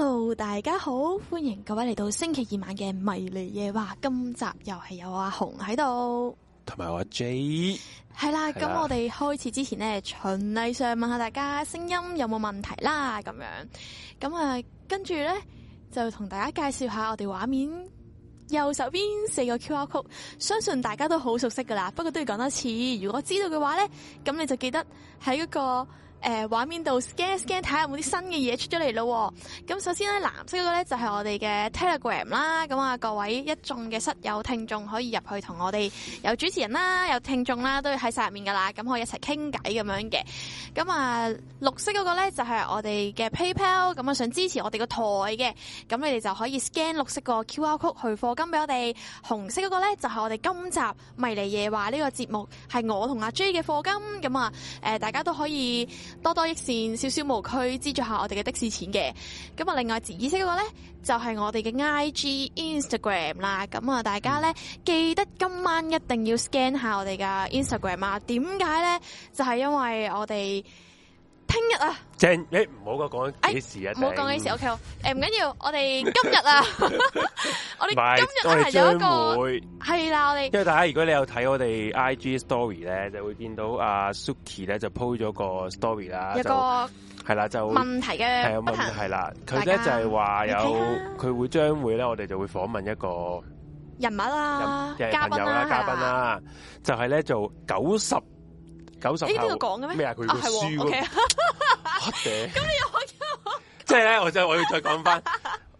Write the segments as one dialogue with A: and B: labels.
A: hello，大家好，歡迎各位嚟到星期二晚嘅迷離夜話，今集又係有阿紅喺度，
B: 同埋阿 J，係啦，咁了吧我哋
A: 開始之前呢，循例上問一下大家聲音有冇問題啦，咁樣，咁啊，跟住咧就同大家介紹一下我哋畫面右手邊四個 QR Code，相信大家都好熟悉噶啦，不過都要講多次，如果知道嘅話咧，咁你就記得喺嗰、個。誒、畫、呃、面度 scan scan 睇下有冇啲新嘅嘢出咗嚟咯。咁首先咧，藍色嗰個咧就係、是、我哋嘅 Telegram 啦。咁啊，各位一眾嘅室友聽眾可以入去同我哋有主持人啦，有聽眾啦，都要喺晒入面噶啦。咁可以一齊傾偈咁樣嘅。咁啊，綠色嗰個咧就係、是、我哋嘅 PayPal。咁啊，想支持我哋個台嘅，咁你哋就可以 scan 綠色個 QR Code 去課金俾我哋。紅色嗰個咧就係、是、我哋今集迷離夜話呢、這個節目係我同阿 J 嘅課金。咁啊，誒、呃，大家都可以。多多益善，少少無區，資助下我哋嘅的，的士錢嘅。咁啊，另外紫色嘅話呢，自意的就係我哋嘅 IG Instagram 啦。咁啊，大家呢，記得今晚一定要 scan 下我哋嘅 Instagram 啊。點解呢？就係、是、因為我哋。
B: 聽日啊！正，誒，唔好講講幾時啊！唔好講幾時，OK 咯。
A: 誒，唔緊要，我哋今日啊，
B: 我哋今日咧係有一個會
A: 係啦，我哋因為大
B: 家如果你有睇我哋 IG Story 咧，就會見到阿 Suki 咧就 po 咗個 story 啦，一個係啦就問題嘅係啊問題係啦，佢咧就係話有佢會將會咧，我哋就會訪問一個
A: 人物啦，嘅朋友啦，嘉賓啦，
B: 就係咧做九十。九十後嘅咩啊？佢要書㗎。
C: 咁你又可以
B: 即係咧？我就我要再講翻。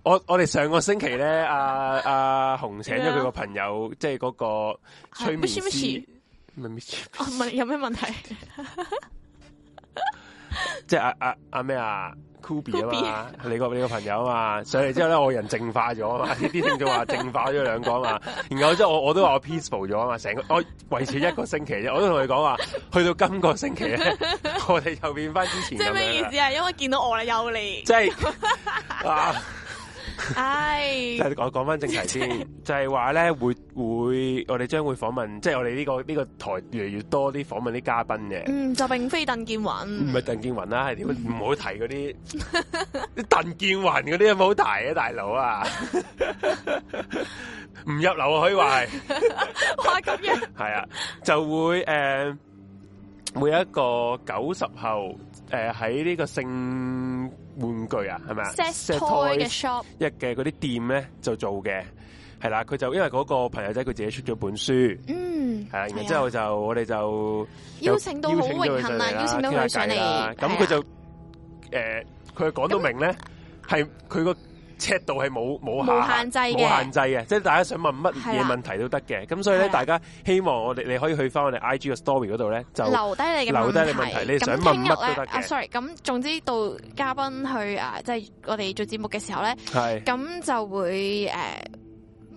B: 我我哋上個星期咧，阿、啊、阿、啊、紅請咗佢個朋友，即係嗰個催眠師。唔係、啊
A: 啊、有咩問題？
B: 即係阿阿阿咩啊？啊酷比啊嘛，Kubi？你個你個朋友啊嘛，上嚟之後咧，我人淨化咗啊嘛，呢啲聽眾話淨化咗兩個啊嘛，然後之後我我都話我 peaceful 咗啊嘛，成個我維持一個星期啫，我都同佢講話，去到今個星期咧，我哋又變翻之前。即係咩意思
A: 啊？因為見到我啦，又嚟。
B: 即係。
C: 唉、 就
B: 是，我講翻正題先，就係話咧會會，我哋將會訪問，即係我哋呢、這個呢、這個台越嚟越多啲訪問啲嘉賓嘅。嗯，
A: 就並非鄧建雲，
B: 唔係鄧建雲啦，係點？唔好，嗯、提嗰啲鄧建雲嗰啲，唔好有冇提啊，大佬啊，唔 入流啊，可以話係。哇，咁樣係啊，就會誒、呃，每一個九十後誒喺呢個性。玩具啊，係咪啊？sex toy 嘅 shop 一嘅嗰啲店咧就做嘅，係啦，佢就因為嗰個朋友仔佢自己出咗本書，
C: 嗯，係，然之後
B: 就我哋就邀請到好榮幸啊，邀請到佢上嚟，咁佢就誒，佢講到明咧，係佢個。尺度係冇冇限，無限制嘅，即係大家想問乜嘢問題都得嘅。咁所以咧，大家希望我哋你可以去翻我哋 IG 嘅 story 嗰度咧，就留低你嘅問題，留低你問題，你想問乜都得嘅。啊，sorry，
A: 咁總之到嘉賓去啊，即係我哋做節目嘅時候咧，咁就會誒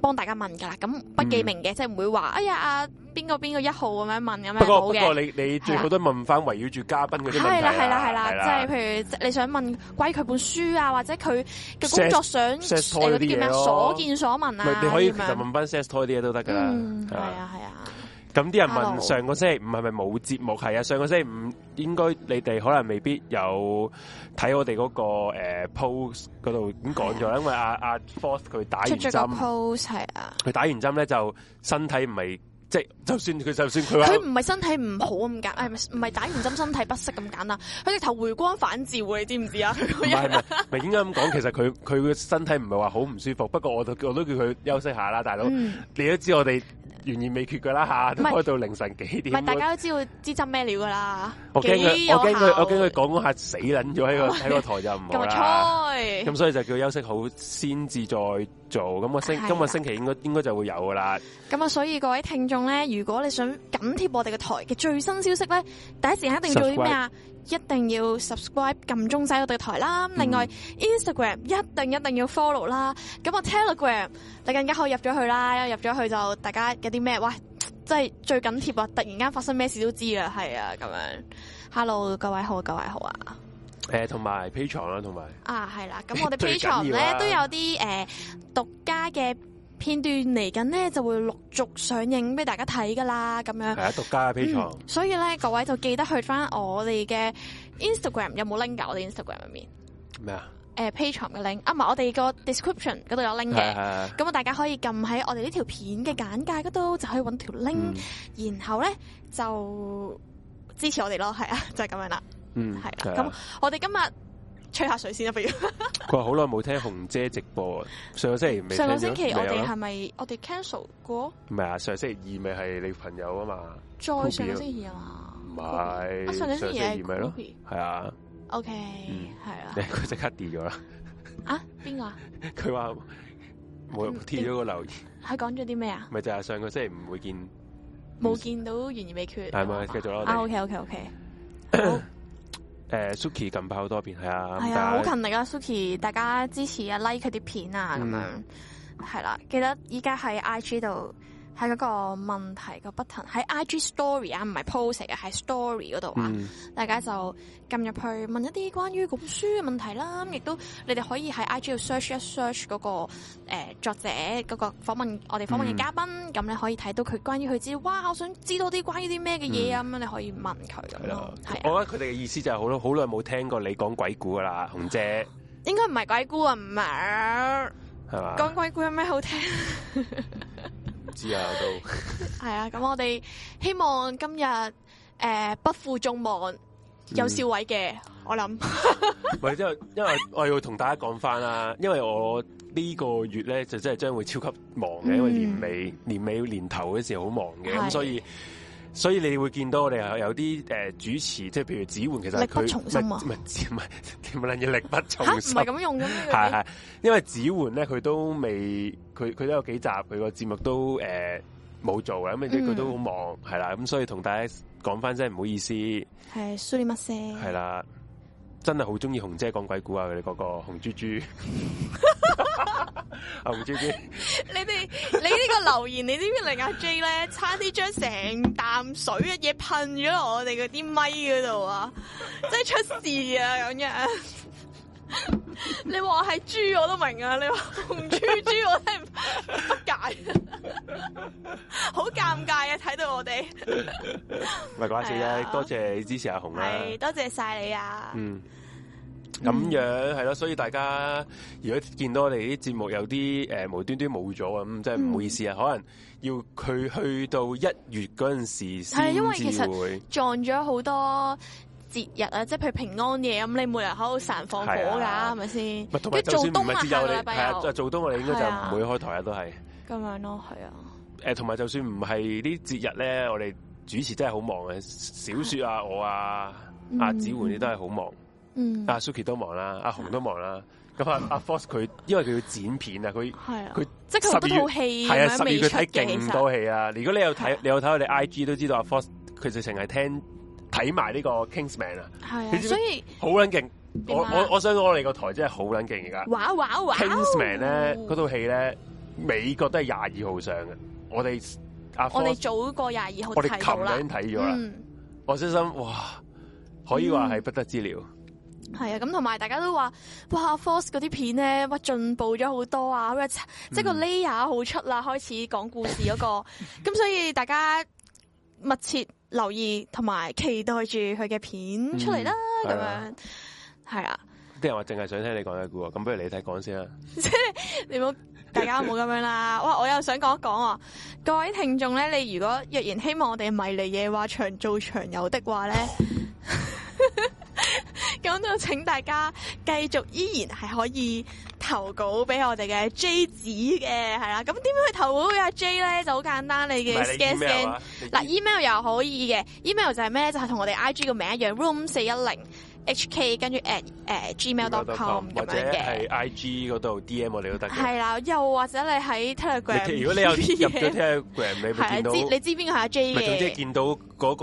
A: 幫大家問㗎啦。咁不記名嘅，即係唔會話，哎呀。邊個邊個一號咁樣問，咁樣不過不過你
B: 你最好都問翻圍繞住嘉賓嗰啲問題。係啦係啦係啦，即係譬
A: 如你想問關於佢本書啊，或者佢嘅工作想誒叫咩所見所聞啊，你可以其實問
B: 翻 set y 啲嘢都得噶。啦係啊係啊。咁啲人問上個星期五係咪冇節目？係啊，上個星期五應該你哋可能未必有睇我哋嗰個誒 post 嗰度，已經講咗，因為阿阿 force 佢打完針
A: post 係啊，
B: 佢打完針咧就身體唔係。即就算佢，就算佢話佢
A: 唔係身體唔好咁簡，誒唔係唔係打完針，唔係身體不適咁簡啦。佢直頭回光返照，你知唔知啊？唔係唔
B: 係，應該咁講。其實佢佢個身體唔係話好唔舒服。不過我都，我都叫佢休息下啦，大佬。嗯、你都知我哋懸而未決噶啦吓，下是開到凌晨幾點？是會大家都
A: 知道支針咩料噶啦。我驚佢，我驚佢，
B: 我驚佢，講下死撚咗喺個喺個台就唔好啦。
A: 咁所以
B: 就叫休息好，先至再。做咁我星今個星期應該應該就會有噶啦吧。
A: 咁啊，所以各位聽眾咧，如果你想緊貼我哋嘅台嘅最新消息咧，第一時間一定要做啲咩啊？閱一定要 subscribe 撳鐘仔我哋嘅台啦。另外，嗯、Instagram 一定一定要 follow 啦。咁啊 Telegram 你更加可以入咗去啦，一入咗去就大家有啲咩？喂，即係最緊貼啊！突然間發生咩事都知啊，係啊，咁樣。Hello，各位好，各位好啊。
B: 誒，同埋、嗯、Patreon 啦，同埋
A: 啊，係啦，咁我哋 Patreon 咧都有啲誒獨家嘅片段嚟緊咧，就會陸續上映俾大家睇噶啦，咁樣，係啊，
B: 獨家嘅 Patreon、嗯、
A: 所以咧各位就記得去翻我哋嘅 Instagram 有冇 link 啊？我哋 Instagram 入面咩麼、呃、啊？誒 Patreon 嘅 link，啊，唔係我哋個 description 嗰度有 link 嘅，咁是啊大家可以撳喺我哋呢條片嘅簡介嗰度就可以搵條 link，、嗯、然後咧就支持我哋咯，係啊，就係、是、咁樣啦。
B: 嗯，係咁
A: 我哋今日吹下水先啦，不如。佢
B: 話好耐冇聽紅姐直播，上個星期未上個星期我哋係
A: 咪我哋 cancel 過？
B: 唔係啊，上個星期二咪係你朋友啊嘛？再上個星期
A: 二啊？
B: 唔係，上個星期二咪咯？係啊。
A: O K，係啊。
B: 佢即刻跌咗啦。
A: 啊？邊個啊？
B: 佢話冇踢咗個留
A: 言。佢講咗啲咩啊？
B: 咪就係上個星期唔會見，
A: 冇見到懸而未決。係
B: 咪繼續咯？啊，O K，O K，O K。誒 Suki、欸、近排好多片係啊，係啊，好是勤
A: 力啊 Suki，大家支持啊 like 佢啲片啊咁樣，係啦、嗯啊啊，記得依家喺 IG 度。喺嗰個問題個不同喺 IG Story 啊，唔係 post 的啊，喺 Story 嗰度啊，大家就撳入去問一啲關於本書嘅問題啦。亦都你哋可以喺 IG 度 search 一 search 嗰、嗰個、呃、作者嗰、嗰個訪問，我哋訪問嘅嘉賓，咁、嗯、你可以睇到佢關於佢知道哇，我想知道啲關於啲咩嘅嘢啊咁，嗯、咁樣你可以問佢
B: 咯。我覺得佢哋嘅意思就係好耐好耐冇聽過你講鬼故噶啦，紅姐
A: 應該唔係鬼故啊，唔係，係嘛？
B: 講
A: 鬼故有咩好聽？ 知啊，我都係啊！咁我哋希望今日誒不負眾望，
B: 有少
A: 位嘅我諗。
B: 唔係，因為因為我要同大家講翻啦，因為我呢個月咧就真係將會超級忙嘅，因為年尾年尾年頭嗰時好忙嘅，咁所以。所以你會見到我哋有啲主持，即係譬如指換，其實佢唔係唔係點樣力不從心啊，唔係咁
A: 用咁，係係。
B: 因為指換咧，佢都未佢佢都有幾集佢個節目都誒，冇、呃、做。咁，佢都好忙係啦，咁、嗯、所以同大家講翻真係唔好意思，
A: 係 sorry 乜聲係
B: 啦。真係好中意紅姐講鬼故啊！佢哋嗰個紅豬豬，阿紅豬珠豬，
A: 你哋你呢個留言，你知唔知嚟，阿 J 咧？差啲將成啖水嘅嘢噴咗落我哋嗰啲咪嗰度啊！即係出事啊咁樣。 你話我係豬我都明啊！你話紅豬豬我真的不解，好 尷尬看 啊！睇到我哋
B: 唔係掛次啫，多謝支持阿紅啊！
A: 多謝晒你啊！嗯，
B: 咁、嗯、樣係咯，所以大家如果見到我哋啲節目有啲誒、呃、無端端冇咗啊，咁，即係唔好意思啊！嗯、可能要佢去到一月嗰陣時先知會、啊、因為其實
A: 撞咗好多。節日啊，即係譬如平安夜咁，你每日喺度散放火噶，係
B: 咪先？即係做冬啊，係啊，做冬我哋應該就唔會開台啦，都係。
A: 咁樣咯，
B: 係啊。誒，同埋就算唔係啲節日咧，我哋主持真係好忙啊，小雪啊，我啊，阿子煥你都係好忙，阿 Suki 都忙啦，阿紅都忙啦。咁阿阿 Force 佢因為佢要剪片啊，佢佢即係好多套戲，係啊，十二月佢睇勁多戲啊。如果你有睇，你有睇我哋 IG 都知道阿 Force 佢就成日聽。睇埋呢個 Kingsman 啊，所以好撚勁！我我我想我哋個台真係好撚勁而家。Wow,
A: wow , wow, Kingsman 咧，嗰套、
B: 哦、戲咧，美國都係廿二號上嘅。我哋阿我哋
A: 早過廿二號就睇咗，琴日已經睇咗啦。嗯、
B: 我真心哇，可以話係不得之了。
A: 係、嗯、啊，咁同埋大家都話，哇，Force 嗰啲片咧，哇，進步咗好多啊！即係個 layer 好出啦，開始講故事嗰、那個。咁 所以大家密切。留意同埋期待住佢嘅片出嚟啦，咁、嗯、樣係了啊！
B: 啲人話淨係想聽你講嘢故，咁不如你睇講先啦。
A: 你冇，大家冇咁樣啦。 哇！我又想講一講、啊，各位聽眾咧，你如果若然希望我哋迷離夜話長做長有的話咧。 咁就請大家繼續依然係可以投稿俾我哋嘅 J 子嘅係啦，咁點樣去投稿俾阿 J 咧就好簡單，你嘅 scan 嗱 email 又可以嘅，email 就係咩？就係、是、同我哋 I G 個名一樣 room 四一零。H K 跟住 at 誒 gmail.com 或者係
B: I G 嗰度 D M 我哋都得嘅。
A: 係啦，又或者你喺 Telegram，如果你有入咗
B: Telegram， 你咪知，你知
A: 邊個係 J？咪直係
B: 見到嗰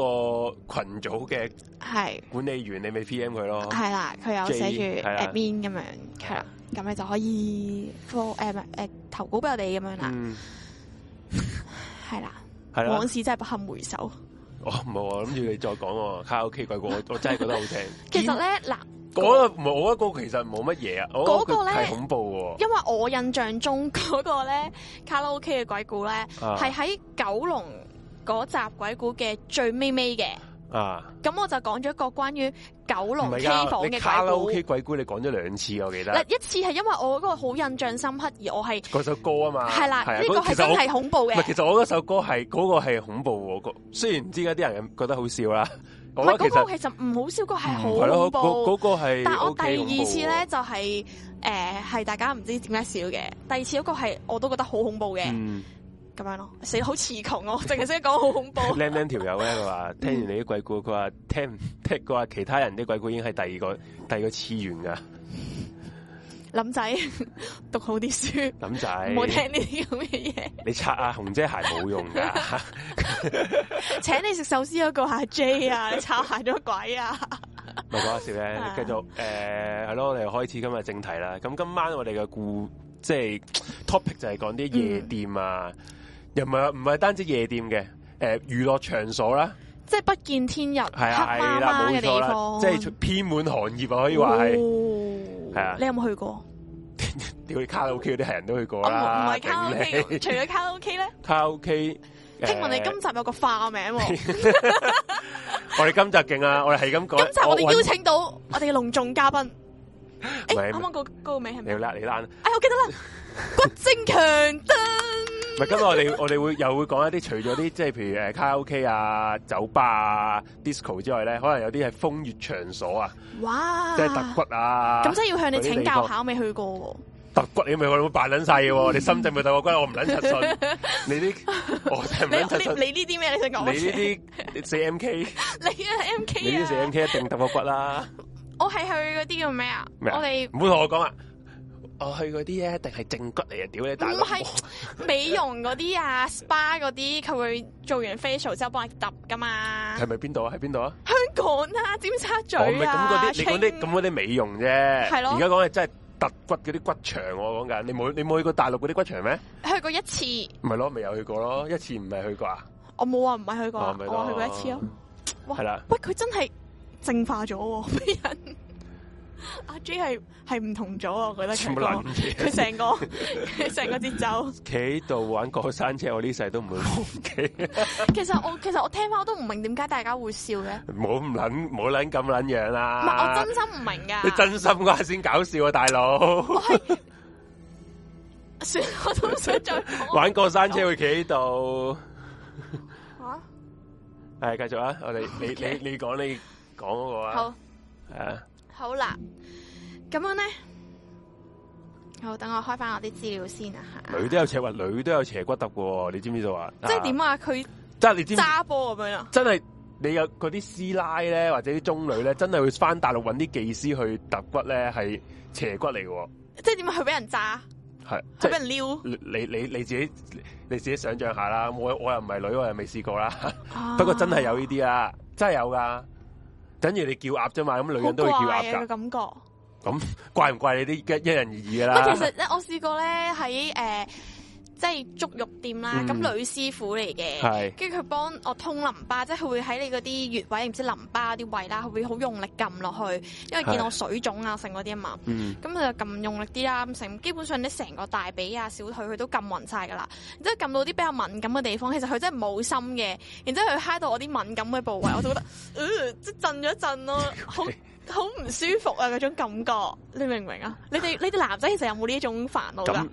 B: 個群組嘅係管理員，的你咪 P M 佢咯。係啦，佢有寫住 admin
A: 咁樣了，啦了，咁你就可以誒誒投稿俾我哋咁樣啦。
B: 係啦，往事
A: 真係不堪回首。
B: 哦、我唔係喎諗住你再講喎。卡拉 OK 鬼故，我真係覺得好聽。 其實咧，嗱，嗰、嗰個我一個其實冇乜嘢啊。嗰個咧係恐怖，因為
A: 我印象中嗰個咧，卡拉 OK 嘅鬼故咧，係喺、啊、九龍嗰集鬼故嘅最尾尾嘅。啊！咁我就講咗一個關於九龍 K 房嘅卡拉 OK
B: 鬼故，你講咗兩次，我記得。嗱，一
A: 次係因為我嗰個好印象深刻，而我係
B: 嗰首歌啊嘛。係啦，呢、啊、個係真係恐怖嘅。唔係，其實我嗰首歌係嗰、嗰個係恐怖我。雖然唔知而家啲人覺得好笑啦，我其實、嗰個、其
A: 實唔好笑，個係好恐怖。嗰、嗯嗰
B: 個係、OK。但係我第二次咧
A: 就係、是、誒，係、呃、大家唔知點解笑嘅。第二次嗰個係我都覺得好恐怖嘅。嗯咁樣咯，死好詞窮我，淨係識講好恐怖。
B: 靚靚條友咧，佢話聽完你啲鬼故，佢話聽唔聽，佢話其他人啲鬼故已經係第二個，第二個次元噶。
A: 林仔，讀好啲書。
B: 林仔，冇聽
A: 呢啲咁嘅嘢。
B: 你擦阿、啊、紅姐鞋冇用噶。
A: 請你食壽司嗰個係 J 啊，你擦鞋做鬼啊？
B: 唔好講笑咧，繼續誒，係咯、啊呃，我哋開始今日正題啦。咁今晚我哋嘅故即係 topic 就係講啲夜店啊。嗯又唔係唔係單止夜店嘅，誒娛樂場所啦，
A: 即係不見天日，黑黑嘅地方，即係
B: 遍滿行業可以話係。係啊，你有冇去過？去卡拉 OK 啲人都去過啦。我唔係卡拉 OK，除咗卡拉 OK 咧。卡拉 OK，聽聞你今
A: 集有個化名。
B: 我哋今集勁啊！我哋係咁講。今集我哋邀請
A: 到我哋嘅隆重嘉賓。
B: 誒，啱啱
A: 嗰嗰個名係咪？
B: 你拉你拉。哎，我記得啦，
A: 骨精強登。
B: 今日我哋我哋會又會講一啲除咗啲即係譬如誒卡拉 OK 啊、酒吧啊、disco 之外咧，可能有啲係風月場所啊，
A: 哇即係
B: 揼骨啊。咁即係要向你請教下，
A: 我未去過。
B: 揼骨你咪會扮撚曬嘅喎，嗯、你深圳咪揼骨，我唔撚出水。你啲我唔撚出水。你你你呢啲咩？你想講？
A: 你呢啲四 MK？ 你啊 MK？啊你啲四
B: MK 一定揼過骨啦。
A: 我係去嗰啲叫咩啊？麼我哋唔好同
B: 我講啊！我、哦、去嗰啲咧，一定係正骨嚟啊！屌你， 大佬，唔係
A: 美容嗰啲啊，SPA 嗰啲，佢會做完 facial 之後幫你揼噶嘛？
B: 係咪邊度啊？喺邊度啊？
A: 香港啦、啊，尖沙咀啊，哦、你
B: 啲咁嗰啲美容啫，而家講嘅真係揼骨嗰啲骨場我講緊，你冇你冇去過大陸嗰啲骨場咩？
A: 去過一次。
B: 唔係咯，未有去過咯，一次唔係去過啊？
A: 我冇啊，唔係去過，我、就、係、是哦、去過一次咯。係啦，的喂，佢真係淨化咗、哦，咩人？阿 J 係係唔同咗啊！我覺得佢成個佢成個節奏，
B: 企度玩過山車，我呢世都唔會好
A: 記。其實我其實我聽翻，我都唔明點解大家會笑嘅。
B: 冇唔捻冇捻咁捻樣啊。唔係我
A: 真心唔明噶，你
B: 真心話先搞笑啊，大佬！
C: 算，我都唔想再
B: 玩過山車，會企度啊？係繼續啊！我哋你你你講你講嗰個啊，好，係啊。
A: 好啦，咁樣咧，好等我開翻我啲資料先啊！
B: 女都有斜骨，女都有斜骨揼喎，你知唔知道啊？即係點啊？佢即係你知揸波咁樣啊？真係你有嗰啲師奶咧，或者啲中女咧，真係會翻大陸搵啲技師去揼骨咧，係斜骨嚟喎，
A: 即係點樣？去俾人揸？
B: 係佢俾人撩。你你你自己你自己想象下啦。我我又唔係女，我又未試過啦。啊、 不過真係有呢啲啦，真係有噶。等住你叫鴨啫嘛，咁女人都會叫鴨㗎。咁怪唔、啊那個、 怪，怪你啲因人而異啦？我其實
A: 咧，我試過咧喺、呃即係足浴店啦，咁、嗯、女師傅嚟嘅，跟住佢幫我通淋巴，即、就、係、是、會喺你嗰啲穴位唔知淋巴啲位啦，會好用力撳落去，因為見到我水腫啊，成嗰啲啊嘛，咁佢等、嗯、就撳用力啲啦，咁成基本上你成個大髀啊、小腿佢都撳匀晒噶啦，然之後撳到啲比較敏感嘅地方，其實佢真係冇心嘅，然之後佢嗨到我啲敏感嘅部位，嗯、我就覺得，呃，即係震咗一震咯、啊，好。 好唔舒服啊！嗰種感覺，你明唔明啊？你哋你哋男仔其實有冇呢一種煩惱噶？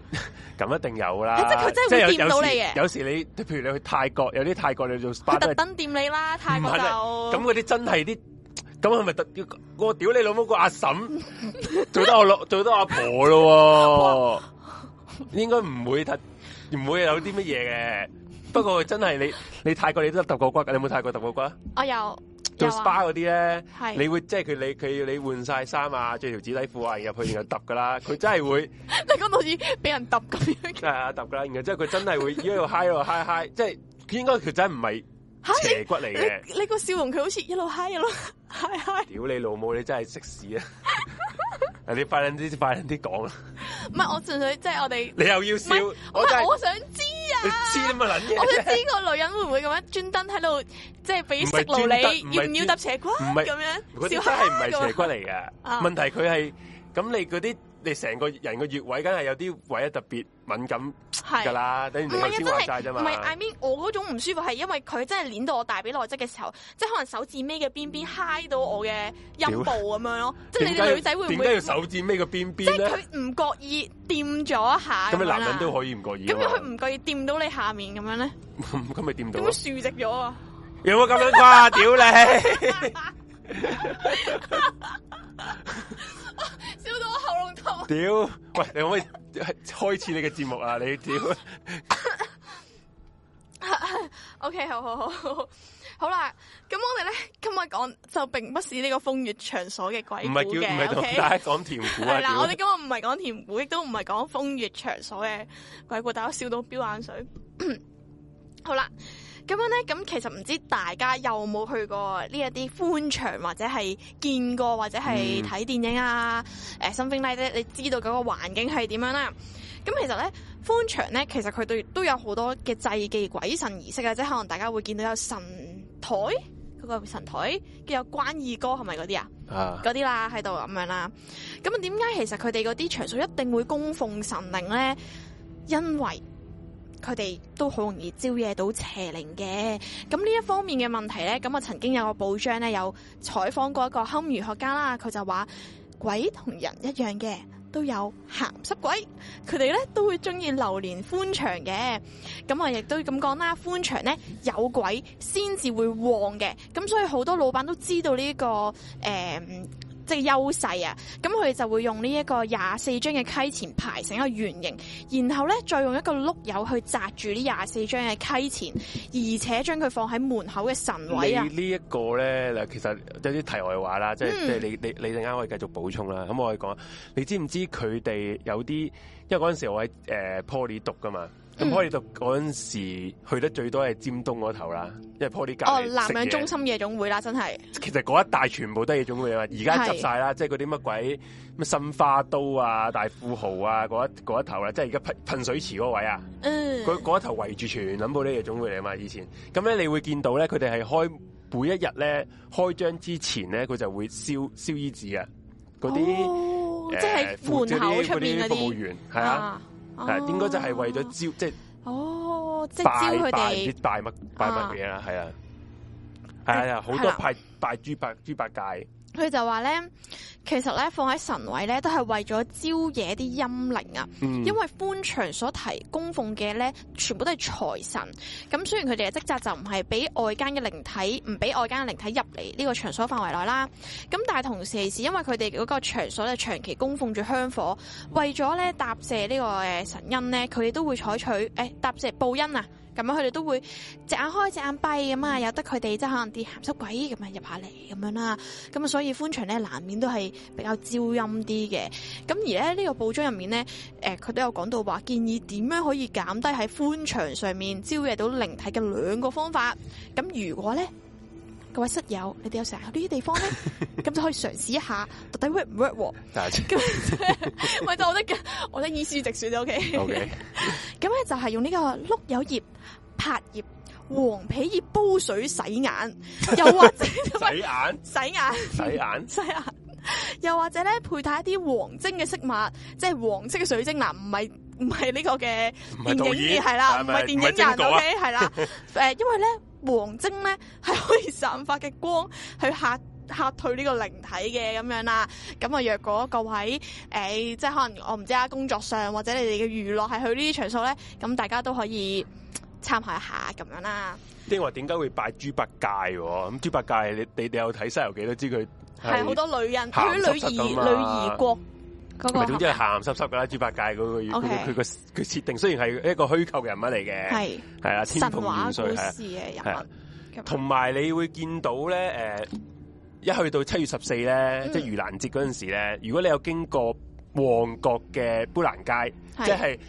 B: 咁一定有啦！即係佢真係會掂到你嘅。有時你，譬如你去泰國，有啲泰國你做 SPA，特登
A: 掂你啦！泰國有！咁，
B: 嗰啲真係啲，咁係咪特？我屌你老母個阿嬸， 做得我老、哦，做得阿婆咯？應該唔會特，唔會有啲乜嘢嘅。不過真係你，你泰國你都得揼過骨噶，你有冇泰國揼過骨啊？
A: 我有。
B: 做 SPA 嗰啲咧，是啊、你會即係佢你佢你換晒衫啊，着條紙底褲啊入去然後揼㗎啦，佢真係會。
A: 你講到似俾人揼咁樣。
B: 係 啊，揼㗎啦，然後 即係佢真係會喺度 high 喺度 high high，即係應該條仔唔係。斜骨嚟嘅，
A: 你個笑容佢好似一路 high 一路，係
B: 係。屌你老母，你真係食屎啊！你快啲，快啲講啦！
A: 唔係我純粹即係我哋，
B: 你又要笑？
A: 我我想知
B: 啊！你知咁啊捻嘅？我想知
A: 個女人會唔會咁樣專登喺度，即係俾食路你，要唔要揼斜骨？唔係咁樣，小黑係唔係斜骨嚟
B: 嘅。問題佢係咁，你嗰啲。你哋成個人個穴位，梗係有啲位置特別敏感㗎啦。是等於你才完你先啫嘛。唔係、嗯嗯、I
A: mean，我嗰種唔舒服係因為佢真係攆到我大髀內側嘅時候，即係可能手指尾嘅邊邊嗨到我嘅陰部咁樣咯。嗯嗯、即你哋女仔會點解會要手
B: 指尾嘅邊邊呢？即係佢
A: 唔覺意掂咗下了。咁咪男人都
B: 可以唔覺意。咁點解佢唔
A: 覺意掂到你下面咁樣咧？咁
B: 咪掂到了。點樣豎直咗啊？ 有冇咁樣啩？屌你！
A: 笑到我喉嚨痛。屌，
B: 喂，你可唔可以開始你嘅節目啊？你屌。
A: O K，好好好，好啦。咁我哋咧今日講就並不是呢個風月場所嘅鬼故嘅。O K，唔係叫，唔係同大家講
B: 甜故係啦。我哋今
A: 日唔係講甜故，亦都唔係講風月場所嘅鬼故。大家笑到飆眼水！ 好啦。咁樣咧，咁其實唔知道大家有冇去過呢一啲寬場，或者係見過，或者係睇電影啊，s i m e t h n l i k 你知道嗰個環境係點樣啦？咁其實咧，寬場咧，其實佢對都有好多嘅祭祭鬼神儀式啊，即可能大家會見到有神台，嗰個神台叫有關二哥係咪嗰啲啊？嗰啲啦喺度咁樣啦。咁點解其實佢哋嗰啲場所一定會供奉神靈咧？因為佢哋都好容易招惹到邪靈嘅，咁呢一方面嘅問題呢，咁我曾經有個報章呢，有採訪過一個堪輿學家啦，佢就話鬼同人一樣嘅，都有鹹濕鬼，佢哋呢都會中意流連歡場嘅，咁我亦都咁講啦，歡場呢有鬼先至會旺嘅，咁所以好多老闆都知道呢個誒。嗯即係優勢啊！咁佢哋就會用呢一個廿四張嘅溪錢排成一個圓形，然後咧再用一個碌柚去紮住呢廿四張嘅溪錢，而且將佢放喺門口嘅神位啊！而
B: 呢一個咧嗱，其實有啲題外話啦，即係即係你你你陣間可以繼續補充啦。咁我可以講，你知唔知佢哋有啲？因為嗰陣時我喺誒、呃、Poly 讀噶嘛。咁我哋到嗰陣時去得最多係尖東嗰頭啦，因為破啲格哦南洋中心
A: 夜總會啦，真係。
B: 其實嗰一帶全部都係夜總會啊，而家執晒啦，是即係嗰啲乜鬼乜新花都啊、大富豪啊嗰一嗰一頭啦，即係而家噴噴水池嗰位啊。嗯。嗰一頭圍住全諗布啲夜總會嚟啊嘛，以前。咁咧，你會見到咧，佢哋係開每一日咧開張之前咧，佢就會燒燒衣紙啊，嗰啲即係門口出邊嗰啲服務員係啊。啊
C: 係， 應該就係
B: 為咗招，即
C: 係哦，即係招佢哋，
B: 拜乜拜乜嘢啦？係啊，係啊，好、啊欸、多派大豬八豬八戒。
A: 佢、欸啊、就話咧。其實咧放喺神位咧，都係為咗招惹啲陰靈啊。嗯、因為官場所提供奉嘅咧，全部都係財神。咁雖然佢哋嘅職責就唔係俾外間嘅靈體，唔俾外間嘅靈體入嚟呢個場所範圍內啦。咁但係同時，因為佢哋嗰個場所咧長期供奉住香火，為咗咧答謝呢個神恩呢，佢哋都會採取誒答謝報恩啊。咁佢哋都會隻眼開隻眼閉咁啊，由得佢哋，即係可能啲鹹濕鬼咁樣入下嚟咁樣啦。咁啊，所以寬場咧難免都係比較招陰啲嘅。咁而咧呢個報章入面咧，誒佢都有講到話，建議點樣可以減低喺寬場上面招惹到靈體嘅兩個方法。咁如果咧？各位室友，你哋有成日去呢啲地方咧，咁 就可以嘗試一下，到底 work 唔 work？咁，喂，就我得，我得意思直說，OK, okay. 這個。咁咧就係用呢個碌柚葉、柏葉、黃皮葉煲水洗眼，又
B: 或者洗眼、洗眼、洗眼、洗
A: 眼，又或者咧配戴一啲黃晶嘅飾物，即、就、係、是、黃色嘅水晶啦，唔係唔係呢個嘅，電影，係啦，唔係了電影人，OK，係啦了，誒， 因為咧。黃晶咧係可以散發嘅光去吓吓退呢個靈體嘅咁樣啦，咁啊若果各位誒、欸，即係可能我唔知啊，工作上或者你哋嘅娛樂係去呢啲場所咧，咁大家都可以參考下咁樣啦。
B: 即係話點解會拜豬八戒？咁豬八戒你你你有睇《西遊記》都知佢係好多女人，佢女兒色色女兒國。佢、那個、總之係鹹鹹濕濕噶啦，豬八戒嗰個佢佢個佢設定，雖然係一個虛構人物嚟嘅，係係啊，水神話故事同埋是文你會見到咧，誒、呃，一去到七月十四咧，嗯、即係盂蘭節嗰陣時咧，如果你有經過旺角嘅砵蘭街，即係是。就是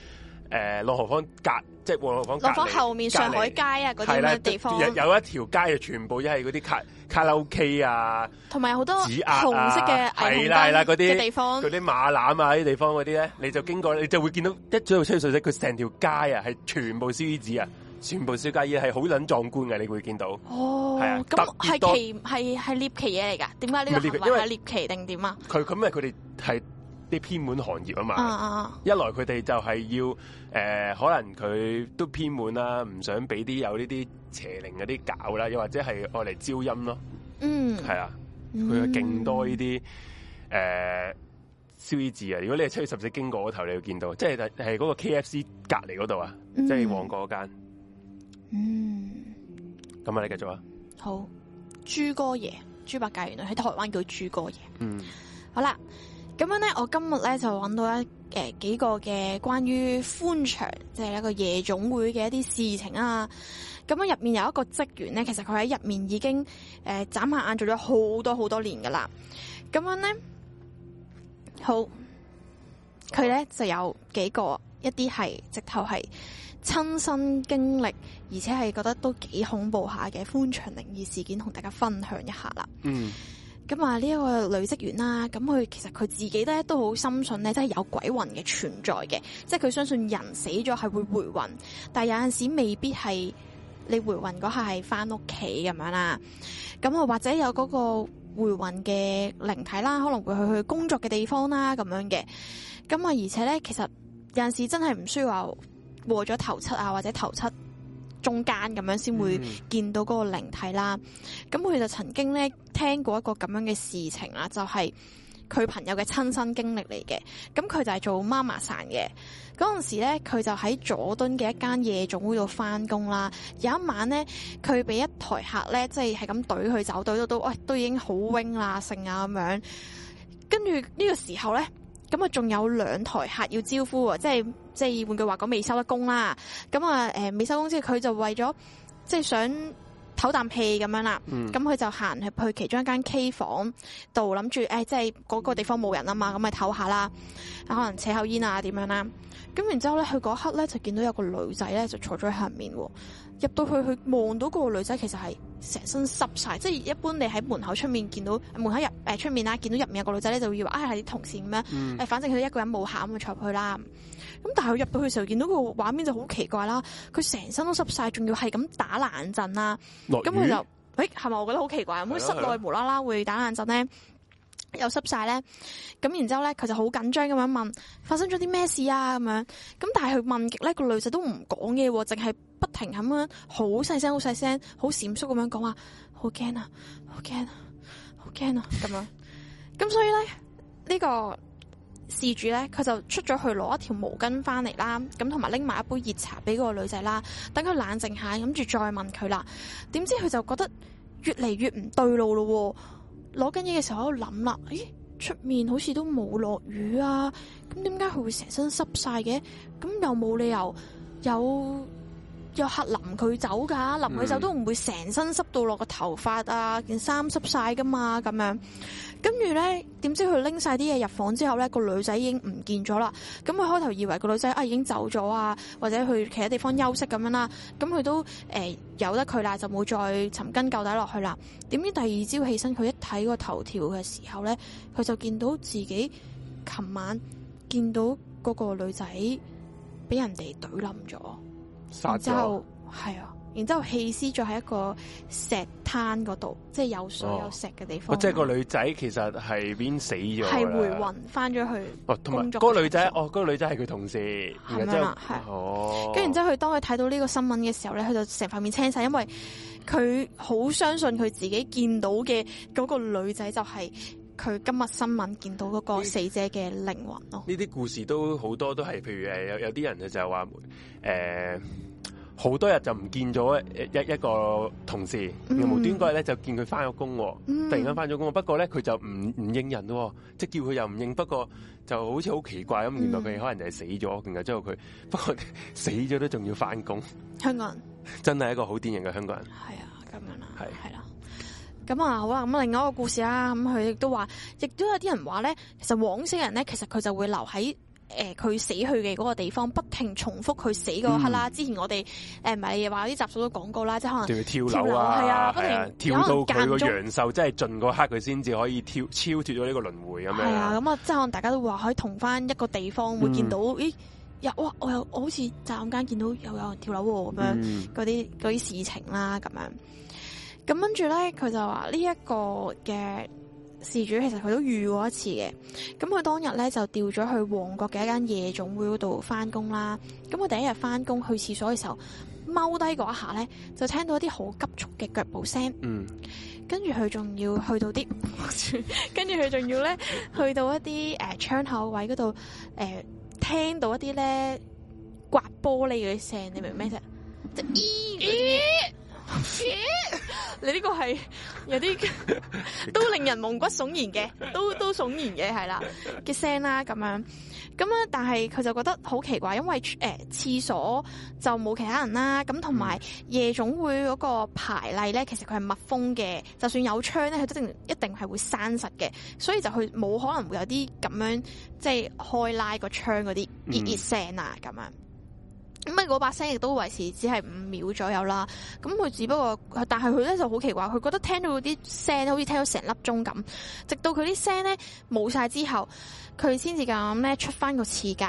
B: 誒，朗豪坊隔即係朗豪坊離後面上海街
A: 啊，嗰啲咩地方？有有
B: 一條街啊，全部一係嗰啲卡卡啦 OK 啊，
A: 同埋好多紅色嘅、啊、霓虹燈嘅地方，嗰
B: 啲馬欄啊，啲地方嗰啲咧，你就經過，你就會見到一早到出水仔，佢成條街啊，係全部燒衣紙啊，全部燒街紙係好撚壯觀嘅，你會見到。
A: 哦，係啊啦，咁係獵奇係係獵奇嘢嚟㗎？點解呢個因為係獵奇定點啊？
B: 佢咁咪佢哋係。啲偏門行業啊嘛，啊啊啊啊一來佢哋就係要，誒、呃，可能佢都偏門啦、啊，唔想俾啲有呢啲邪靈嗰啲搞啦，又或者係愛嚟招陰咯，嗯，係啊，佢有勁多呢啲，誒、呃，數字啊，如果你係七月十四經過嗰頭，你會見到，即係係嗰個 K F C 隔離嗰度啊，即係、嗯、旺角嗰間，嗯繼，咁啊，你繼續啊，
A: 好，豬哥爺，豬八戒原來喺台灣叫豬哥爺，
B: 嗯，
A: 好啦。咁樣咧，我今日咧就揾到一誒幾個嘅關於歡場，即係一個夜總會嘅一啲事情啊。咁樣入面有一個職員咧，其實佢喺入面已經誒、呃、眨下眼做咗好多好多年噶啦。咁樣咧，好，佢咧就有幾個一啲係直頭係親身經歷，而且係覺得都幾恐怖下嘅歡場靈異事件，同大家分享一下啦。嗯。咁啊，呢一個女職員啦，咁佢其實佢自己咧都好深信咧，真係有鬼魂嘅存在嘅，即係佢相信人死咗係會回魂，但係有陣時未必係你回魂嗰下係翻屋企咁樣啦，咁啊或者有嗰個回魂嘅靈體啦，可能會去去工作嘅地方啦，咁樣嘅，咁啊而且咧其實有陣時真係唔需要話過咗頭七啊或者頭七。中間咁樣先會見到嗰個靈體啦，咁佢就曾經咧聽過一個咁樣嘅事情啦，就係、是、佢朋友嘅親身經歷嚟嘅，咁佢就係做媽媽散嘅，嗰、那、陣、個、時咧佢就喺佐敦嘅一間夜總會度翻工啦，有一晚咧佢俾一台客咧即係係咁懟佢，走懟都都，喂、哎、都已經好 wing 啦剩啊咁樣，跟住呢個時候咧咁啊仲有兩台客要招呼啊，即係。即係換句話講，未收得工啦。咁啊，誒，未收工之後佢就為咗即係想唞啖氣咁樣啦。咁佢、嗯、就行入去其中一間 K 房度，諗住誒，即係嗰個地方冇人啊嘛，咁咪唞下啦。可能扯口煙啊，點樣啦？咁然之後咧，佢嗰刻咧就見到有個女仔咧就坐咗喺下面。入到去，佢望到個女仔，其實係成身濕晒，即、就、係、是、一般你喺門口出面見到門口入誒出、呃、面啦，見到入面有個女仔咧，就會以為啊係啲同事咁樣。嗯、反正佢一個人冇喊，咁就坐入去啦。咁但係佢入到去嘅時候，見到個畫面就好奇怪啦。佢成身都濕晒，仲要係咁打冷震啦。咁佢雨就，誒係咪？是是我覺得好奇怪，咁室內無啦啦會打冷震咧，又濕晒咧。咁然之後咧，佢就好緊張咁樣問，發生咗啲咩事啊？咁、啊啊啊、樣。咁但係佢問極咧，個女仔都唔講嘢，淨係不停咁樣，好細聲，好細聲，好閃縮咁樣講話，好驚啊，好驚啊，好驚啊，咁樣。咁所以咧，呢、呢個。事主咧，佢就出咗去攞一條毛巾翻嚟啦，咁同埋拎埋一杯熱茶俾個女仔啦，等佢冷靜下，諗住再問佢啦。點知佢就覺得越嚟越唔對路咯。攞緊嘢嘅時候喺度諗啦，咦、欸，出面好似都冇落雨啊，咁點解佢會成身濕晒嘅？咁又冇理由有。有客淋佢走噶，淋佢走都唔會成身濕到落個頭髮啊，件衫濕晒噶嘛，咁樣。跟住咧，點知佢拎晒啲嘢入房之後咧，個女仔已經唔見咗啦。咁佢開頭以為個女仔啊已經走咗啊，或者去其他地方休息咁樣啦。咁佢都誒由、呃、得佢啦，就冇再尋根究底落去啦。點知第二朝起身，佢一睇個頭條嘅時候咧，佢就見到自己琴晚見到嗰個女仔俾人哋懟冧咗。然之後係啊，然之後棄屍咗喺一個石灘嗰度，即係有水有石嘅地方。即係個
B: 女仔其實係邊死咗？係回魂
A: 翻咗去。
B: 哦，同埋個女仔，哦，嗰個女仔係佢同事。係咪啦？係。哦。跟住然之
A: 後，佢當佢睇到呢個新聞嘅時候咧，佢就成塊面青晒，因為佢好相信佢自己見到嘅嗰個女仔就係佢今日新聞見到嗰個死者嘅靈魂
B: 咯。呢啲故事都好多都係，譬如誒有有啲人就係話誒。呃好多日就唔見咗一一個同事，無端端咧就見佢翻咗工，嗯、突然間翻咗工。不過咧佢就唔唔應人喎，即、就係、叫佢又唔應。不過就好似好奇怪咁，原來佢可能就係死咗，原來之後佢不過死咗都仲要翻工。
A: 香港人
B: 真係一個好典型嘅香港人。係啊，咁樣啦、啊，係係啦。
A: 咁啊好啦、啊，咁另外一個故事啊。咁佢亦都話，亦都有啲人話咧，其實往星人咧，其實佢就會留喺。誒，佢、呃、死去嘅嗰個地方，不停重複佢死嗰刻啦。嗯、之前我哋誒，唔係話有啲集數都講過啦，即係可能跳樓係啊，啊，不停、啊。啊啊、跳到佢個陽
B: 壽，即係盡嗰刻，佢先至可以跳超脱咗呢個輪迴咁樣。係啊，咁
A: 啊，即係可能大家都會話可以同翻一個地方，會見到咦又、嗯欸、哇，我又好似站間見到又有人跳樓喎咁樣，嗰啲啲事情啦咁樣。咁跟住咧，佢就話呢一個嘅。事主其實佢都遇過一次嘅，咁佢當日咧，就調咗去旺角嘅一間夜總會嗰度翻工啦。咁佢第一日翻工去廁所嘅時候，踎低嗰一下咧，就聽到一啲好急促嘅腳步聲。嗯，跟住佢仲要去到啲， 跟住佢仲要咧去到一啲誒、呃、窗口位嗰度，誒、呃、聽到一啲咧刮玻璃嘅聲。你明唔明咩啫？
C: 即咦！
A: 你呢個係有啲 都令人毛骨悚然嘅， 都都悚然嘅係啦嘅聲啦咁樣，咁啊，但係佢就覺得好奇怪，因為誒廁、呃、所就冇其他人啦，咁同埋夜總會嗰個排例咧，其實佢係密封嘅，就算有窗咧，佢都一定一定係會閂實嘅，所以就佢冇可能會有啲咁樣即係、就是、開拉個窗嗰啲熱熱聲啊咁啊。嗯咁啊，嗰把聲亦都維持只係五秒左右啦。咁佢只不過，但係佢咧就好奇怪，佢覺得聽到嗰啲聲好似聽到成粒鐘咁。直到佢啲聲咧冇曬之後，佢先至咁咧出翻個次格。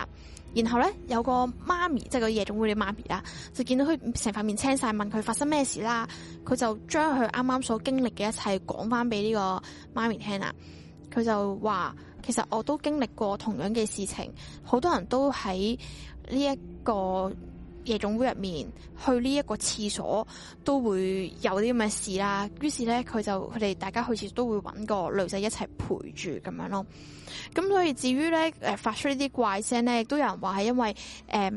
A: 然後咧有個媽咪，即係個夜總會嘅媽咪啦，就見到佢成塊面青晒，問佢發生咩事啦。佢就將佢啱啱所經歷嘅一切講翻俾呢個媽咪聽啦。佢就話：其實我都經歷過同樣嘅事情，好多人都喺呢一個夜總會入面，去這這呢一個廁所都會有啲咁嘅事啦。於是咧，佢就佢哋大家好似都會揾個女仔一齊陪住咁樣咯。咁所以至於咧，誒、呃，發出呢啲怪聲咧，亦都有人話係因為，誒、呃，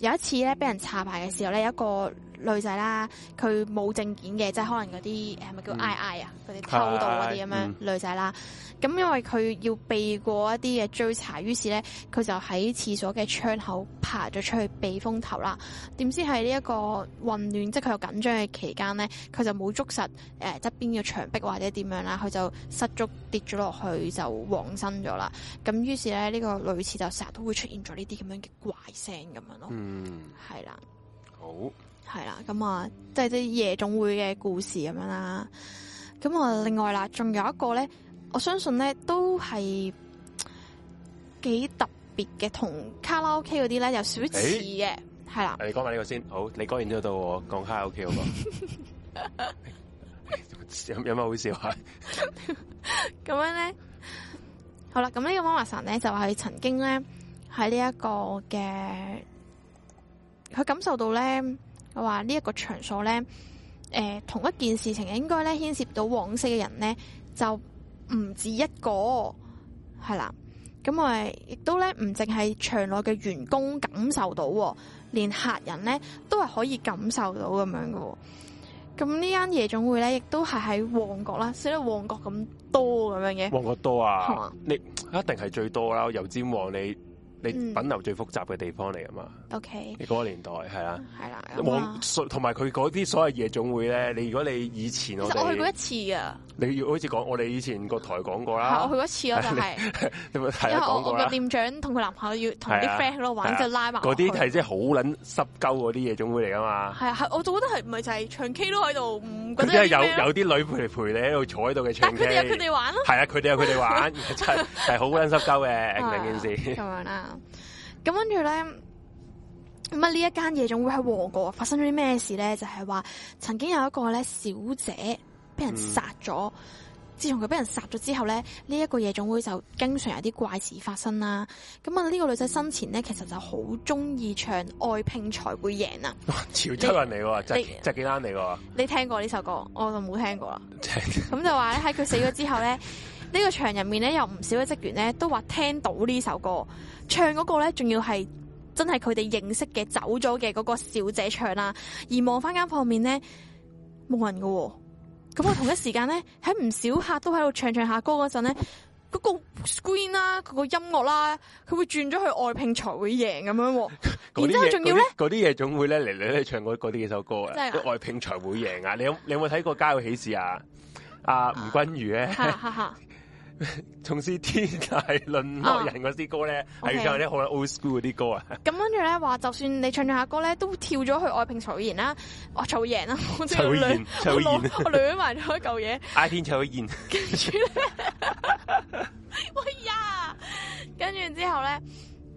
A: 有一次咧，俾人查牌嘅時候咧，有一個女仔啦，佢冇證件嘅，即係可能嗰啲係咪叫 I I、嗯、啊，嗰啲偷渡嗰啲咁樣女仔啦。嗯咁因為佢要避過一啲嘅追查，於是咧，佢就喺廁所嘅窗口爬咗出去避風頭啦。點知喺呢一個混亂，即係佢又緊張嘅期間咧，佢就冇捉實誒側邊嘅牆壁或者點樣啦，佢就失足跌咗落去就往生咗啦。咁於是咧，呢個類似就成日都會出現咗呢啲咁樣嘅怪聲咁
C: 樣咯。嗯，係啦了，好
A: 係啦，咁啊即係啲夜總會嘅故事咁樣啦。咁啊，另外啦，仲有一個咧。我相信咧，都係幾特別嘅，同卡拉 O K 嗰啲咧有少似嘅，
B: 係啦、欸。的你講埋呢個先，好，你講完之後到我講卡拉 O K 好唔好？ 有乜好笑啊？
A: 咁 樣咧，好啦，咁呢個媽媽生咧就話佢曾經咧喺呢一個嘅，佢感受到咧，佢話呢一個場所咧，誒、呃，同一件事情應該咧牽涉到往昔嘅人咧，就。唔止一個係啦，咁我亦都咧唔淨係場內嘅員工感受到，連客人咧都係可以感受到咁樣嘅。咁呢間夜總會咧，亦都係喺旺角啦，所以旺角咁多咁樣嘅。旺
B: 角多啊，嗎你一定係最多啦，油尖旺你你品流最複雜嘅地方嚟啊嘛。O K，嗰個年代係啦，係啦，同埋佢嗰啲所有夜總會咧，你如果你以前我，其實我去過一次啊。你要好似講我哋以前個台講過啦，我去過一次啊。就係因為我個店
A: 長同佢男朋友要同啲 friend 喺度玩，就拉埋。嗰啲係即係
B: 好撚濕鳩嗰啲夜總會嚟噶嘛？
A: 係啊，我就覺得係唔係就係唱 K 都喺度唔覺得有。咁有
B: 啲女陪嚟陪你喺度坐喺度嘅唱 K。誒，佢哋有佢哋玩咯。係啊，佢哋有佢哋玩，真係好撚濕鳩嘅，成件事。咁
A: 樣啦，咁跟住咧。咁啊！呢一間夜總會喺旺角發生咗啲咩事咧？就係、是、話曾經有一個咧小姐俾人殺咗。嗯、自從佢俾人殺咗之後咧，呢、這、一個夜總會就經常有啲怪事發生啦。咁啊，呢個女仔生，生前咧，其實就好中意唱《愛拼才會贏》啊！
B: 潮州人嚟㗎，即即簡單嚟㗎。
A: 你聽過呢首歌，我就冇聽過啦。咁 就話咧，喺佢死咗之後咧，呢、這個場入面咧有唔少嘅職員咧都話聽到呢首歌唱嗰個咧，仲要係。真係佢哋認識嘅走咗嘅嗰個小姐唱啦、啊，而望翻間鋪面咧冇人喎、啊。咁我同一時間咧喺唔少客都喺度唱唱下歌嗰陣咧，嗰、那個 screen 啦、啊，佢、那個音樂啦、啊，佢會轉咗去愛拼才會贏咁樣，而
B: 家仲要咧，嗰啲夜總會咧嚟嚟去去唱嗰啲幾首歌嘅、啊，即係愛拼才會贏啊！你有你有冇睇過《家有喜事》啊？阿吳、 啊、君如咧，係 從 事天界、淪落人嗰啲歌咧，係仲有啲好 old school 嗰啲歌啊！
A: 咁跟住咧話，就算你唱咗下歌咧，都跳咗去愛拼草原啦、啊，我草贏啦！我就兩，我攞，我攞埋咗一嚿嘢。
B: 愛拼草原，跟
A: 住咧，喂呀！跟住之後咧，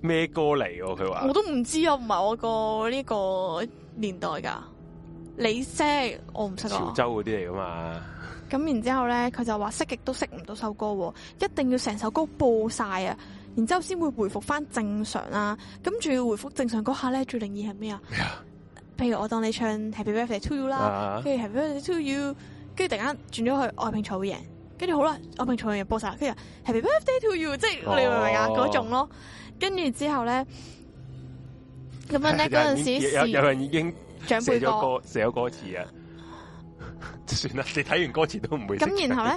B: 咩歌嚟？佢話我
A: 都唔知，啊，唔係我個呢個年代噶，你識我唔識啊？潮州
B: 嗰啲嚟噶嘛？
A: 咁然之後咧，佢就話識極都識唔到首歌，一定要成首歌播晒啊，然之後先會回復翻正常啦、啊。咁仲要回復正常嗰下咧，最靈異係咩啊？譬 如我當你唱 Happy Birthday to you 啦，跟住 Happy Birthday to you，跟住突然間轉咗去愛拼才會贏，跟住好啦，愛拼才會贏播晒，跟住 Happy Birthday to you，即係、就是、你明唔明啊？嗰 種咯，跟住之後咧，咁樣咧嗰陣時有有人
B: 已經寫咗歌，寫咗歌詞啊。算啦，你睇完歌詞都唔會。咁然後咧，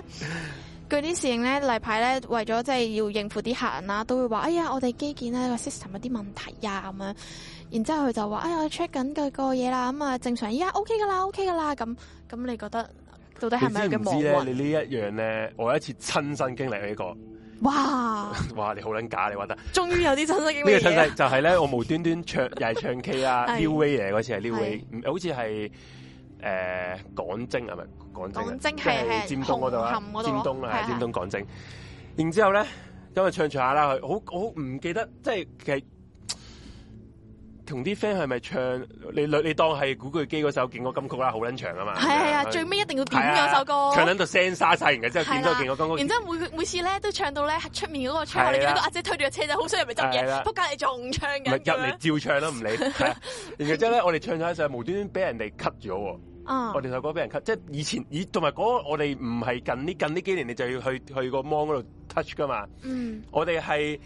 A: 嗰啲侍應咧，例牌咧，為咗即係要應付啲客人啦，都會話：哎呀，我哋基建咧個 system 有啲問題呀咁樣。然之後佢就話：哎呀，check 緊佢個嘢啦，咁、嗯、啊正常，依、哎、家 OK 噶啦，OK 噶啦。咁咁，你覺得到底係咪？唔知咧，你
B: 呢一樣咧，我有一次親身經歷呢、這個。哇！哇！你好捻假，你話得。
A: 終於有啲親身經歷。呢個親身
B: 就係咧，我無端端唱 又係唱 K 啊是，New Way 嚟嘅嗰次係 New Way，是是好似係。誒，港精係咪港精？即係尖東嗰度啊，尖東啊，係尖東港精。然之後咧，因為唱唱下啦，好好唔記得，即係其實同啲 friend 係咪唱？你你你當係古巨基嗰首《勁歌金曲》啦，好撚長啊嘛。係係啊，最尾一
A: 定要點嗰首歌。唱
B: 撚到聲沙晒，然之後點咗勁歌金曲。然之
A: 後每每次咧都唱到咧出面嗰個窗，我哋見到個阿姐推住架車仔好想入嚟執嘢，屋企仲唱
C: 嘅。入嚟照唱都唔理。
B: 係啊，然之後咧我哋唱咗一首，無端端俾人哋 cut 咗喎。啊！Uh, 我哋首歌俾人 cut，即係以前以同埋嗰我哋唔係近呢近呢幾年，你就要去去個 mon 嗰度 touch 噶嘛。嗯、mm.，我哋係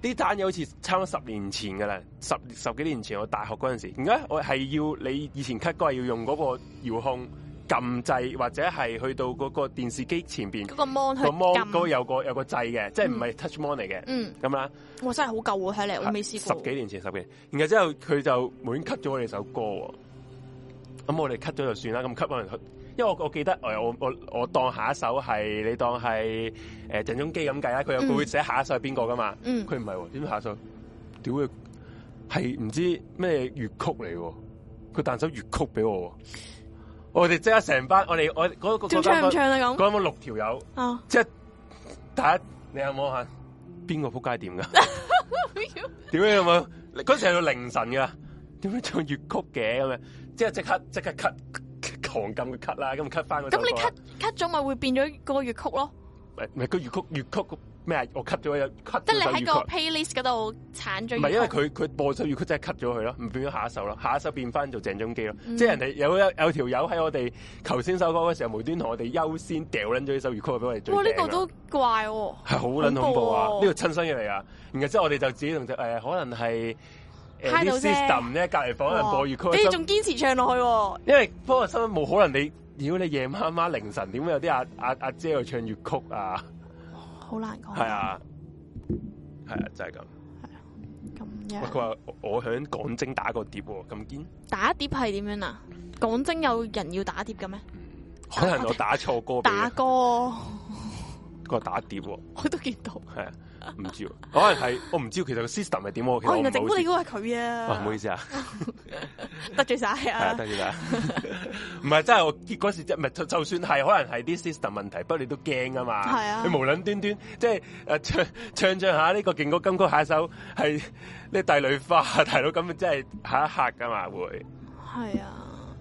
B: 啲單又好似差唔多十年前噶啦，十十幾年前我大學嗰陣時，而家我係要你以前 cut 歌係要用嗰個遙控撳掣，或者係去到嗰個電視機前邊嗰個 mon 個 mon 嗰個有個有個掣嘅，mm. 即係唔係 touch mon 嚟嘅。嗯、mm. 樣，咁啦、
A: 啊，我真係好舊喎，睇嚟。我未試過十幾
B: 年前十幾年。然後之後佢就冇影 cut 咗我哋首歌。咁、嗯、我哋 cut 咗就算啦，咁 cut 可能，因為我我記得，誒，我我我當下一首係你當係誒鄭中基咁計啦，佢有佢會寫下一首係邊個噶嘛，佢唔係，點、嗯哦、下一首？屌，係唔知咩粵曲嚟，佢彈首粵曲俾我，我哋即刻成班，我哋我嗰、嗰個仲唱唔唱啊？咁，我有冇六條友？即係大家，你有冇吓？邊個撲街點噶？屌，點解有冇？嗰時係凌晨噶。點樣唱粵曲嘅咁樣，即係即刻即刻 cut 狂撳佢 cut 啦，咁 cut 翻。咁你 cut
A: cut 咗咪會變咗嗰個粵曲咯？
B: 唔係，唔、那、係個粵曲，粵曲咩啊？我 cut 咗有 cut。即係你喺個
A: playlist 嗰度鏟咗。唔係，因為佢
B: 佢播的首粵曲，真係 cut 咗佢咯，唔變咗下一首咯，下一首變翻做鄭中基咯。嗯、即係人哋有有條友喺我哋求先首歌嘅時候，無端同我哋優先掉甩咗呢首粵曲俾我哋。哇、哦！呢、這個都
A: 怪喎、哦，好撚恐怖啊！呢個
B: 親身嘅嚟啊！然後之後我哋就自己同誒、呃，可能係。啲 system 咧，隔籬房有人播粵曲、哦，你仲堅
A: 持唱落去、哦？因為
B: 嗰個新聞冇可能你，你如果你夜媽媽凌晨，點會有啲阿阿阿姐去唱粵曲啊？
A: 好難講。係
B: 啊，係啊，啊，就係、是、咁。
A: 咁樣佢
B: 話、哦、我響港精打個碟，咁堅
A: 打碟係點樣啊？港精有人要打碟嘅咩？
B: 可能我打錯歌，歌，打歌個打碟、啊，我都見到係。唔知道，可能係我唔知道，其實個 system 係點。其實我整好，好你嗰個係佢啊。唔、哦、好意思啊，
A: 得罪晒啊。 得罪晒、
B: 啊。唔 係，真係我嗰時即係，就算係，可能係啲 system 問題。不過你都驚噶嘛。係啊。你無論端端，即係誒唱唱唱下呢個勁歌金曲下，下一首係呢帝女花大佬，咁即係嚇一嚇噶嘛會。
A: 係啊。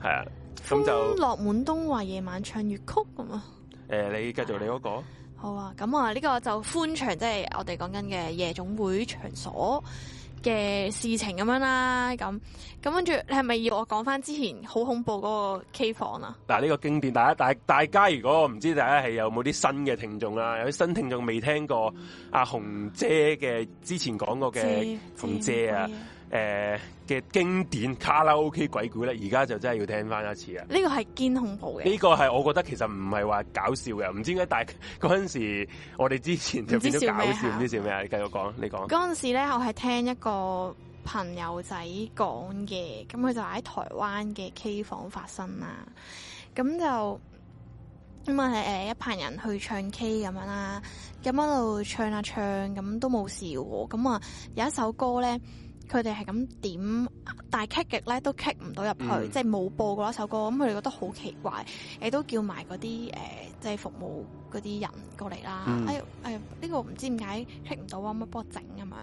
B: 係啊。咁、嗯、就
A: 落滿東華夜晚唱粵曲啊誒、
B: 呃，你繼續你嗰、那個。
A: 好啊，咁啊呢個就寬敞，即係我哋講緊嘅夜總會場所嘅事情咁樣啦，咁咁跟住你係咪要我講翻之前好恐怖嗰個 K 房啊？
B: 嗱，呢個經典，大家大大家如果唔知大家係有冇啲新嘅聽眾啦，有啲新聽眾未聽過阿、啊、紅姐嘅之前講過嘅，紅姐啊。誒嘅經典卡拉 OK 鬼故咧，而家就真係要聽翻一次啊！
C: 呢個係
A: 堅恐怖嘅。呢
B: 個係我覺得其實唔係話搞笑嘅，唔知點解，但係嗰陣時，我哋之前就變咗搞笑。唔知笑咩啊？你繼續講，你講。嗰陣
A: 時咧，我係聽一個朋友仔講嘅，咁佢就喺台灣嘅 K 房發生啦。咁就咁啊誒一派人去唱 K 咁樣啦，咁喺度唱啊唱，咁都冇事喎。咁啊有一首歌咧。佢哋係咁點但 cut 極咧，都 cut 唔到入去，即係冇播過一首歌，咁佢哋覺得好奇怪，亦都叫埋嗰啲誒，即係服務嗰啲人過嚟啦。哎，誒，呢個唔知點解 cut 唔到啊？乜幫我整咁樣？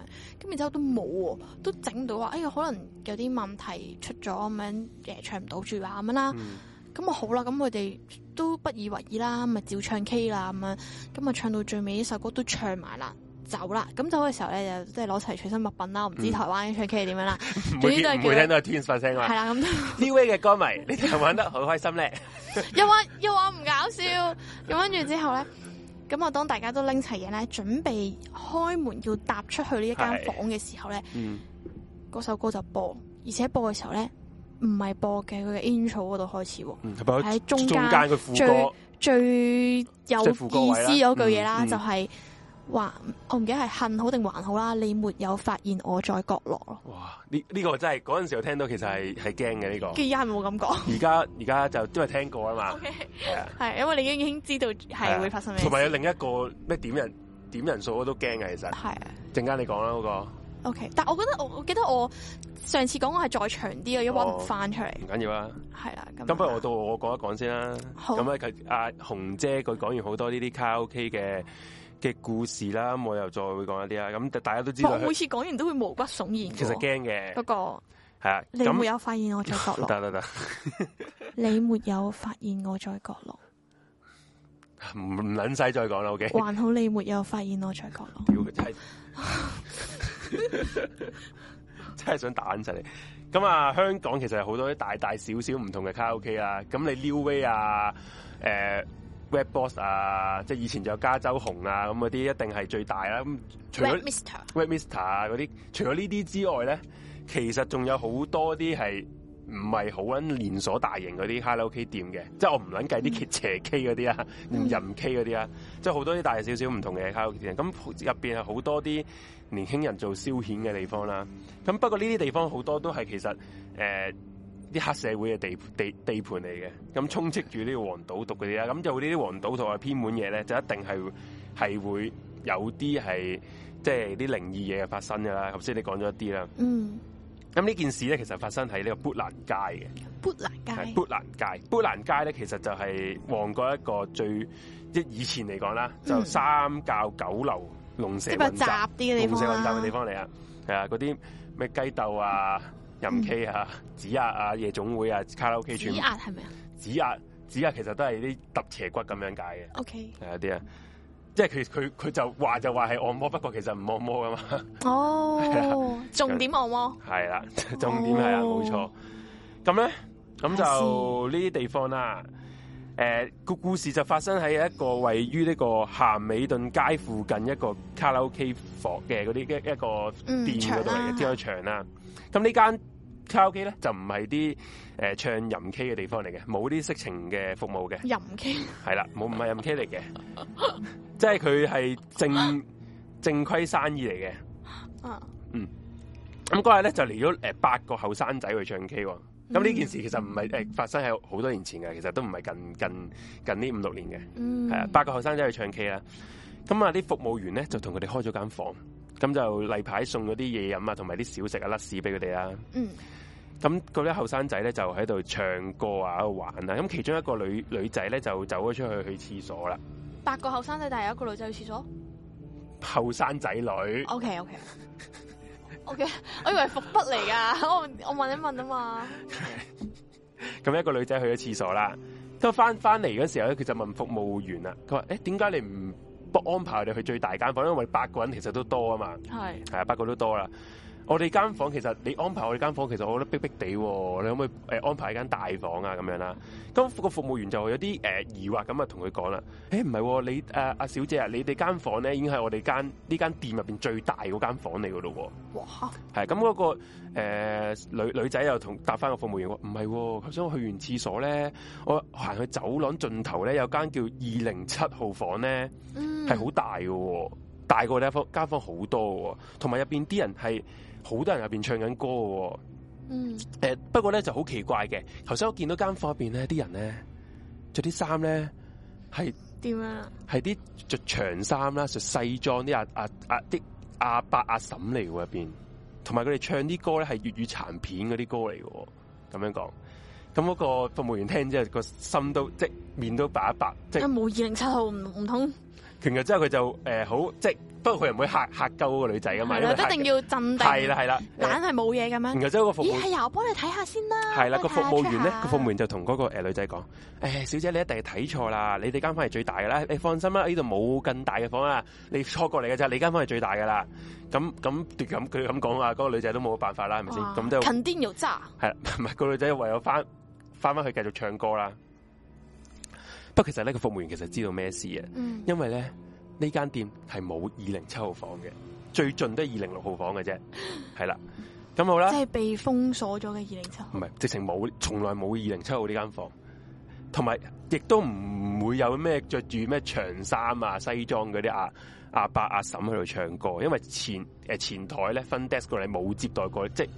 A: 咁然之後都冇喎，都整唔到啊！哎呀，可能有啲問題出咗，咁樣誒唱唔到住啊咁樣啦。咁啊好啦，咁佢哋都不以為意啦，咪照唱 K 啦咁樣。咁咪唱到最尾呢首歌都唱埋啦。走啦！咁走嘅時候咧，就即係攞齊隨身物品啦。我唔知台灣緊唱 K 係點樣啦，最多唔會聽到
B: 天發聲啊！係啦，咁 Neway 嘅歌迷，你哋玩得好開心咧！
A: 又話又話唔搞笑咁，跟住 之後咧，咁啊，當大家都拎齊嘢咧，準備開門要搭出去呢一間房嘅時候咧，嗰、嗯、首歌就播，而且播嘅時候咧，唔係播嘅，佢嘅 intro 嗰度開始喎，嗯、喺中間嘅副歌最最有意思嗰句嘢啦，就係。嗯嗯就是話我唔記得係幸好定還，還好啦，你沒有發現我在角落咯。
B: 哇！呢、這、呢個真係嗰陣時我聽到，其實係係驚嘅呢個。而家
A: 係冇咁講？而
B: 家而家就都係聽過啊嘛。係
A: Okay,、啊啊、因為你已經知道係會發生咩。同埋、啊、有
B: 另一個咩點人點人數我都驚嘅其實。係、啊。陣間你講啦嗰個。O、
A: okay, K，但我覺得我我記得我上次講我係再長啲、哦、啊，一揾唔翻出嚟。唔
B: 緊要啊。係啦。咁。不如我到我講一講先啦。咁咧佢阿紅姐佢講完好多呢啲卡拉 O K 嘅。嘅故事啦，我又再會講一啲啦，咁大家都知道。我每次
A: 講完都會毛骨悚然。其實驚
B: 嘅不。不過係啊，你沒有發現我在角落。得得得，
A: 你沒有發現我在角落。唔
B: 唔捻使再講啦，OK。還
A: 好你沒有發現我在角落。
B: 真係想打人你。咁啊，香港其實好多啲大大小小唔同嘅卡拉 OK 啊。咁你 New Way 啊，誒。Red Boss 啊，即係以前就有加州紅啊咁嗰啲，一定係最大啦。咁除咗 Red MR、Red MR 嗰啲，除咗呢啲之外咧，其實仲有好多啲係唔係好撚連鎖大型嗰啲 Hello K 店嘅，mm. 即係我唔撚計啲斜 K 嗰啲啊、淫、mm. K 嗰啲啊，mm. 即係好多啲大少少唔同嘅 Hello K 店。咁入邊係好多啲年輕人做消遣嘅地方啦。咁不過呢啲地方好多都係其實誒。呃啲黑社會嘅地地地盤嚟嘅，咁充斥住呢個黃賭毒嗰啲啦，咁就呢啲黃賭同埋偏門嘢咧，就一定係係會有啲係即係啲靈異嘢發生噶啦。頭先你講咗一啲啦，嗯，咁呢件事咧其實發生喺呢個砵蘭街嘅，砵蘭街，砵蘭街，砵蘭街咧其實就係旺角一個最即以前嚟講啦，嗯、就三教九流、龍蛇混雜啲嘅地方啦、啊，龍蛇混雜嘅地方嚟啊，係啊、嗯，嗰啲咩雞竇啊。任 K 啊，指壓啊，夜總會啊，卡拉 OK 全。指壓係咪啊？指壓，指壓其實都係啲揼斜骨咁樣解嘅。OK。係啊，啲啊，即係佢佢佢就話就話係按摩，不過其實唔按摩噶嘛。哦，
A: 重點按摩。
B: 係啦，重點係啊，冇錯。咁咧，咁就呢啲地方啦。誒，個、呃、故事就發生喺一個位於呢個咸美頓街附近一個卡拉 O K 房嘅嗰啲一一個店嗰度嚟嘅天台場啦、啊。咁呢間卡拉 O K 咧就唔係啲誒唱淫 K 嘅地方嚟嘅，冇啲色情嘅服務嘅。淫 K 係啦，冇唔係淫 K 嚟嘅， 即係佢係正正規生意嚟嘅。 嗯，咁嗰日咧就嚟咗誒八個後生仔去唱 K 喎。咁呢、嗯、件事其實唔係誒發生喺好多年前嘅，嗯、其實都唔係近近近呢五六年嘅，係、嗯、啊，八個後生仔去唱 K 啦。咁啊，啲服務員咧就同佢哋開咗間房，咁就例牌送咗啲嘢飲啊，同埋啲小食啊、甩屎俾佢哋啦。
C: 嗯。
B: 咁嗰啲後生仔咧就喺度唱歌啊，喺度玩啊。咁其中一個女女仔咧就走咗出去去廁所啦。
A: 八個後生仔，但係有一個女仔去廁所？
B: 後生仔女
A: ？OK OK。 我、okay。我以為係伏筆嚟噶，我我問一問啊嘛。
B: 咁 一個女仔去咗廁所啦，都翻翻嚟嗰時候咧，佢就問服務員啦，佢話：誒、欸，點解你唔不安排我哋去最大間房？因為八個人其實都多啊嘛。係係啊，八個都多啦。我哋間房其實你安排我哋間房其實我覺得逼逼地，你可唔可以誒安排一間大房啊咁樣啦？咁、那個服務員就有啲誒疑惑咁、欸哦、啊，同佢講啦：誒唔係你誒阿小姐啊，你哋間房咧已經係我哋間呢間店入邊最大嗰間房嚟嘅咯喎。
C: 哇！
B: 係咁，嗰個誒、呃、女女仔又同搭翻個服務員話：唔係，頭先我、哦、去完廁所咧，我行去走廊盡頭咧有間叫二零七號房咧，係好大嘅、哦，嗯、大過你間房好多嘅、哦，同埋入邊啲人係。好多人入邊唱緊歌嘅，嗯，誒、呃，不過咧就好奇怪嘅，頭先我見到間房入邊咧啲人咧着啲衫咧係點啊？係啲着長衫啦，着西裝啲阿阿阿啲阿伯阿嬸嚟嘅，入邊，同埋佢哋唱啲歌咧係粵語殘片嗰啲歌嚟嘅，咁樣講。咁嗰個服務員聽之後、個心都即面都白一白，即係冇二零七號唔唔通？其實之後佢就誒、呃、好即不過佢唔會嚇嚇鳩嗰個女仔噶嘛，一定要
A: 鎮定。係啦係啦，懶係冇嘢咁嘛。然後即係個服務，咦係我幫你睇下先啦。係啦，個服務員咧，
B: 個服務員就同嗰個誒女仔講：誒小姐，你一定係睇錯啦，你哋間房係最大嘅啦。你放心啦，呢度冇更大嘅房啊，你錯覺嚟嘅咋，你間房係最大嘅啦。咁咁咁佢咁講啊，嗰個女仔都冇辦法啦，係咪先？咁就，勤
A: 癲又渣。
B: 係，唔係個女仔唯有翻翻翻去繼續唱歌啦。不過其實呢個服務員其實知道咩事啊，因為咧。呢間店係冇二零七號房嘅，最盡都係二零六號房嘅啫。係啦，咁、嗯嗯、好啦，即係
A: 被封鎖咗嘅二零七。唔
B: 係，直情冇，從來冇二零七號呢間房，同埋亦都唔會有咩着住咩長衫啊西裝嗰啲阿阿伯阿嬸喺度唱歌，因為前誒前台咧分 desk 嗰嚟，冇接待過，即係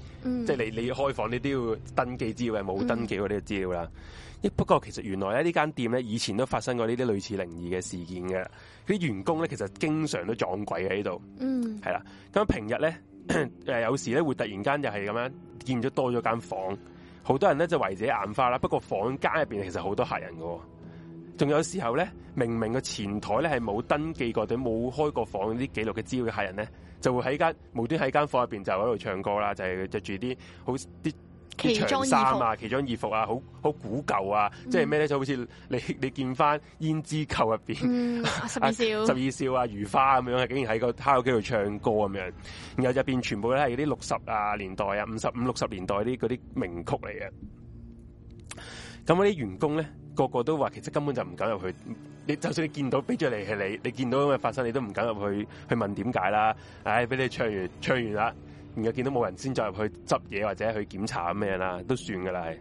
B: 即係你你開房你都要登記資料，係冇登記嗰啲資料啦。嗯不過其實原來咧，呢間店咧以前都發生過呢啲類似靈異嘅事件嘅，啲員工咧其實經常都撞鬼喺度。嗯，係啦。咁平日咧，誒有時咧會突然間就係咁樣見咗多咗間房，好多人咧就為自己眼花啦。不過房間入面其實好多客人喎、哦。仲有時候咧，明明個前台咧係冇登記過，對冇開過房啲記錄嘅資料嘅客人咧，就會喺間無端喺間房入面就喺度唱歌啦，就係、是、着住啲好啲。其中異啊，其中奇裝異服啊，好好古舊啊，嗯、即係咩咧，就好似你你見翻胭脂扣入邊十二少，少十二少啊如花咁樣啊，竟然喺個廳度唱歌咁、啊、樣，然後入邊全部咧係嗰啲六十啊年代啊五十五六十年代啲嗰啲名曲嚟嘅。咁啲員工咧個個都話，其實根本就唔敢入去。你就算你見到俾咗嚟係你，你見到咁嘅發生，你都唔敢入去去問點解啦。唉，俾你唱完唱完啦。而家見到冇人先再入去執嘢或者去檢查咁咩啦，都算噶啦，係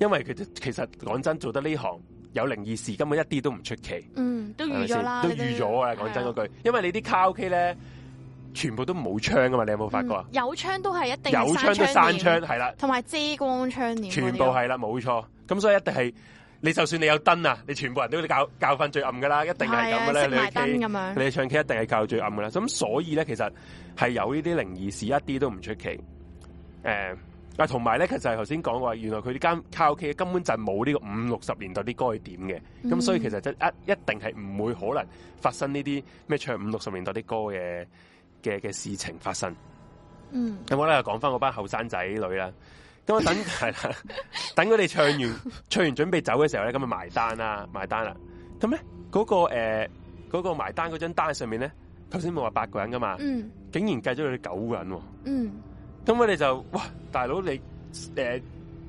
B: 因為其實其實講真，做得呢行有靈異事根本一啲都唔出奇。嗯，
C: 都預咗啦，都預咗啊！講的真
B: 嗰句，的因為你啲卡 O K 咧，全部都冇窗噶嘛，你有冇發覺啊、嗯？
A: 有窗都係一定有窗都閂窗，係啦，同埋遮光窗簾，全部係
B: 啦，冇錯。咁所以一定係。你就算你有燈啊，你全部人都會教教訓最暗噶啦，一定係咁噶啦。啊、你唱的 K，的樣你的唱 K 一定係教最暗噶啦。咁所以咧，其實係有，、呃、有呢啲靈異事一啲都唔出奇。誒啊，同埋咧，其實係頭先講話，原來佢呢間靠 K 根本就冇呢個五六十年代啲歌係點嘅。咁、嗯、所以其實就一一定係唔會可能發生呢啲咩唱五六十年代啲歌嘅嘅嘅事情發生。
C: 嗯那呢，
B: 咁我咧又講翻嗰班後生仔女啦。咁 等係啦，等佢哋唱完唱完準備走嘅時候咧，咁就埋單啦，埋單啦。咁咧嗰個誒嗰、呃嗰個埋單嗰張單上面咧，頭先冇話八個人噶嘛，嗯、竟然計咗佢哋九個人。咁我哋就哇大佬，你誒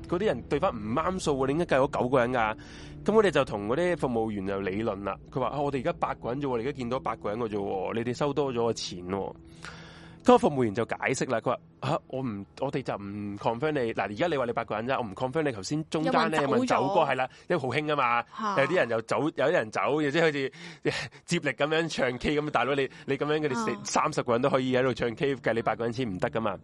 B: 嗰啲人對翻唔啱數喎，點解計咗九個人噶？咁我哋就同嗰啲服務員就理論啦。佢話，啊，我哋而家八個人啫，你而家見到八個人噶啫，你哋收多咗個錢了。個服務員就解釋啦，佢話：啊，我唔，我哋就唔 confirm 你。嗱，而家你話你八個人啫，我唔 confirm 你頭先中間咧，有冇走過係啦，因為好興啊嘛。啊，有啲人又走，有啲人走，亦即係好似接力咁樣唱 K 咁。大佬你你咁樣，佢哋三十個人都可以喺度唱 K 計，你八個人先唔得噶嘛。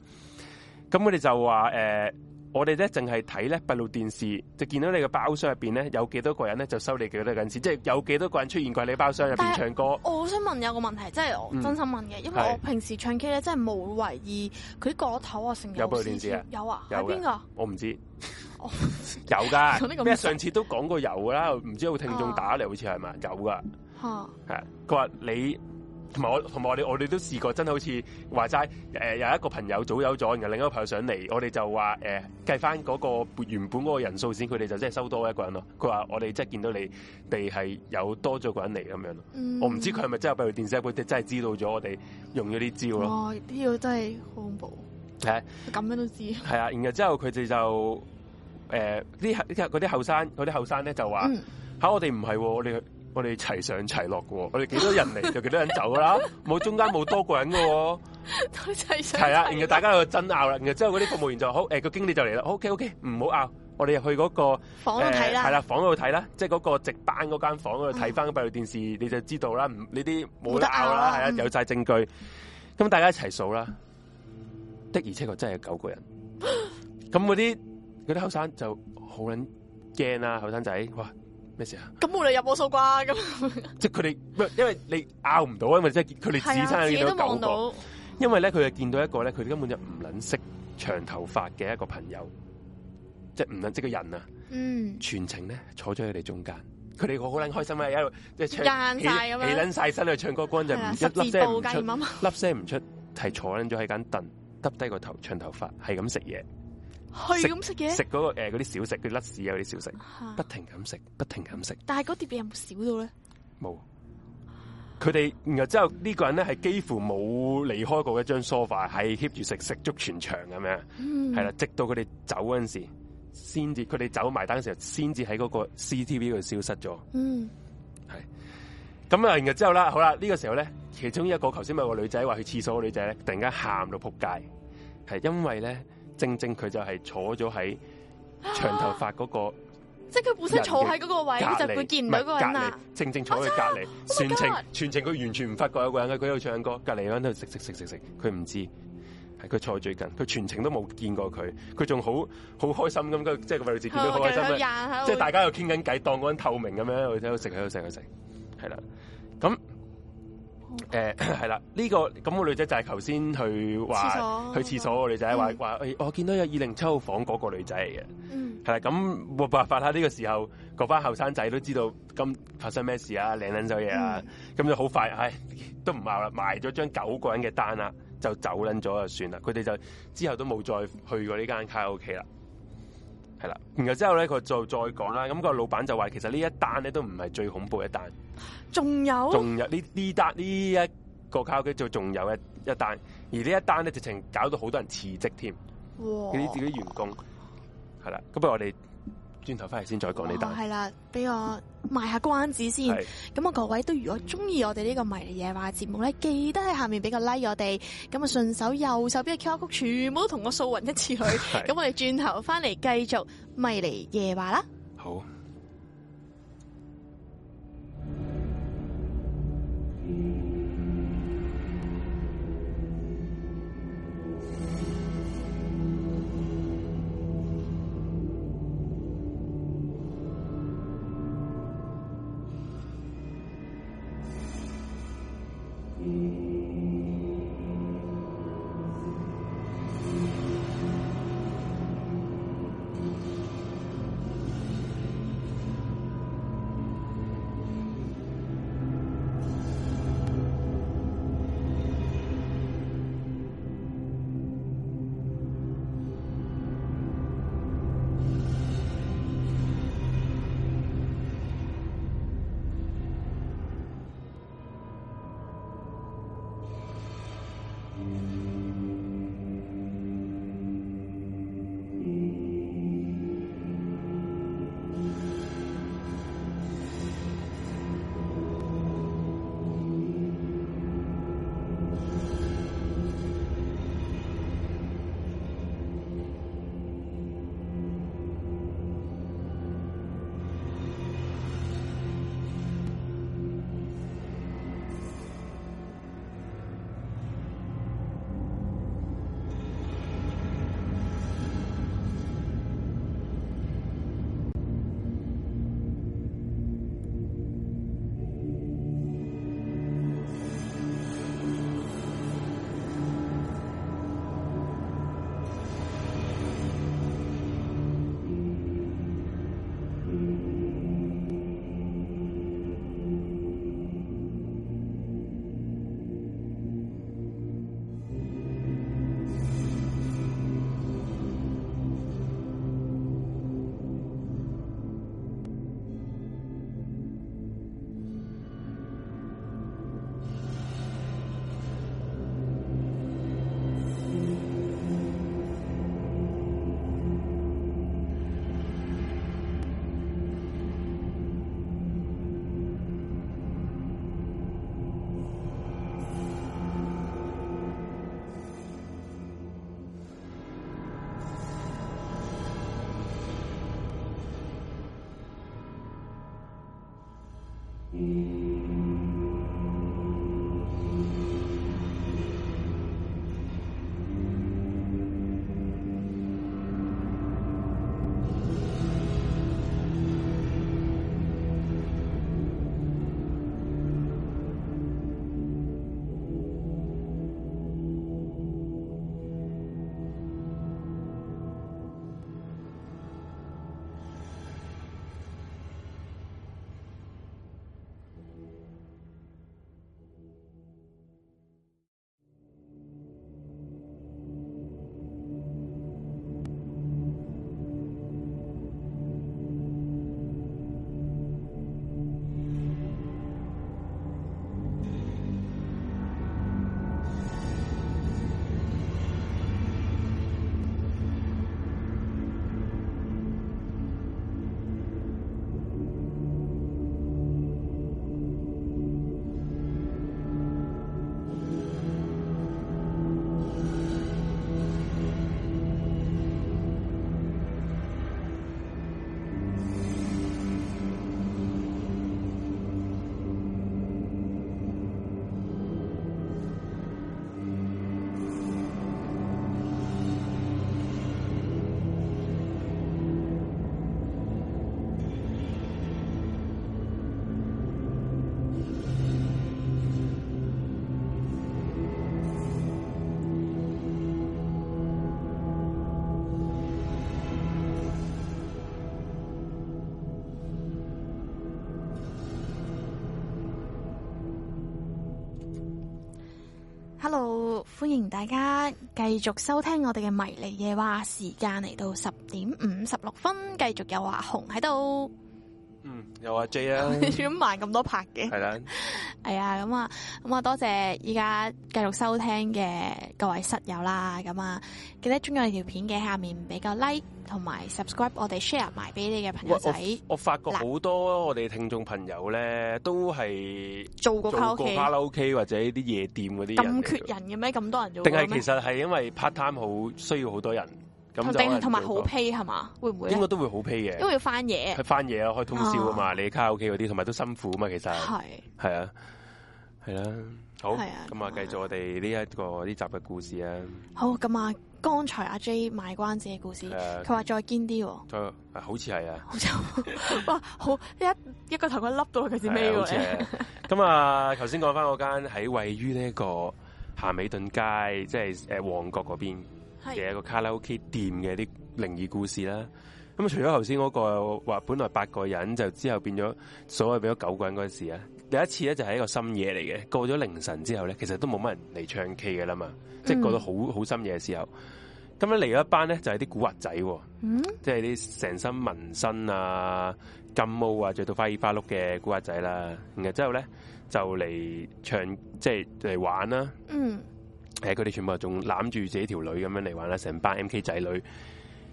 B: 咁佢哋就話誒。呃我哋咧淨係睇咧，閉路電視就見到你嘅包廂入邊咧有幾多個人咧，就收你幾多銀紙，即係有幾多個人出現過你包廂入邊唱歌。
A: 我好想問有個問題，即係我真心問嘅，因為我平時唱 K 咧，真係冇為意。佢個頭啊，成日有閉路電視啊，
B: 有啊，有邊個，我唔知，有噶，咩上次都講過有噶啦，唔知有聽眾打嚟，好似係咪有噶？嚇，係，佢話你。同埋我，同埋我哋，我哋都試過真係好似話齋，有一個朋友早有咗，然後另一個朋友上嚟，我哋就話誒、呃、計翻嗰個原本嗰個人數先，佢哋就真係收多一個人咯。佢話我哋即係見到你哋係有多咗個人嚟咁樣咯。嗯、我唔知佢係咪真係譬如電視啊？佢真係知道咗我哋用咗啲招咯。哇、
A: 哦！呢、呢個真係好恐怖。
B: 係。咁樣都知。係啊，樣知然後之後佢哋就誒啲嗰啲後生嗰啲後生咧就話嚇、嗯啊、我哋唔係我哋。我哋齊上齊落喎，我哋幾多人嚟就幾多人走噶啦，冇 中間冇多個人嘅
C: 喎、啊。係啦齊上、啊、然後
B: 大家又爭拗啦，然後之後嗰啲服務員就好，誒、欸、個經理就嚟啦，OK OK，唔好拗，我哋入去嗰、那個、呃、房度睇啦，係啦、啊、房度睇啦，即係嗰個值班嗰間房度睇翻閉路電視，啊、你就知道啦。唔，呢啲冇得拗啦，係啊，有晒證據，咁、嗯、大家一齊數啦。的而且確真係有九個人，咁嗰啲嗰啲後生就好撚驚啦，後生仔哇！咩事啊？
A: 咁冇理由冇數啩咁。
B: 即係佢哋，因為你拗唔到，因為即係佢哋只差呢度九到！因為咧，佢係見到一個咧，佢根本就唔捻識長頭髮嘅一個朋友，即係唔捻識個人啊。嗯，全程咧坐咗喺佢哋中間，佢哋我好捻開心啊，一路即係唱你捻晒身去唱歌，歌，居然、嗯、一粒聲唔出，係坐捻咗喺間凳，耷低個頭，長頭髮係咁食嘢。
C: 係咁食嘢，食
B: 嗰，嗰個，誒嗰啲小食，佢甩屎啊啲小食，uh huh. 不停咁食，不停咁食。
A: 但係嗰碟嘢有冇少到咧？
B: 冇，佢哋然後之後呢，這個人咧係幾乎冇離開過一張 sofa，係 keep 住食食足全場咁樣，係啦，mm hmm.，直到佢哋走嗰陣時，先至佢哋走埋單嘅時候，先至喺嗰個 C T V 度消失咗。嗯，mm，係咁啊，然後之後啦，好啦，呢，這個時候咧，其中一個頭先咪個女仔話去廁所嘅女仔咧，突然間喊到撲街，係因為咧。正正佢就係坐咗喺長頭髮嗰個、啊，
A: 即係佢本身坐喺嗰個位，離就佢見唔到嗰個人、啊隔離。
B: 正正坐喺隔籬、啊 oh，全程全程佢完全唔發覺有個人喺佢度唱歌，隔籬有人喺度食食食食食，佢唔知係佢坐最近，佢全程都冇見過佢，佢仲好好開心咁，即係佢位置見到好開心。即係、啊、大家又傾緊偈，會當嗰人透明咁樣，喺度食喺度食喺度食，係啦，咁。誒係啦，呢、嗯 這個咁、那個女仔就係頭先去話所去廁所女、嗯哎、我個女仔，話話我見到有二零七號房嗰個女仔嚟嘅，係啦、嗯，咁冇辦法啦，呢個時候嗰班後生仔都知道咁發生咩事啊，領撚走嘢啊，咁就好快，唉、哎，都唔話埋咗張九個人嘅單啦，就走撚咗就算啦，佢哋就之後都冇再去過呢間卡拉 OK 啦。係啦，然後之後咧，佢就再講啦，咁、嗯、個老闆就話，其實呢一單咧都唔係最恐怖一單，仲有，仲有呢呢單呢一個交機，就仲有一一單，而呢一單咧直情搞到好多人辭職添，
A: 哇，啲自
B: 己員工係啦，咁不如我哋。轉頭翻嚟先再講呢單，係
A: 啦、哦，俾我賣下關子先。咁啊是，各位都如果中意我哋呢、這個迷離夜話節目咧，記得喺下面俾個 like 我哋。咁啊，順手右手邊嘅 Q R 碼全部都同我掃匀一次佢。咁是我哋轉頭翻嚟繼續迷離夜話啦。好。歡迎大家繼續收聽我哋嘅迷離夜話，時間嚟到十點五十六分，繼續有阿紅喺度。
B: 嗯，有阿 J 啦，咁
A: 埋咁多拍嘅，係啦的，係啊， 咁啊，咁啊，多謝依家繼續收聽嘅各位室友啦，咁啊，記得中意條片嘅，下面俾個 like 同埋 subscribe，我哋 share 埋俾你嘅朋友仔。
B: 我，我發覺好多我哋聽眾朋友咧，都係做過卡拉 OK 或者啲夜店嗰啲咁缺
A: 人嘅咩？咁多人做，定係其
B: 實係因為 part time 好需要好多人。咁同埋好 pay
A: 係嘛？會唔會？應該
B: 都會好 pay 嘅，因
A: 為要翻夜。返
B: 翻夜啊，開通宵啊嘛，啊你卡拉 OK 嗰啲，同埋都辛苦啊嘛，其實係係啊，係啦，好係啊。咁啊，繼續我哋呢一個呢集嘅故事啊。
A: 好，咁啊，剛才阿 J 賣關子嘅
B: 故事，佢話
A: 再堅啲，
B: 再好似係啊，
A: 哇，好一一個頭骨粒到佢最咩？
B: 咁啊，頭先講翻嗰間喺位於呢個咸美頓街，即係誒旺角嗰邊，嘅是一個卡拉 OK 店嘅啲靈異故事啦，咁、嗯、啊除咗頭先嗰個話，本來八個人就之後變咗所謂變咗九個人嗰陣時咧，有一次咧就係一個深夜嚟嘅，過咗凌晨之後咧，其實都冇乜人嚟唱 K 㗎啦嘛，嗯、即係過到好好深夜嘅時候，咁樣嚟咗一班咧就係、是、啲古惑仔、啊，嗯，即係啲成身紋身啊、金毛啊，着到花衣花碌嘅古惑仔啦，然後之後咧就嚟唱，即係嚟玩啦、啊，嗯。佢哋全部仲攬住自己條女咁樣嚟玩啦，成班 M K 仔女，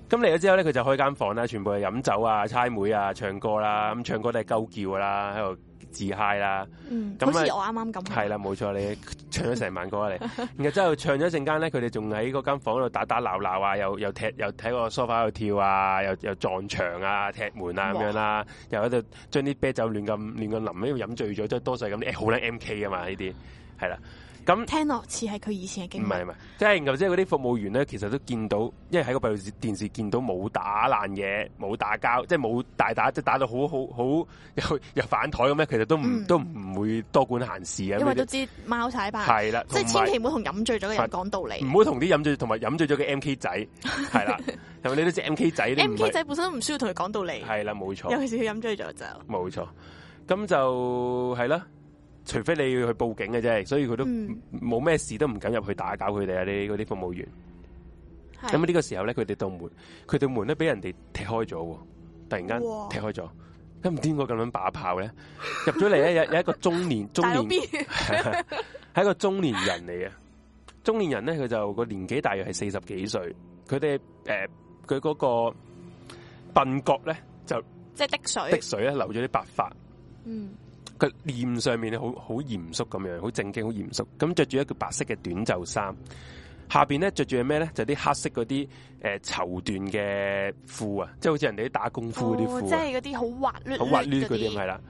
B: 咁嚟咗之後咧，佢就開間房啦，全部係飲酒啊、猜妹啊、唱歌、啊嗯嗯、唱歌啦，咁唱歌都係鳩叫噶啦，喺度自 high 啦。嗯，就我啱
C: 啱咁。係啦，
B: 冇錯，你唱咗成晚歌嚟。 然後之後唱咗陣間咧，佢哋仲喺嗰間房度打打鬧鬧啊，又又踢又喺個 sofa 度跳啊，又又又撞牆啊、踢門啊咁哇樣啦，又喺度將啲啤酒亂咁亂咁淋，喺度飲醉咗，即係多曬咁啲好撚 M K 啊嘛，呢啲係啦。咁那聽落似係佢以前嘅經歷。唔係唔係，即係然後即係嗰啲服務員咧，其實都見到，因為喺個閉電視見到冇打爛嘢，冇打交，即係冇大打，即、就、係、是、打到好好好又又反台咁咧。其實都唔、嗯、都唔會多管閒事啊。因為都知
A: 貓踩板。係
B: 啦的，即係千祈唔好
A: 同飲醉咗嘅人講道理。唔好同啲
B: 飲醉同埋飲醉咗嘅 M K 仔。係啦，因為 你都知 M K 仔。 M K 仔
A: 本身都唔需要同佢講道理。
B: 係啦，冇錯。尤其是
A: 佢飲醉咗就。
B: 冇錯，咁就係啦。除非你要去報警嘅啫，所以佢都冇咩事，都唔敢入去打攪佢哋啊！啲啲服務員。
C: 咁呢是個時
B: 候咧，佢哋道門，佢哋門都俾人哋踢開咗，突然間踢開咗。咁點解咁樣把炮咧？入咗嚟咧，有 有一個中年中年，係老 一個中年人嚟啊！中年人咧，佢就個年紀大約係四十幾歲。佢哋誒，佢、呃、嗰個鬢角咧就
A: 即係滴水滴
B: 水啊，流咗啲白髮。
C: 嗯。
B: 佢臉上面好好嚴肅咁樣，好正經，好嚴肅。咁着住一個白色嘅短袖衫，下邊咧着住係咩咧？就啲、係、黑色嗰啲誒綢緞嘅褲啊，即係好似人哋啲打功夫嗰啲褲。哦，即係
A: 嗰啲好滑捋，好滑捋嗰啲係啦。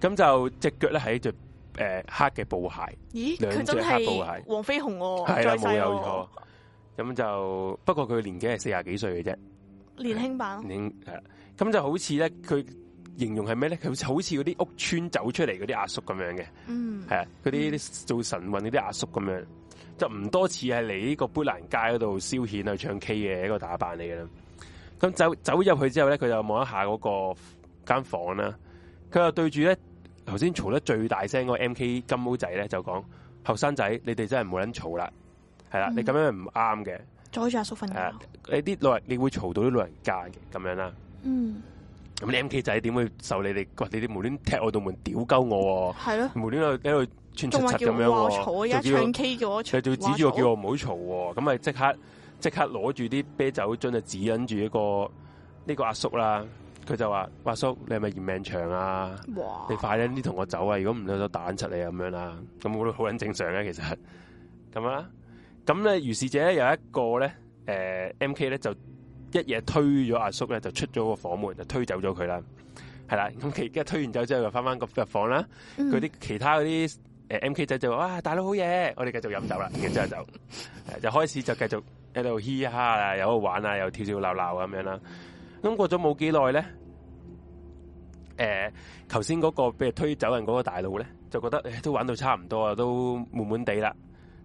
B: 咁就隻腳咧喺着誒黑嘅布鞋。咦？
A: 兩隻黑布鞋，佢真係黃飛鴻喎，係啦，冇有錯。
B: 咁就不過佢年紀係四廿幾歲嘅啫，
A: 年輕版。
B: 年輕咁就好似咧佢。形容係咩咧？佢好似嗰啲屋村走出嚟嗰啲阿叔咁樣嘅，係啊、嗯，嗰啲做神運嗰啲阿叔咁樣，就唔多似係嚟呢個砵蘭街嗰度消遣啊，唱 K 嘅一個打扮嚟嘅啦。咁走走入去之後咧，佢就望一下嗰個間房啦，佢就對住咧頭先嘈得最大聲嗰個 M K 金毛仔咧，就講、嗯：後生仔，你哋真係冇人嘈啦，係啦，你咁樣唔啱嘅。阻住阿叔瞓覺，你啲老人，你會嘈到啲老人家嘅咁樣啦。嗯。咁你 M K 仔點會受你哋？你哋無端踢我度門，屌鳩我！係咯的，無端喺度穿插咁樣喎。就叫唔好
A: 嘈，佢仲指住我，叫我
B: 唔好嘈。咁咪即刻即刻攞住啲啤酒樽就指引住一個呢、呢個阿叔啦。佢就話：，阿叔，你係咪嫌命長啊？哇你快啲同我走啊！如果唔到咗彈出嚟咁樣啦，咁我都好撚正常嘅、啊、其實。咁啊，咁咧，如是者有一個咧，誒、呃、M K 咧就。一嘢推咗阿叔咧，就出咗個房門，就推走咗佢啦。係啦，咁其一推完走之後就，就翻翻個入房啦。佢啲其他嗰啲誒 MK 仔就話：，哇，大佬好嘢，我哋繼續飲酒啦。然之後就、 啊、就開始就繼續喺度嘻 e 哈啊，又度玩啊，又，又，又跳跳鬧鬧咁樣啦。咁過咗冇幾耐咧，誒、呃，頭先嗰個俾推走人嗰個大佬咧，就覺得、哎、都玩到差唔多啊，都悶悶地啦，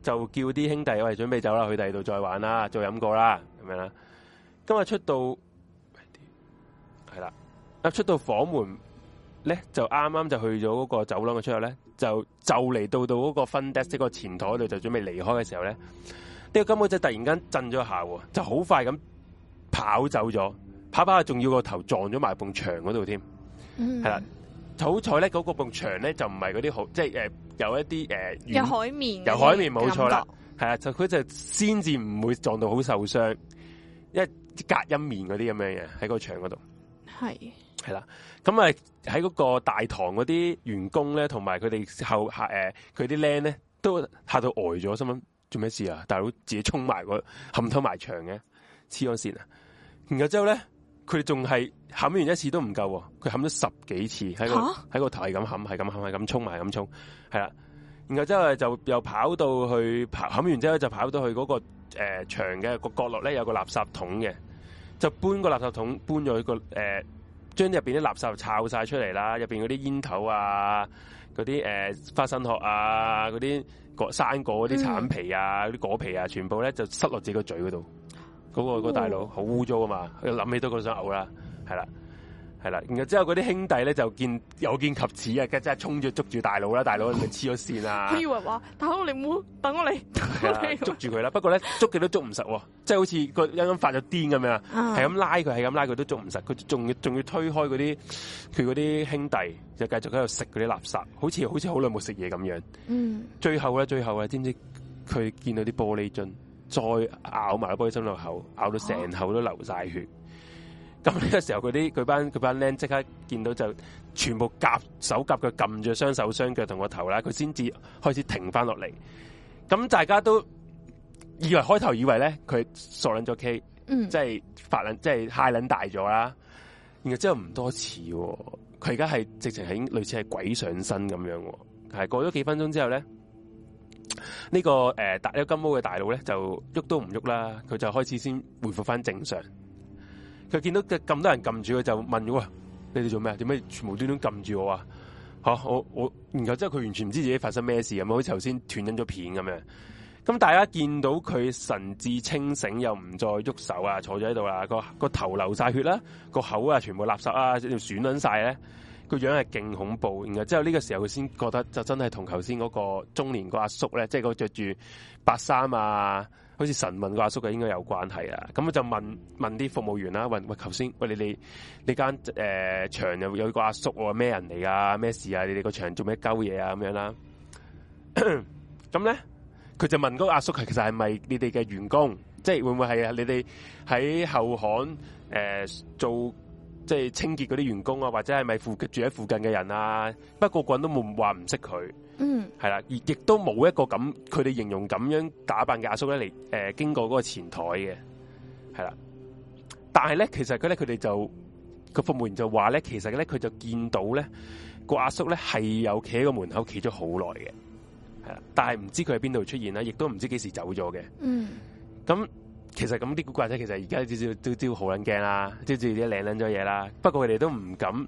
B: 就叫啲兄弟我哋、哎、準備走啦，去第二度再玩啦，再飲過啦，咁樣啦。今日出到係啦，出到房門咧，就啱啱就去咗嗰個走廊嘅出口咧，就就嚟到到嗰個 front desk 個前台度，就準備離開嘅時候咧，呢個金毛仔突然間震咗下，就好快咁跑走咗，跑跑下仲要個頭撞咗埋埲牆嗰度添，係啦、嗯，好彩咧嗰個埲牆咧就唔係嗰啲好，即係誒有一啲誒有海
A: 綿，有海綿冇錯啦，
B: 係啊，就佢就先至唔會撞到好受傷，一。隔音棉嗰啲咁樣嘢喺個牆嗰度，係係啦，咁啊喺嗰個大堂嗰啲員工咧，同埋佢哋後嚇誒佢啲靚咧，都嚇到呆咗，心諗做咩事啊？大佬自己沖埋個冚頭埋牆嘅黐咗線啊！然後之後咧，佢仲係冚完一次都唔夠喎，佢冚咗十幾次喺個喺、啊、個台咁冚，係咁冚係咁沖埋係咁沖，係啦。然後之後就又跑到去冚完之後就跑到去嗰、嗰個。誒、呃，牆嘅個角落咧有個垃圾桶嘅，就搬個垃圾桶搬咗去個誒，將入邊啲垃圾抄晒出嚟啦，入邊嗰啲煙頭啊，嗰啲誒花生殼啊，嗰啲果生果嗰啲橙皮啊，嗰啲、嗯、果皮啊，全部咧就塞落自己嘴，嗰個嘴嗰度，嗰、嗰個大佬好污糟啊嘛，佢諗起都覺想嘔啦，係啦。係啦，然之後嗰啲兄弟咧就見有見及此啊，即係衝住捉住大佬啦！大佬你黐咗線啊！佢以
A: 為話大佬你唔好等我嚟了捉
B: 住佢啦，不過咧，捉極都捉唔實喎，即係好似個欣欣發咗癲咁樣，係咁拉佢，係咁拉佢都捉唔實，佢仲要仲要推開嗰啲佢嗰啲兄弟，就繼續喺度食嗰啲垃圾，好似好似好耐冇食嘢咁樣、嗯最後呢。最後咧，最後咧，點知佢見到啲玻璃樽，再咬埋玻璃樽落口，咬到成口都流晒血。啊咁呢個時候，佢啲佢班佢班僆，即刻見到就全部夾手夾腳撳住雙手雙腳同個頭啦，佢先至開始停翻落嚟。咁大家都以為開頭以為咧，佢傻捻咗 K，即係發捻，即係 high 捻大咗啦。然後之後唔多次，佢而家係直情係類似係鬼上身咁樣。係過咗幾分鐘之後咧，這個呃這個、呢個誒戴咗金毛嘅大佬咧就喐都唔喐啦，佢就開始先恢復翻正常。佢見到咁多人撳住佢，就問咗：喂，你哋做咩？點解全無端端撳住我啊？嚇、啊！我我，我，然後之後佢完全唔知自己發生咩事咁，好似頭先斷緊咗片咁樣。咁大家見到佢神志清醒，又唔再喐手啊，坐咗喺度啦。個頭流曬血啦，個口啊全部垃，垃圾啊，損條船撚曬咧，個樣係勁恐怖。然後之後呢個時候佢先覺得，就真係同頭先嗰個中年個阿叔咧，即係個著住白衫啊。好似神問個阿叔嘅應該有關係啦，咁我就問問啲服務員啦，喂喂，頭先喂你哋呢間誒、呃、場有有個阿叔，咩人嚟㗎？咩事啊？你哋個場做咩鳩嘢啊？咁樣啦，咁咧佢就問嗰個阿叔，其實係咪你哋嘅員工？即、就、係、是、會唔會係啊？你哋喺後巷誒、呃、做即係、就是、清潔嗰啲員工啊？或者係咪附住喺附近嘅人啊？不過個人都冇話唔識佢。嗯，係啦，而亦都冇一個咁，佢哋形容咁樣打扮嘅阿叔咧嚟，誒、呃，經過嗰個前台嘅，係啦。但係咧，其實佢咧，佢哋就個服務員就話咧，其實咧，佢就見到咧個阿叔咧係有企喺個門口企咗好耐嘅，係啦。但係唔知佢喺邊度出現啦，亦都唔知幾時走咗嘅。
C: 嗯，
B: 咁其實咁啲古惑仔，其實而家都知都知都知都知好撚驚啦，都知自己領撚咗嘢啦。不過佢哋都唔敢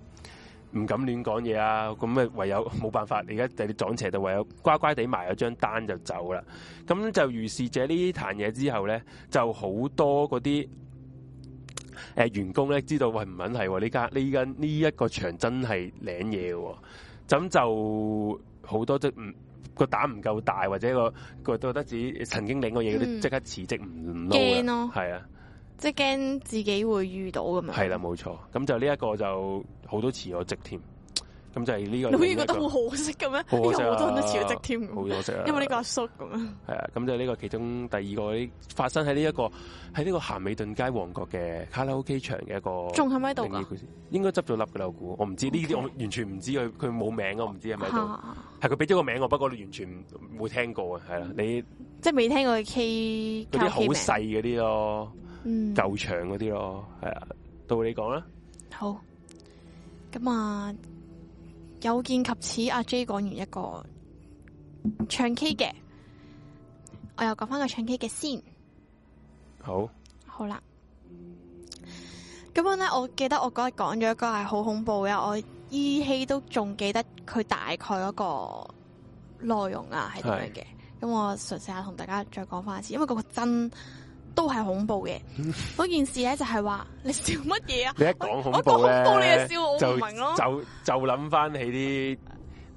B: 唔敢亂講嘢啊！咁咪唯有冇辦法，你而家就啲撞邪就唯有乖乖地埋咗張單就走啦。咁就如是者呢壇嘢之後咧，就好多嗰啲誒員工咧，知道喂，唔穩係喎，呢家呢間呢一個場真係領嘢喎，咁就好多即唔個膽唔夠大，或者個覺得自己曾經領過嘢、嗯、都啲，即刻辭職唔唔攞啦，係啊。
A: 即係驚自
B: 己會遇到咁樣，係啦，冇錯，咁就呢一個就好多辭咗職添，咁就係呢個。你會覺得好可
A: 惜嘅咩？因為好多人都辭咗職添，好可惜啊！因為呢個阿叔咁
B: 啊，係啊，咁就呢個其中第二個發生喺呢一個喺呢個咸美頓街旺角嘅卡拉 OK 場嘅一個，仲係喺度噶，應該執咗笠嘅啦。我估我唔知呢啲，我完全唔知佢冇名嘅，我唔知係咪度係佢俾咗個名我，不過我完全冇聽過嘅，係啦，你
A: 即係未聽過 K，嗰啲好
B: 細嗰啲咯。夠長嗰啲咯，係啊，到你講啦。
A: 好，咁、嗯、啊，有見及此，阿 J 講完一個唱 K 嘅，我又講翻個唱 K 嘅先。
B: 好。
A: 好啦，咁樣咧，我記得我嗰日講咗一個係好恐怖嘅，我依、e、稀都仲記得佢大概嗰個內容啊，係點樣嘅。咁、嗯、我嘗試下同大家再講翻一次，因為嗰個真。都係恐怖嘅嗰件事咧，就係話你笑乜嘢啊？你一講恐怖咧，就
B: 就諗翻起啲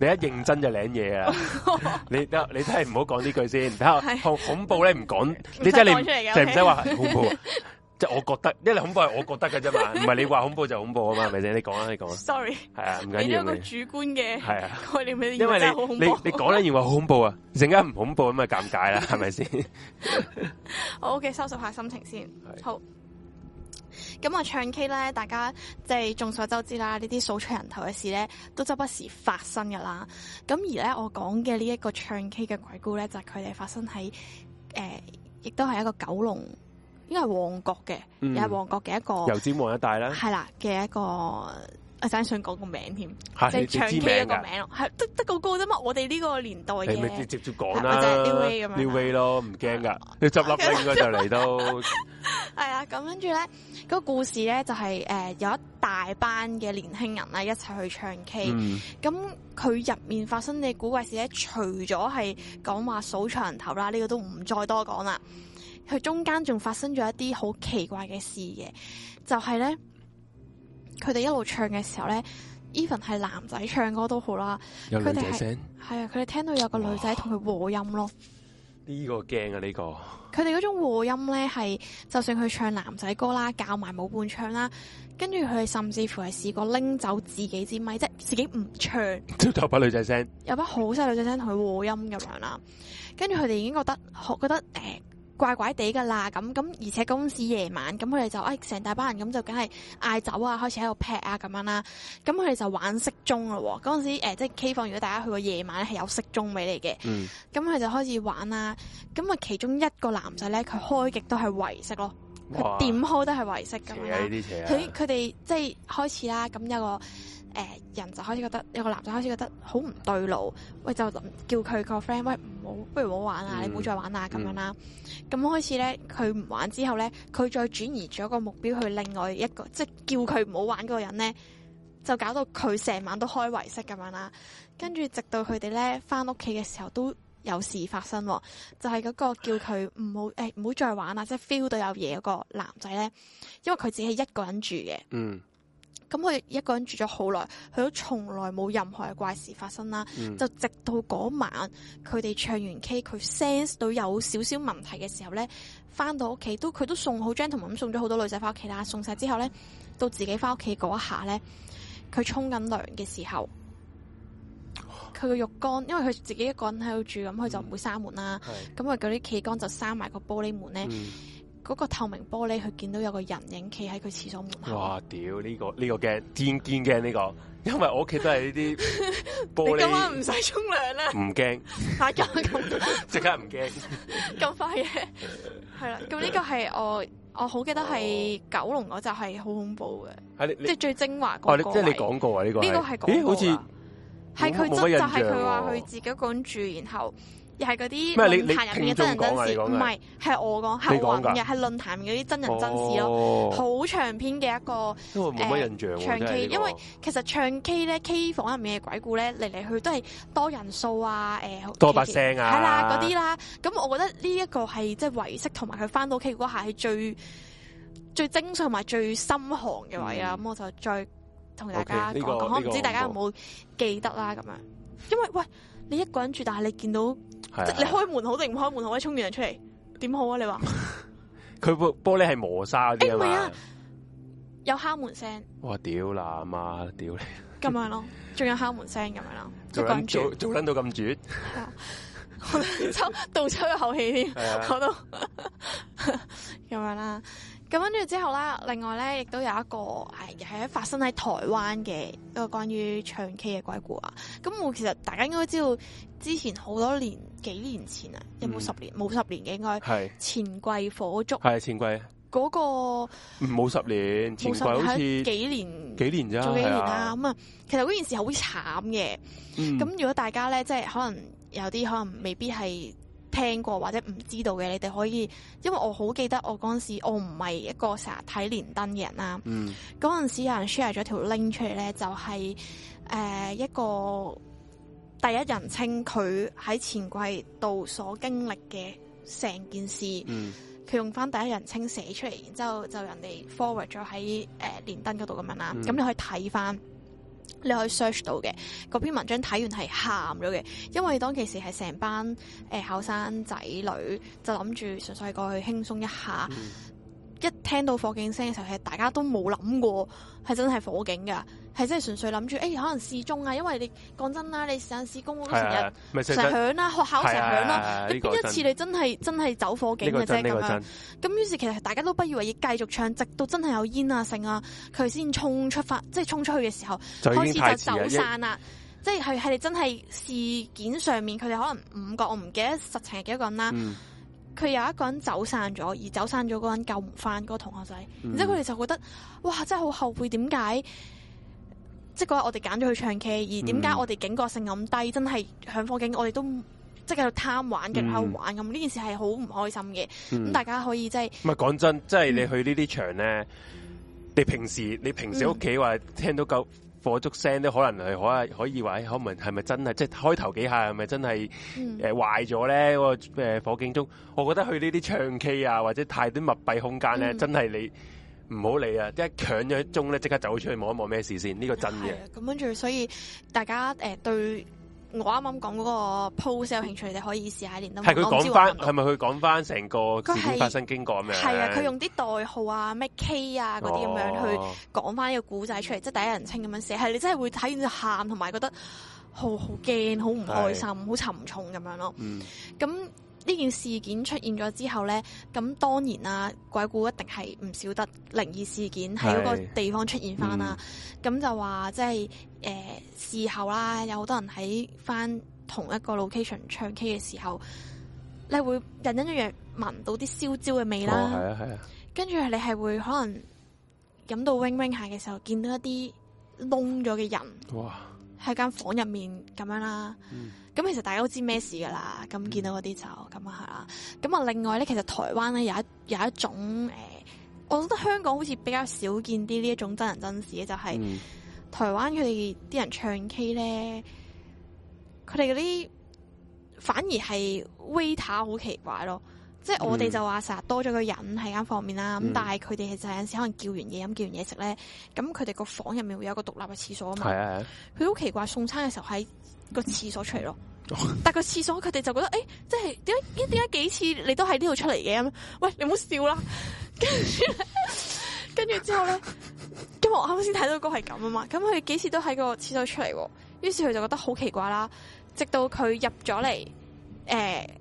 B: 你一認真就舐嘢啊！你得你都係唔好講呢句先，吓恐恐怖咧唔講，你真係你唔使話恐怖。即係我覺得，因為恐怖係我覺得嘅啫嘛，唔係你話恐怖就恐怖啊嘛，係咪先？你講 Sorry, 啊，你講啊。Sorry，係啊，唔緊要。一個主
A: 觀嘅係啊概念，啊、因為你好恐，恐怖。你講啲嘢話
B: 好恐怖啊，陣間唔恐怖咁咪尷尬啦，係咪先？
A: 我好嘅，okay，收拾下心情先。是好。咁啊，唱 K 咧，大家即係、就是、眾所周知啦，呢啲數出人頭嘅事咧，都周不時發生噶啦。咁而咧，我講嘅呢一個唱 K 嘅鬼故咧，就係佢哋發生喺誒、呃，亦都係一個九龍。應該係旺角嘅，又係旺角嘅一個。油
B: 尖旺一帶啦，係啦，
A: 嘅一個，我真係想講個名添，即係唱 K 一個名咯，係得得個歌啫嘛。我哋呢個年代嘅。咪直
B: 接講啦。New Way 咁樣。New Way 咯，唔驚噶。你執笠啦，應該就嚟到。
A: 係啊，咁跟住咧，個故事咧就係誒有一大班嘅年輕人咧一齊去唱 K，咁佢入面發生嘅古怪事咧，除咗係講話數場頭啦，呢個都唔再多講啦。佢中間仲發生咗一啲好奇怪嘅事嘅，就係咧，佢哋一路唱嘅時候咧，even 係男仔唱歌都好啦，佢哋有女仔聲，係啊，佢哋聽到有個女仔同佢和音咯。
B: 呢個驚啊呢個！
A: 佢哋嗰種和音咧，係就算佢唱男仔歌啦，教埋冇伴唱啦，跟住佢哋甚至乎係試過拎走自己支咪，即係自己唔唱，
B: 就由把女仔聲，
A: 有把好細女仔聲同佢和音咁樣啦。跟住佢哋已經覺得，覺得誒。欸怪怪地噶啦，咁咁而且嗰陣時夜晚，咁佢哋就哎成大班人，咁就梗係嗌酒啊，開始喺度劈啊咁樣啦，咁佢哋就玩骰盅咯喎。嗰陣時即係 K 房，如果大家去過夜晚咧，係有骰盅俾你嘅。咁佢、嗯、就開始玩啦，咁啊其中一個男仔咧，佢開極都係圍色咯，佢點哇開都係圍色咁瘦
B: 樣。
A: 佢哋即係開始啦，咁有個。誒，人就開始覺得有個男仔開始覺得好唔對路，喂，就叫佢個 friend，喂，唔好，不如唔好玩啊，你唔好再玩啊，咁、嗯、樣啦。咁開始咧，佢唔玩之後咧，佢再轉移咗個目標去另外一個，即、就、係、是、叫佢唔好玩嗰個人咧，就搞到佢成晚都開胃式咁樣啦。跟住直到佢哋咧翻屋企嘅時候都有事發生，就係、是、嗰個叫佢唔好誒，唔、欸、好再玩啊，即係 feel 到有嘢嗰個男仔咧，因為佢自己係一個人住嘅。嗯。咁佢一個人住咗好耐，佢都從來冇任何嘅怪事發生啦。嗯、就直到嗰晚，佢哋唱完 K，佢 sense 到有少少問題嘅時候咧，翻到屋企都佢都送好 gentleman，同埋咁送咗好多女仔翻屋企啦。送晒之後咧，到自己翻屋企嗰下咧，佢沖緊涼嘅時候，佢個浴缸，因為佢自己一個人喺度住，咁佢就唔會閂門啦。咁佢嗰啲企缸就閂埋個玻璃門咧。嗯嗰個透明玻璃，佢見到有個人影企喺佢廁所門
B: 口。哇！屌，呢、這個呢、這個驚，堅堅驚呢個。因為我屋企都係呢啲玻璃。 你今晚唔使
A: 沖涼啦？唔驚。吓咁
B: 即刻唔驚。
A: 咁快嘅？係啦。咁呢個係我，我好記得係九龍嗰就係好恐怖嘅。係、啊，即係最精華嗰即係你
B: 講過啊？呢、這個呢個係咦？好似係佢就係佢話佢
A: 自己管住，然後。又係嗰啲行入面嘅真人真事，唔係係我講客雲嘅，係論壇嗰啲真人真事咯，好長篇嘅一個誒長期，因為其實唱 K 咧，K 房入面嘅鬼故咧嚟嚟去都係多人數啊，誒多把聲啊，係啦嗰啲啦。咁我覺得呢一個係即係遺式同埋佢翻到屋 K 嗰下係最最精粹同埋最深寒嘅位啊！咁我就再同大家講講，唔知大家有冇記得啦咁樣？因為喂，你一個人住，但係你見到。是啊，即你開門好定唔開門好？沖完涼出嚟點好啊？你話
B: 佢玻玻璃係磨砂嗰啲，欸、啊，
A: 有敲門聲。
B: 哇！屌啦媽！屌你
A: 咁 樣咯，仲有敲門聲咁樣咯，
B: 做咁做做撚到咁絕，
A: 抽倒抽一口氣添，我都咁樣啦。咁跟住之後啦，另外咧亦都有一個係係發生喺台灣嘅一個關於唱 K 嘅鬼故啊。咁我其實大家應該知道之前好多年。幾年前啊，有冇、嗯、十年？冇十年嘅應該。係是。錢櫃火燭。係錢櫃。嗰、那個。
B: 冇十年。錢櫃好似幾年。幾年咋、啊？早幾年啦。咁
A: 啊，啊其實嗰件事好慘嘅。咁、嗯、如果大家咧，即係可能有啲可能未必係聽過或者唔知道嘅，你哋可以，因為我好記得我嗰陣時，我唔係一個成日睇連登嘅人啦。嗯。嗰陣時有人 share 咗條 link 出嚟咧，就係、是、誒、呃、一個。第一人稱佢喺前季度所經歷嘅成件事，佢、嗯、用翻第一人稱寫出嚟，然之後就人哋 forward 咗喺誒連登嗰度咁樣啦，咁、嗯、你可以睇翻，你可以 search 到嘅嗰篇文章睇完係喊咗嘅。因為當其時係成班誒後生仔女就諗住純粹過去輕鬆一下，
C: 嗯、
A: 一聽到火警聲嘅時候，係大家都冇諗過係真係火警噶係真係純粹諗住誒，可能試中啊。因為你講真啦，你上試工嗰成日成日響啦，學校成日響啦。邊一次你真係真係走火警嘅啫咁樣。咁於是其實大家都不以為意，繼續唱，直到真係有煙啊，剩啊，佢先衝出發，即係衝出去嘅時候，開始就走散啦。即係係係你真係事件上面，佢哋可能五個，我唔記得實情係幾多個人啦。佢有一個人走散咗，而走散咗嗰個人救唔翻嗰個同學仔，然之後佢哋就覺得哇，真係好後悔，點解？即係嗰日我哋揀咗去唱 K，而點解我哋警覺性咁低？嗯、真係響火警，我哋都即係喺度貪玩，嘅喺度玩咁。呢件事係好唔開心嘅。咁、嗯、大家可以即
B: 係唔係講真，即係你去呢啲場咧，你平時你平時屋企話聽到夠火燭聲都可能係可可以話，可能係咪真係？即係開頭幾下係咪真係誒壞咗咧？嗯呃呢那個誒、呃、火警鐘，我覺得去呢啲唱 K 啊，或者太多密閉空間咧，嗯、真係你。唔好理啊！一搶咗一鐘咧，即刻走出去望一望咩事先？呢個真嘅。
A: 咁跟住，所以大家、呃、對我啱啱講嗰個 post 有興趣，你可以試下連。係佢講翻，
B: 係咪佢講翻成個事件發生經過咁樣？係啊，佢用
A: 啲代號啊，咩 K 啊嗰啲咁樣，哦、去講翻呢個古仔出嚟，即係第一人稱咁樣寫，係你真係會睇完就喊，同埋覺得好好驚、好唔開心、好是沉重咁樣咯。咁、嗯。呢件事件出現咗之後咧，咁當然啦，鬼故一定係唔少得靈異事件喺嗰個地方出現翻啦。咁、嗯、就話即係誒事後啦，有好多人喺翻同一個 location 唱 K 嘅時候，你會隱隱約約聞到啲燒焦嘅味啦。係啊係啊，跟住、啊、你係會可能飲到 wing wing 下嘅時候，見到一啲燶咗嘅人喺間房入面咁哇樣啦。嗯咁其實大家都知咩事噶啦，咁見到嗰啲就咁啊係啦。咁啊，另外咧，其實台灣咧有一有一種誒，我覺得香港好似比較少見啲呢一種真人真事嘅，就係台灣佢哋啲人唱 K 咧，佢哋嗰啲反而係 waiter 好奇怪咯，即係我哋就話成日多咗個人喺間房面啦，咁，嗯，但係佢哋其實有陣時可能叫完嘢飲，叫完嘢食咧，咁佢哋個房入面會有個獨立嘅廁所啊嘛，係啊，佢好奇怪送餐嘅時候喺。個廁所出嚟咯，但個廁所佢哋就覺得誒，即係點解點解幾次你都喺呢度出嚟嘅？喂，你唔好笑啦。 跟住，跟住之後咧，咁我啱先睇到個係咁啊嘛。咁佢幾次都喺個廁所出嚟，於是佢就覺得好奇怪啦。直到佢入咗嚟，誒、欸、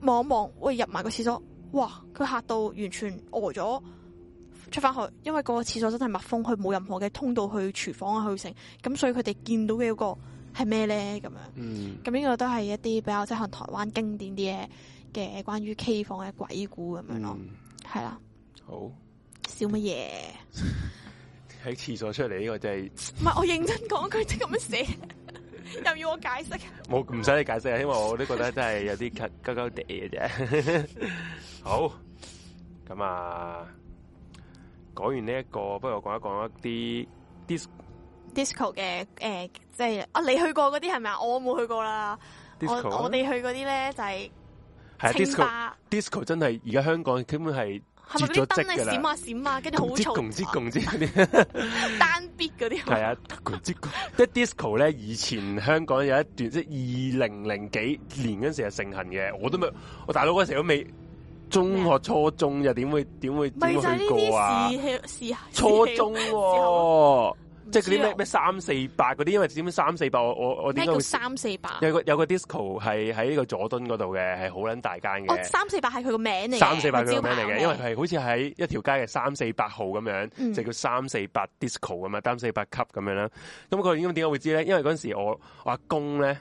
A: 望一望，喂入埋個廁所，哇！佢嚇到完全呆、呃、咗，出翻去，因為個廁所真係密封，佢冇任何嘅通道去廚房啊，去成咁，所以佢哋見到嘅嗰、那個。係咩咧咁樣？咁呢、嗯、個都係一啲比較即係台灣經典啲嘅嘅關於 K 房嘅鬼故咁樣咯，係啦、嗯。的好。笑乜嘢？
B: 喺廁 所出嚟呢、呢個真係。
A: 唔係，我認真講，佢即係咁樣寫， 又要我解釋。
B: 冇，唔使你解釋，因為我都覺得真係有啲勾勾地嘅啫。 好。咁啊，講完呢、這、一個，不如我講一講一啲 d
A: disco 嘅誒，即係、呃就係、啊，你去過嗰啲係咪啊？我冇去過啦，
B: 我我哋去
A: 嗰啲咧就
B: 係清吧 disco 真係而家香港根本係跌咗職噶啦。係咪啲燈係閃吓
A: 閃吓，跟住好嘈。同
B: 之共之共之嗰啲
A: 單 beat 嗰啲。係啊，
B: 同之共。即係 disco 咧，以前香港有一段即係二零零幾年嗰時係盛行嘅。我都未，我大佬嗰時候都未，中學初中又點麼會點會點會是去過
A: 初中、啊。
B: 即係嗰啲咩咩三四八嗰啲，因為點解三四八我我我哋會叫三四八？有個有個 disco 係喺呢個佐敦嗰度嘅，係好撚大間嘅、哦。三
A: 四八係佢個名嚟。三四八佢個名嚟嘅，知因為
B: 係好似喺一條街嘅三四八號咁樣，嗯、就叫三四八 disco 咁啊，三四八級咁樣啦。咁佢點解點解會知咧？因為嗰陣時我我阿公咧。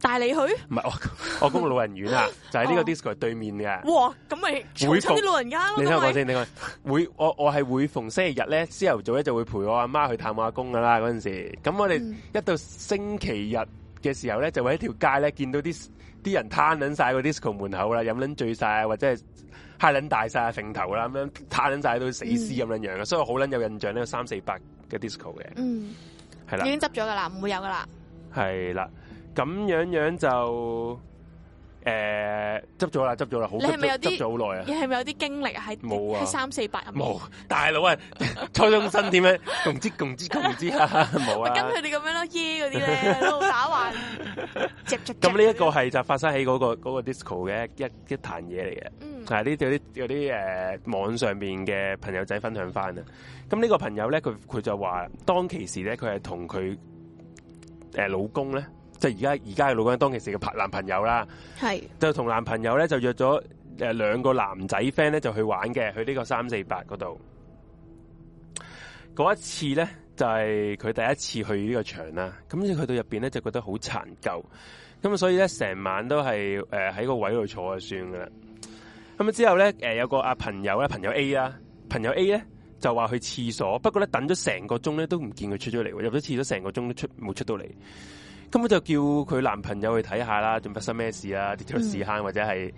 B: 帶你去？唔 係我我公老人院啊， 就係呢個 disco 對面嘅、哦。哇，
A: 咁咪嘈親啲老人家咯。逢你聽我講先，
B: 你個 會我我係會逢星期日咧，朝頭早咧就會陪我阿媽去探我阿公噶啦。嗰陣時咁我哋一到星期日嘅時候咧，就會喺條街咧見到啲啲人攤捻晒個 disco 門口啦，飲捻醉晒或者係嗨捻大晒甩頭啦，咁樣攤捻晒到死屍咁、嗯、樣樣所以我好捻有印象咧，三四百嘅 disco 嘅。嗯，係啦，已經執
A: 咗噶啦，唔會有噶啦。
B: 係啦。咁樣樣就誒執咗啦，執咗啦，好，你係咪有啲執咗好耐啊？你係
A: 咪有啲經歷啊？係冇啊？三四百人冇，
B: 大佬啊！初中生點樣？ 共知共知共知，冇啊！啊 跟佢哋
A: 咁樣咯，耶嗰啲咧，
B: 打玩，接住咁呢一個係就發生喺嗰、嗰個嗰、嗰個 disco 嘅一一壇嘢嚟嘅，係呢啲有啲誒、呃、網上面嘅朋友仔分享翻啊！咁呢個朋友咧，佢佢就話當其時咧，佢係同佢誒老公咧。就而家而家嘅老公當其時嘅男朋友啦，係是就同男朋友咧就約咗誒兩個男仔 friend 咧就去玩嘅，去呢個三四八嗰度。嗰一次咧就係、是、佢第一次去呢個場啦，咁佢去到入邊咧就覺得好殘舊，咁所以咧成晚都係誒喺個位度坐就算噶啦。咁之後咧誒、呃、有個阿朋友咧朋友 A 啦，朋友 A 咧、啊、就話去廁所，不過咧等咗成個鐘咧都唔見佢出咗嚟，入咗廁所成個鐘都出冇出到嚟。根本就叫佢男朋友去睇下啦，仲發生咩事啊？跌咗屎坑或者係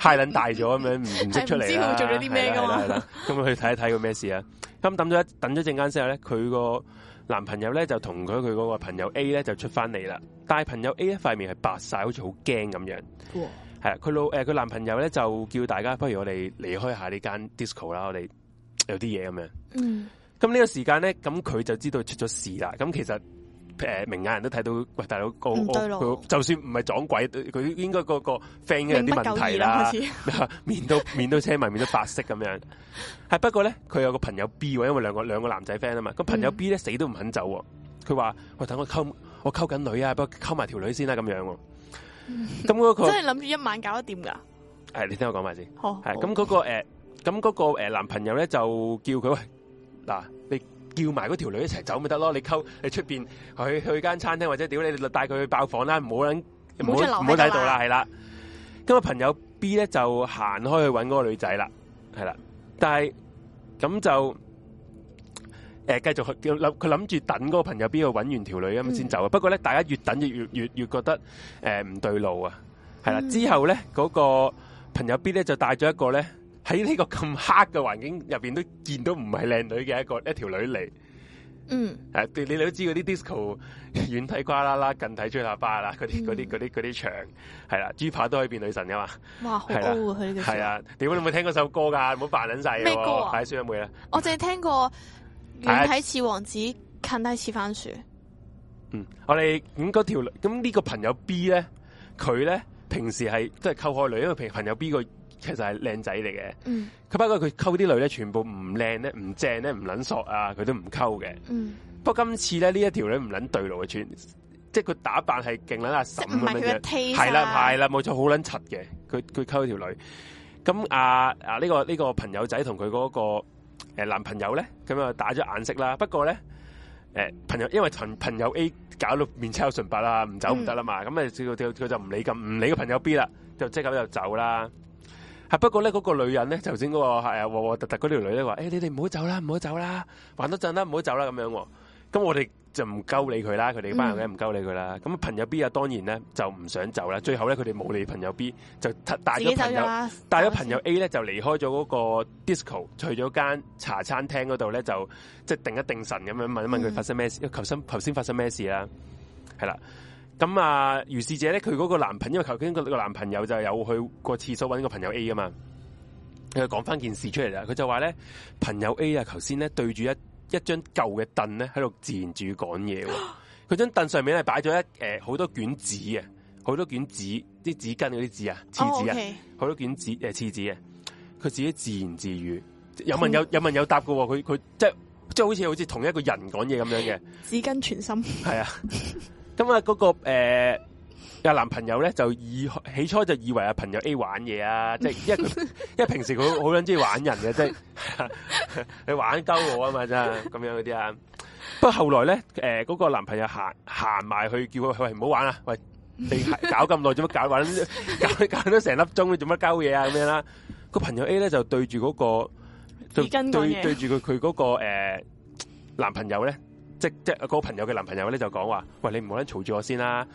B: 揩卵大咗咁樣，唔識出嚟啊！ 唔知佢做咗啲咩咁。嘛啦係啦，咁 去睇一睇佢咩事啊？咁等咗一等咗陣間之後咧，佢個男朋友咧就同佢佢個朋友 A 咧就出翻嚟啦。但係朋友 A 一塊面係白晒，好似好驚咁樣。係啊哇，佢老誒，佢、呃、男朋友咧就叫大家，不如我哋離開下呢間 disco 啦，我哋有啲嘢咁樣。嗯。咁呢個時間咧，咁佢就知道出咗事啦。咁其實。呃、明眼人都睇到，喂，大佬個，我不就算唔係撞鬼，佢應該、嗰個、嗰個 friend 都有啲問題啦。面都面都青埋， 面都白色咁樣。係不過咧，佢有個朋友 B 喎，因為兩個兩個男仔 friend 啊嘛。咁朋友 B 咧死都唔肯走，佢話喂，等我溝，我溝緊女啊，不如溝埋條女先啦、啊，咁樣。咁
A: 嗰、嗯嗰個、真係諗住一晚搞得掂噶？係、哎，你聽我講埋先。咁嗰
B: 嗰個誒，咁、呃、個誒，男朋友咧就叫佢喂嗱。.叫埋嗰條女一齊走咪得咯？你溝你出邊去去間餐廳或者屌你帶佢去爆房啦！唔好唔好唔好喺度啦，係啦。咁、個朋友 B 咧就行開去搵嗰個女仔啦，係啦。但係咁就誒繼、呃、續去諗，佢諗住等嗰個朋友 B 去搵完條女咁先走啊。嗯、不過咧，大家越等越越越，越覺得誒唔、呃、對路啊。係啦，嗯、之後咧嗰、嗰個朋友 B 咧就帶咗一個咧。喺呢個咁黑嘅環境入邊都見到唔係靚女嘅一個一條女嚟，嗯，誒、啊，你你都知嗰啲 disco 遠睇瓜啦啦，近睇吹喇叭啦，嗰啲嗰啲嗰啲嗰啲場係啦，豬、嗯、扒都可以變女神噶嘛，哇，
C: 好高啊佢，係啊，
B: 點解你有冇聽嗰首歌噶，好扮緊細咩歌啊？小一妹啊。
A: 我淨係聽過遠睇似王子，近睇似番薯。
B: 嗯，我哋咁嗰條咁呢個朋友 B 咧，佢咧平時係即係扣開女，因為平朋友 B 個。其實係靚仔嚟嘅，佢不過佢溝啲女咧，全部唔靚咧，唔正咧，唔捻索啊，佢都唔溝嘅。不過今次咧呢這一條女唔捻對路嘅，即係佢打扮係勁捻阿神咁樣，係啦係啦冇錯，好捻柒嘅。佢佢溝條女，咁啊啊呢、這個呢、這個朋友仔同佢嗰個誒男朋友咧，咁啊打咗眼色啦。不過咧誒、欸、朋友，因為朋友 A 搞到面青唇白啦、啊，唔走唔得啦嘛，咁啊叫叫佢就唔理咁唔理個朋友 B 啦，就即刻就走啦。係不過咧，嗰，那個女人咧，頭先嗰個誒，核核突突嗰條女咧話，誒、哎，你哋唔好走啦，唔好走啦，玩多陣啦，唔好走啦，咁樣。咁我哋就唔鳩理佢啦，佢哋班人咧唔鳩理佢啦。咁、嗯、朋友 B 啊，當然咧就唔想走啦。最後咧，佢哋冇理朋友 B，就帶咗朋友，帶咗、啊啊、朋友 A 咧就離開咗嗰個 disco，去咗間茶餐廳嗰度咧就即係定一定神咁樣問一問佢發生咩事，頭先頭先發生咩事、啊、啦，係啦。咁啊，如是者咧，佢嗰個男朋友，因為頭先個男朋友就有去過廁所搵個朋友 A 啊嘛，佢講翻件事出嚟啦。佢就話咧，朋友 A 啊，頭先咧對住一一張舊嘅凳咧喺度自言自語講嘢。佢張凳上面係擺咗一誒好多卷紙、呃、啊，好多卷紙，啲紙巾嗰啲紙啊，廁紙啊，好多卷紙誒，廁紙啊。佢自己自言自語，有問有、嗯、有問有答嘅、哦。佢佢即係即係好似好似同一個人講嘢咁樣嘅。
A: 紙巾全心
B: 係啊。 咁啊，嗰個誒，阿男朋友咧就以起初就以為阿朋友 A 玩嘢啊，即係因為因為平時佢好捻中意玩人嘅，即係你玩鳩我啊嘛，真係咁樣嗰啲啊。不過後來咧，誒，嗰個男朋友行行埋去叫佢，喂，唔好玩啦，喂，你搞咁耐做乜搞玩？搞搞咗成粒鐘，你做乜鳩嘢啊？咁樣啦，個朋友 A 咧就對住嗰個對對對住佢佢嗰個誒男朋友咧。即即、個朋友嘅男朋友咧就講話：喂，你唔好撚嘈住我先啦！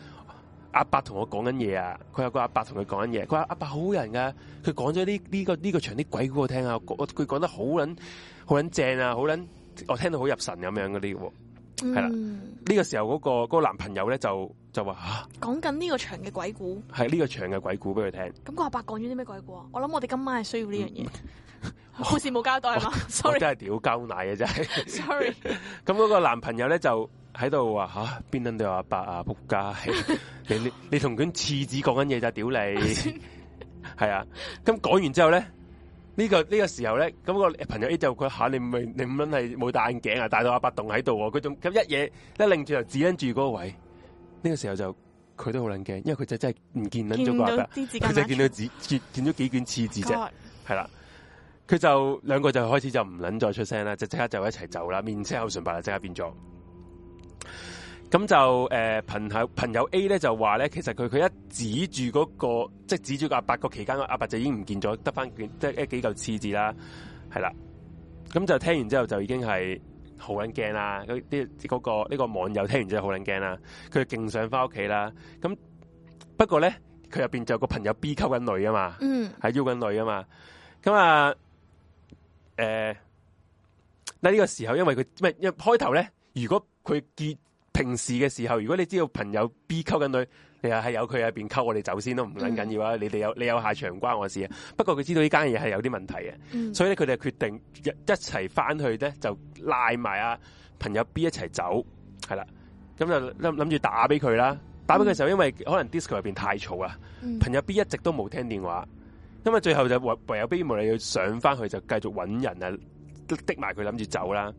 B: 阿伯同我講緊嘢啊，佢有個阿伯同佢講緊嘢，佢話阿伯好人噶，佢講咗呢、呢個呢、呢個場啲鬼故我聽啊，佢講得好撚好撚正啊，好撚我聽到好入神咁樣嗰啲喎，係啦，嗯，呢、呢個時候嗰，嗰個嗰個男朋友咧就就話嚇，
A: 講緊呢個場嘅鬼故，
B: 係呢個場嘅鬼故俾佢聽。咁
A: 個阿伯講咗啲咩鬼故啊？我諗我哋今晚係需要呢樣嘢。嗯我好似冇交代係嘛
B: ？sorry，真係屌鳩奶啊真係。sorry，咁嗰、啊、Sorry 個男朋友咧就喺度話吓邊撚度有阿伯啊仆街， 你你你同佢廁紙講緊嘢就屌你，係啊。咁講、 啊、完之後咧，呢、這個呢、這個時候咧，咁、那個朋友就佢下、啊，你唔係，你唔撚係冇戴眼鏡啊，戴到阿伯棟喺度。佢仲咁一嘢一擰住就指撚住嗰個位。呢、這個時候就佢都好撚驚，因為佢就真係唔見捻咗個阿伯，佢就見到紙見見咗幾卷廁紙啫，係啦、oh God。佢就兩個就開始就唔捻再出聲啦，就即刻就一齊走啦，面青口唇白啦即刻變咗。咁、嗯、就誒、呃，朋友朋友 A 咧就話咧，其實佢佢一指住嗰、嗰個，即係指住阿伯個期間，個阿伯就已經唔見咗，得翻幾得一幾嚿黐字啦，係啦。咁、嗯、就聽完之後就已經係好捻驚啦，嗰啲、那個呢、呢個網友聽完之後好捻驚啦，佢就勁想翻屋企啦。咁、嗯、不過咧，佢入邊就有個朋友 B 溝緊女啊嘛，嗯，係要緊女啊嘛，咁、嗯、啊。嗯嗯嗯嗯嗯嗯誒，呢、呃、個時候因為佢，因為佢唔一開頭咧，如果佢結平時嘅時候，如果你知道朋友 B 溝緊佢，你又係有佢入邊溝我哋走先都唔緊要緊啊。嗯、你哋有你有下場關關我事啊。不過佢知道呢間嘢係有啲問題嘅，嗯、所以咧佢哋決定一一齊翻去咧就拉埋啊朋友 B 一齊走，係啦，咁就諗諗住打俾佢啦。打俾佢嘅時候，因為可能 disco 入邊太嘈啊，朋友 B 一直都冇聽電話。因為、嗯、最後就唯唯有必要你要上翻去就繼續揾人啊，滴埋佢諗住走啦，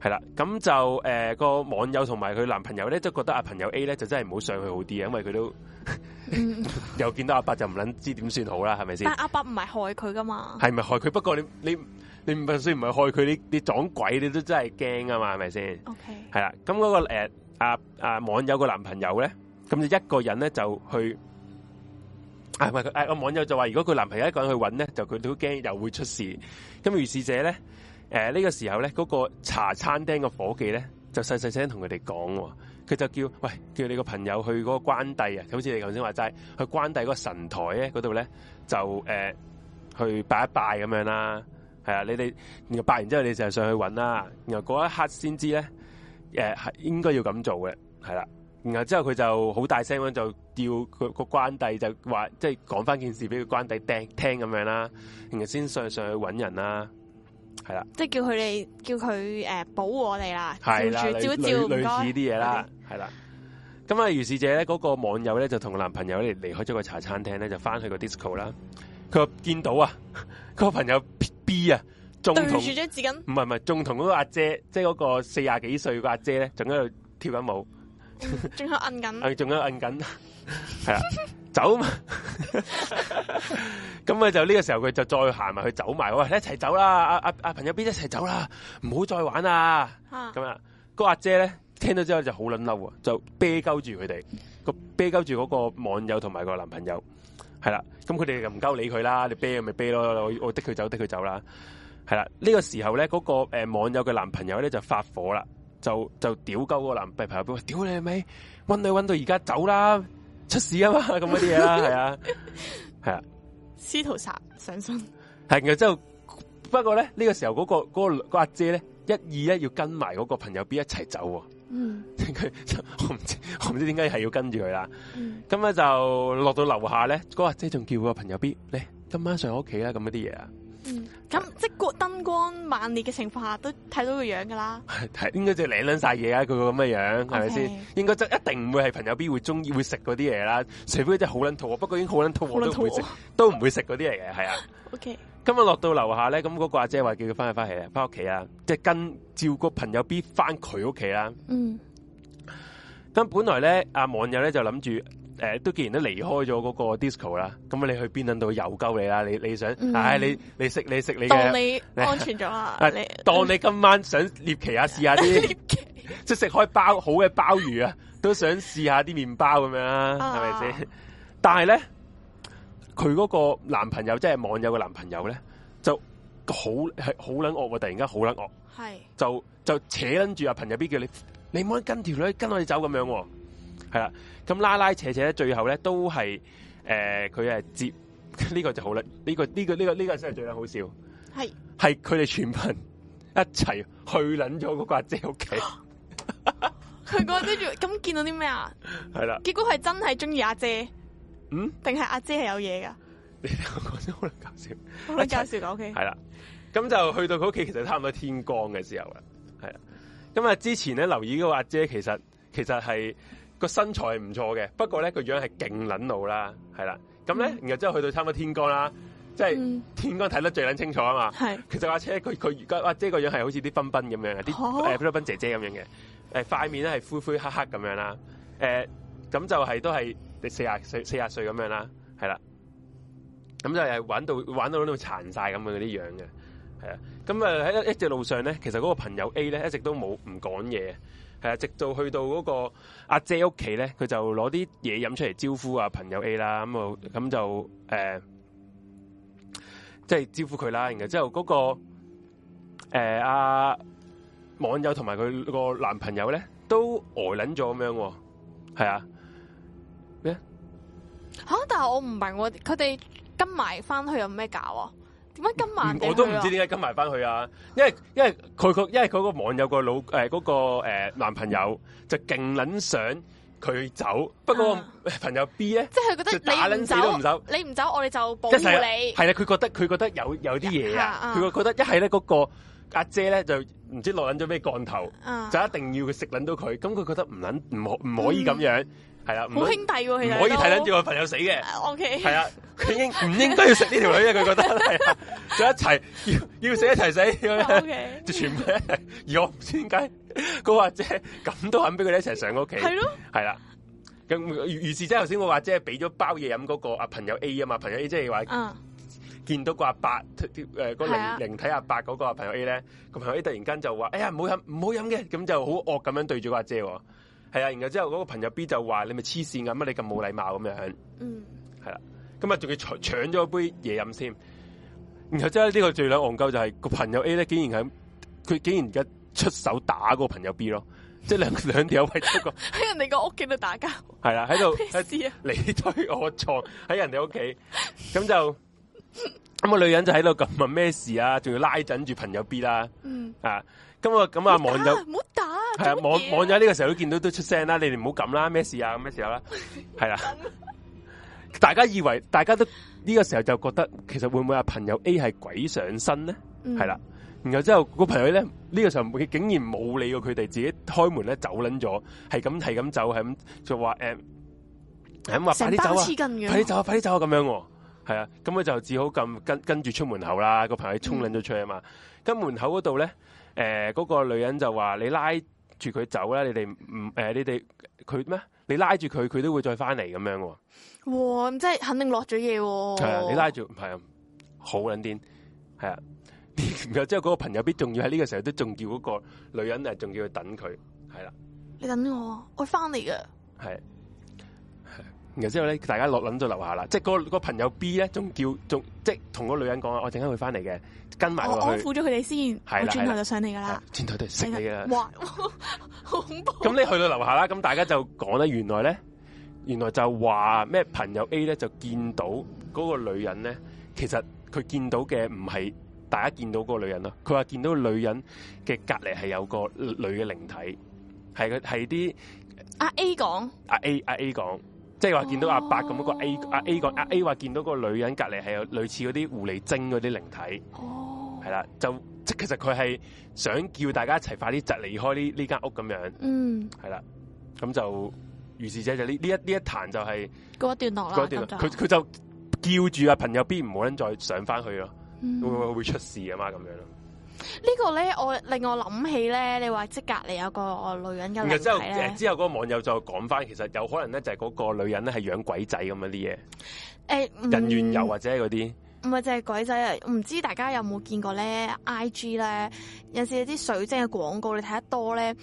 B: 係、啊、啦，咁就誒個網友同埋佢男朋友咧，都覺得阿、啊、朋友 A 咧就真係唔好上去好啲啊，因為佢都又見到阿伯就唔捻知點算好啦，係咪先？但阿
A: 伯唔係害佢噶嘛？係
B: 咪害佢？不過你你你唔算唔係害佢，你你，不不他你，你撞鬼你都真係驚啊嘛？係咪先？OK，係啦、嗯，咁、那、嗰個誒阿阿網友個男朋友咧，咁就一個人咧就去。係咪？誒、啊，個、啊、網友就話：如果佢男朋友一個人去揾咧，就佢都驚又會出事。咁如是者咧，誒、呃、呢、這個時候咧，嗰、那個茶餐廳嘅伙計咧，就細細聲同佢哋講，佢就叫：喂，叫你個朋友去嗰個關帝啊，好似你頭先話齋，去關帝嗰個神台咧嗰度咧，就誒、呃、去拜一拜咁樣啦、啊。係啊，你哋然後拜完之後，你就上去揾啦、啊。然後嗰一刻先知咧，誒、呃、係應該要咁做嘅，係啦。然後之後佢就好大聲咁就叫佢個關帝就話，即係講翻件事俾佢關帝聽咁樣啦，然後先上上去揾人啦，係啦，
A: 即係叫佢哋叫佢誒、呃、保護我哋啦，照住的照照唔該啲嘢
B: 啦，係啦女。咁啊女，如是者咧嗰個網友咧就同個男朋友咧離開咗個茶餐廳咧就翻去個 disco 啦。佢話見到啊， 個朋友 B 啊，仲同住咗紙巾，唔係唔係，仲同嗰個阿姐，即係嗰個四廿幾歲個阿姐咧，仲喺度跳緊舞。仲、嗯、有摁緊，仲有摁緊，係 的 走嘛！咁 咪就呢個時候佢就再行埋去走埋，喂，你一齊走啦，阿、啊啊、朋友 B 一齊走啦，唔好再玩啊！咁、那、啊、個，個阿姐咧聽到之後就好撚嬲就啤鳩住佢哋個啤鳩住嗰個網友同埋個男朋友，係啦，咁佢哋就唔鳩理佢啦，你啤咪啤咯，我我的佢走的佢走啦，係啦，呢、這個時候咧嗰、那個誒、呃、網友嘅男朋友咧就發火啦。就就屌鳩個男，被朋友邊話屌你咪，搵女搵到而家走啦，出事啊嘛咁啲嘢啦，係啊，係啊，
A: 司徒殺上身，
B: 係、啊、然之後，不過咧呢、這個時候嗰、那個嗰、那個阿、那個那個、姐咧，一二一要跟埋嗰個朋友 B 一齊走、啊，嗯，佢 我唔知我唔知點解係要跟住佢啦，咁咧、嗯、就落到樓下咧，嗰、那、阿、個、姐仲叫個朋友 B，嚟，今晚上我屋企啦，咁啲嘢啊。
A: 咁、嗯、即係光燈光猛烈嘅情況下都睇到個樣噶啦，
B: 應該就舐捻晒嘢啊！佢個咁嘅樣係咪先？應該就一定唔會係朋友 B 會中意會食嗰啲嘢啦，除非真係好捻肚，不過已經好捻肚，我餓都唔會食，都唔會食，嗰啲嚟嘅係啊。O K，今日落到樓下咧，咁、那、嗰個阿姐話叫佢翻去翻嚟，翻屋企啊，即係跟照個朋友 B 翻佢屋企啦。嗯，咁本來咧阿、啊、網友咧就諗住。誒、呃，都既然都離開咗嗰個 disco 啦，咁你去邊度又救你啦？你你想，唉、嗯哎，你你食你食你，嘅，你，你，你安全咗啦，你 當你今晚想獵奇呀、啊，試下啲，即係食開包好嘅鮑魚啊，都想試下啲麵包咁樣，係咪先？啊、但係咧，佢嗰個男朋友，即、就、係、是、網友嘅男朋友咧，就好係好撚惡喎！突然間好撚惡，係是 就就扯跟住啊，朋友邊叫你，你唔好跟條女，跟我哋走咁樣、啊。係啦，咁拉拉扯扯咧，最後咧都係誒，佢、呃、係接呢、這個就好啦。呢、這個呢、這個呢、這個呢、這個真係最撚好笑，係係佢哋全群一齊去捻咗嗰個阿姐屋企。
A: 佢 個阿姐住咁見到啲咩啊？
B: 係啦了，結
A: 果係真係中意阿姐，嗯，定係阿姐係有嘢噶？你
B: 聽得好撚搞笑，
A: 好撚搞笑噶。O K，係啦，
B: 咁、okay、就去到佢屋企，其實差唔多天光嘅時候啦，係啦。咁啊，之前咧留意嗰個阿姐其實，其實其實係。個身材唔錯嘅，不過咧個樣係勁捻路啦，係啦，咁咧，嗯、然後之後去到差唔多天光啦，即、就、係、是、天光睇得最捻清楚啊嘛，嗯、其實架車佢佢而家阿姐個樣係好似啲賓賓咁樣嘅，啲誒賓賓姐姐咁樣嘅，誒塊面咧係灰灰黑黑咁、呃、樣啦，誒咁就係都係四廿四四廿歲咁樣啦，係啦，咁就係玩到玩到都殘晒咁樣嗰啲樣嘅，係啊，咁啊喺一一直路上咧，其實嗰個朋友 A 咧一直都冇唔講嘢。係啊，直到去到嗰個阿姐屋企咧，佢就攞啲嘢飲出嚟招呼啊朋友 A 啦，咁啊咁就誒，即係招呼佢啦。然後之後嗰個誒阿、呃啊、網友同埋佢個男朋友咧都呆捻咗咁樣，係啊咩
A: 啊吓？Yeah? 但係我唔明白，我佢哋跟埋翻去有咩搞啊？點解跟埋？我都唔知點
B: 解跟埋翻去啊！因為因為佢佢因為佢個網友個老誒嗰個誒男朋友就勁捻想佢走，不過朋友 B 咧，即係佢覺得你死都唔走，
A: 你唔走，我哋就
C: 保護你。係
B: 啦，佢覺得佢覺得有有啲嘢啊，佢覺得一係咧嗰個阿姐咧就唔知落捻咗咩降頭，就一定要佢食捻到佢，咁佢覺得唔捻唔可唔可以咁樣。係啦，好兄
A: 弟、啊，可以睇緊住個朋友死嘅。O K，係啊，佢應唔
B: 應該要食呢條女啊？佢 覺得啊，就一齊要要死一齊死咁樣， 就全部。而我唔知點解，個 阿姐咁都肯俾佢哋一齊上屋企。係咯的，係啦。咁、嗯、如，如，如是，是，者，係頭先我話即係俾咗包嘢飲嗰個朋友 A，啊朋友 A 就是說啊嘛，朋友 A 即係話見到個阿伯誒個靈靈體阿伯嗰個啊朋友 A 咧，個朋友 A 突然間就話哎呀唔好飲唔好飲嘅，咁就好惡咁樣對住個阿姐。係啊，然後之後嗰個朋友 B 就話你咪黐線㗎，乜你咁冇禮貌咁樣，嗯，係啦、啊，咁啊仲要搶搶咗杯嘢飲先，然後之後呢呢個最兩戇鳩就係個朋友 A 咧，竟然響佢竟然而家出手打嗰個朋友 B 咯，即係兩兩條友一個
A: 喺人哋個屋企度打交，
B: 係啦、啊，喺度、啊，你推我撞喺人哋屋企，咁就咁、個女人就喺度咁問咩事啊，仲要拉緊住朋友 B 啦，嗯、啊。咁啊，咁啊，網友係啊，網網友呢個時候都見到都出聲啦。你哋唔好撳啦，咩事啊？咁咩時候啦，係啦、啊， 大家以為大家都呢個時候就覺得，其實會唔會啊？朋友 A 係鬼上身咧，係啦、嗯啊。然後之後個朋友咧呢、呢個時候，佢竟然冇理過佢哋，自己開門咧走捻咗，係咁係咁走，係咁就話誒，係咁話快啲走，啊、走啊，快啲走啊，快啲走啊，咁樣。係啊，咁佢就只好咁跟跟住出門口啦。個朋友衝捻咗出去啊嘛，咁、嗯、門口嗰度咧。誒，嗰、呃嗰個女人就話，你拉住佢走啦，你哋唔誒，你哋佢咩？你拉住佢，佢、呃、都會再翻嚟咁樣
A: 嘅、哦。即係肯定落咗嘢。係啊，你
B: 拉住，係啊，好撚癲，係啊。 然之後嗰個朋友 B 仲要喺呢個時候都仲叫嗰個女人誒，仲叫佢等佢，係啦、
A: 啊。你等我，我翻嚟嘅。
B: 係、啊，然後之後咧，大家落撚咗樓下啦，即係、嗰、嗰個、嗰個朋友 B 咧，仲叫仲即係同個女人講啊，我陣間會翻嚟嘅。跟埋我，安撫
A: 咗佢哋先，的我轉頭就上嚟噶啦。
B: 轉頭就死你啦！哇，好恐
A: 怖。咁 你去到樓
B: 下啦，咁大家就講咧。原來咧，原來就話咩朋友 A 咧就見到嗰個女人咧，其實佢見到嘅唔係大家見到嗰個女人啦。佢話見到女人嘅隔籬係有個女嘅靈體，係佢係啲阿 A 講說啊 A 啊 A 講。即係話見到阿八咁一個 A 阿 A 個阿 A 話見到個女人隔籬係有類似嗰啲狐狸精嗰啲靈體，係啦、oh, oh, oh, oh.，就即其實佢係想叫大家一齊快啲疾離開呢呢間屋咁樣，係啦、嗯，咁就於是者就呢呢一呢一壇就係
A: 嗰一段落啦，佢佢就
B: 叫住阿朋友 B 唔好諗再上翻去咯，會、嗯、會出事啊嘛咁樣子。
A: 這個呢個咧，我令我諗起咧，你話即隔籬有個女人咁樣、嗯、之後，之
B: 後嗰個網友就講翻，其實有可能咧，就係嗰個女人咧係養鬼仔咁一啲嘢。
A: 誒、欸，嗯、人緣又或
B: 者嗰啲，唔
A: 係就係鬼仔啊？唔知大家有冇見過咧？I G 咧，有陣時有啲水晶嘅廣告，你睇得多咧。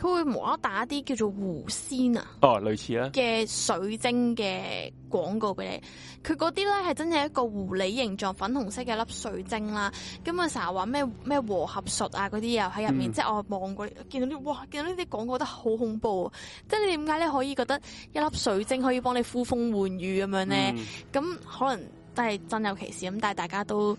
A: 佢會無啦打啲叫做狐仙啊，
B: 哦，類似啦
A: 嘅水晶嘅廣告俾你，佢嗰啲咧係真係一個狐狸形狀粉紅色嘅粒水晶啦，咁啊成日話咩咩和合術啊嗰啲又喺入面，即係、嗯、我望過見到啲哇，見到呢啲廣告覺得好恐怖啊！即係你點解咧可以覺得一粒水晶可以幫你呼風喚雨咁樣咧？咁、嗯、可能都係真有其事咁，但係大家都。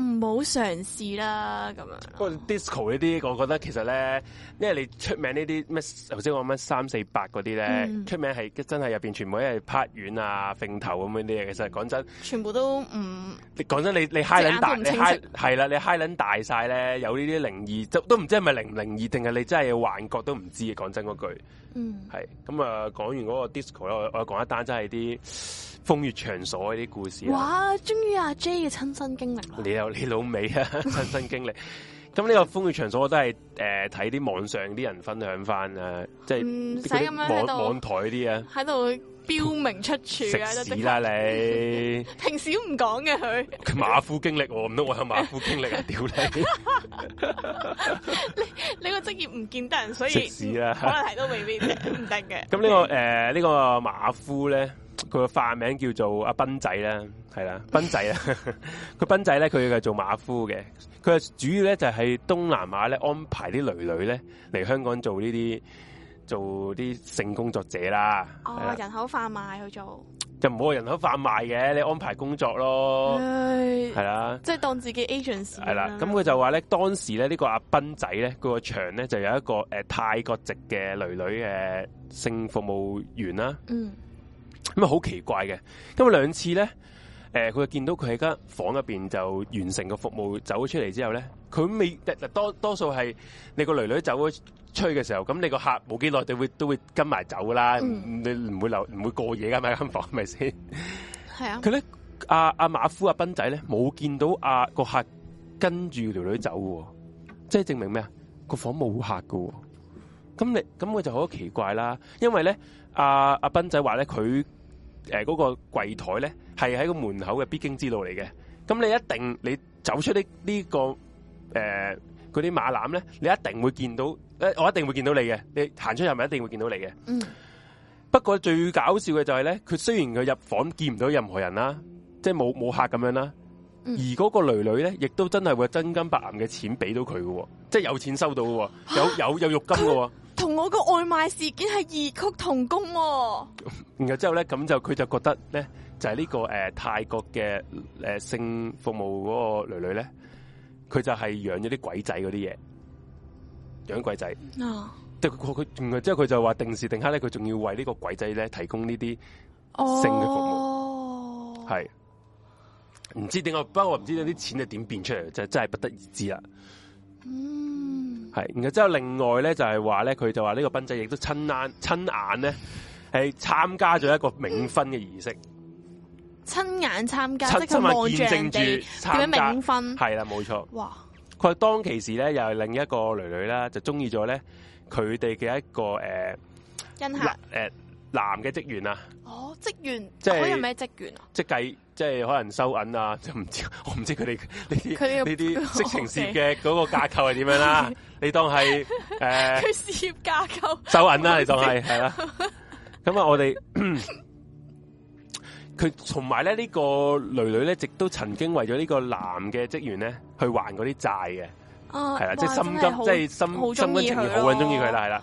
A: 唔好嘗試啦，咁
B: 樣。不過 disco 呢啲，我覺得其實咧，因為你出名呢啲咩頭先講乜三四百嗰啲咧，嗯、出名係真係入邊全部都係拍丸啊、揈頭咁樣啲嘢。其實講真，全部都唔。
C: 你
B: 講真，你你 high 撚大，你 high 係啦，你 high 撚大晒咧，有呢啲靈異，就都唔知係咪靈唔靈異，定係你真係幻覺都唔知、啊。講真嗰句嗯，嗯，係咁啊。講完嗰個 disco 咧，我講一單真係啲。風月場所呢啲故事，哇！
A: 終於阿 J 嘅親身經歷啦。
B: 你又你老味啊，親身經歷。咁呢個風月場所我都係誒睇啲網上啲人分享翻啊，即係唔使咁樣喺度網台啲啊，
A: 喺度標明出處啊。食屎啦你！平時都唔講嘅
B: 佢。馬夫經歷，唔通我有馬夫經歷啊？屌你！
A: 你你個職業唔見得人，所以食屎啦。可能
B: 睇都未必，唔得嘅。咁呢個誒呢個馬夫咧？佢個化名叫做阿斌仔啦，係啦， 斌仔啦。佢 斌仔咧，佢係做馬夫嘅。佢主要咧就係東南亞咧安排啲女女咧嚟香港做呢啲做啲性工作者啦。哦，的人
A: 口販賣去做？
B: 就唔好話人口販賣嘅，你安排工作咯。係、哎呀，啦的。
A: 即係當自己 agent。係啦。咁
B: 佢就話咧，當時咧呢個阿斌仔咧，佢個場咧就有一個、呃、泰國籍嘅女女嘅、呃、性服務員啦。嗯。咁啊好奇怪嘅，咁兩次咧，誒、呃，佢就見到佢喺間房入邊就完成個服務，走出嚟之後咧，佢未多多數係你個女女走咗，催嘅時候，咁你個客冇幾耐，就會都會跟埋走噶啦，嗯、不你唔會留，唔會過夜噶嘛，間房係咪先？係 啊。佢咧，阿、啊、阿、啊、馬夫阿、啊、斌仔咧，冇見到阿個客跟住女女走嘅，即係證明咩啊？個,的、哦、個房冇客嘅、哦，咁你咁佢就好奇怪啦，因為咧，阿、啊、阿、啊、斌仔話咧，佢。誒，嗰、呃那個櫃台咧，係喺個門口嘅必經之路嚟嘅。咁你一定你走出、這個呃、呢呢個誒嗰啲馬欄咧，你一定會見到，呃、我一定會見到你嘅。你行出入咪一定會見到你嘅。嗯。不過最搞笑嘅就係咧，佢雖然佢入房見唔到任何人啦，即係冇冇客咁樣啦，嗯、而嗰個女女咧，亦都真係會有真金白銀嘅錢俾到佢嘅、哦，即係有錢收到嘅、哦，有有有肉金嘅、哦。
A: 同我個外賣事件係異曲同工。然
B: 後之後咧，咁就佢就覺得咧，就係呢個誒泰國嘅誒性服務嗰個女女咧，佢就係養咗啲鬼仔嗰啲嘢，養鬼仔。哦，即係佢佢，然後之後佢就話定時定刻咧，佢仲要為呢個鬼仔咧提供呢啲性嘅服務。哦，係，唔知點啊？不過我唔知呢啲錢係點變出嚟，就真係不得而知啦。
C: 嗯。
B: 係，然後之後另外咧就係話咧，佢就話呢個賓仔亦都親眼親眼咧係參加咗一個冥婚嘅儀式，
A: 親眼
B: 參加，即眼見住點樣冥婚，係啦，冇錯。哇！佢當其時咧又係另一個女女啦，就中意咗咧佢哋嘅一個誒，誒男嘅職員啊，
A: 哦職員，即係可以係咩職員啊？
B: 即計即係可能收銀啊？就唔知我唔知佢哋呢啲呢啲色情事嘅嗰個架構係點樣啦。你當係誒，佢、呃、
A: 事業架構收銀啦，你當係係啦。
B: 咁啊，我哋佢同埋咧呢、這個女女咧，亦都曾經為咗呢個男嘅職員咧去還嗰啲債嘅。哦、呃，係啦，即係心甘，即係心心甘情願好搵，中意佢啦，係啦。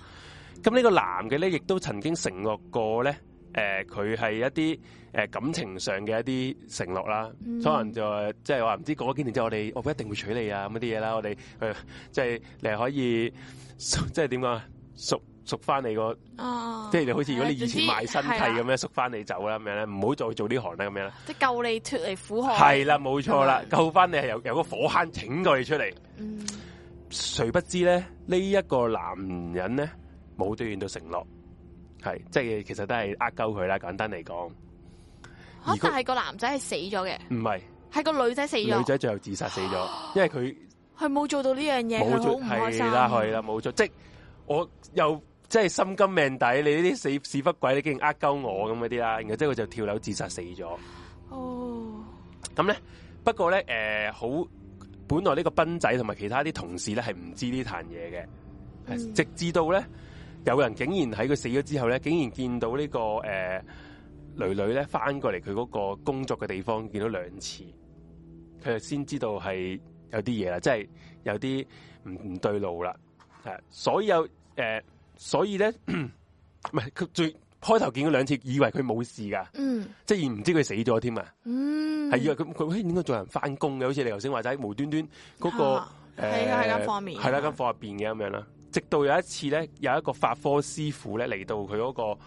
B: 咁呢 個男嘅咧，亦都曾經承諾過咧。誒佢係一啲誒、呃、感情上嘅一啲承諾啦，嗯、可能就即係話唔知過幾年，之後我哋我一定會娶你啊咁啲嘢啦，我哋誒即係你係可以即係點講，贖贖翻你個，即係你、啊、你好似如果你以前賣身契咁樣贖翻、嗯、你走啦咁樣咧，唔好、啊、再做呢行啦咁樣咧，
A: 即係救你脱離苦
C: 海。係
B: 啦、啊，冇錯啦，嗯、救翻你係由由、嗯、個火坑請咗你出嚟。嗯、誰不知咧呢一個男人咧冇兌現到承諾。係，即係其實都係呃鳩佢啦，簡單嚟講。
A: 啊，但係個男仔係死咗嘅，唔係，係個女仔死咗，女仔
B: 最後自殺死咗，因為佢
A: 係冇做到呢樣嘢，係好唔
B: 開心。係啦，係啦，冇錯，即係我又即係心甘命抵。你呢啲死屎忽鬼，你竟然呃鳩我咁嗰啲啦，然後即係佢就跳樓自殺死咗。哦，咁咧，不過咧，誒，好，本來呢個斌仔同埋其他啲同事咧係唔知呢壇嘢嘅，直至到咧。有人竟然喺佢死咗之後咧，竟然見到呢、這個誒、呃、女女咧翻過嚟佢嗰個工作嘅地方，見到兩次，佢就先知道係有啲嘢啦，即係有啲唔唔對路啦，係所以有誒、呃，所以咧唔係佢最開頭見咗兩次，以為佢冇事㗎，嗯，即係唔知佢死咗添啊，嗯，
C: 係以為
B: 佢佢、欸、應該做人翻工，嘅好似你頭先話仔無端端嗰、那個誒係啦，係咁、啊呃、方面係啦，咁放入邊嘅咁樣啦。直到有一次咧，有一個法科師傅咧嚟到佢嗰、嗰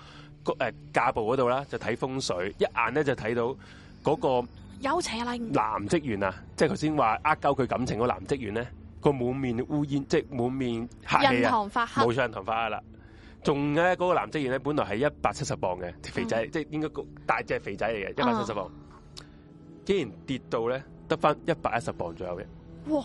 B: 個誒架步嗰度啦，就睇風水，一眼咧就睇到嗰個有
A: 邪靈男
B: 職員啊，即係頭先話呃鳩佢感情嗰個男職員咧，個滿面烏煙，即係滿面黑、印堂發黑啊，冇上印堂發黑啦，仲咧嗰個男職員咧，本來係一百七十磅嘅肥仔，嗯、即係應該大隻肥仔嚟嘅一百七十磅，啊、竟然跌到咧得返一百一十磅左右嘅，
A: 哇！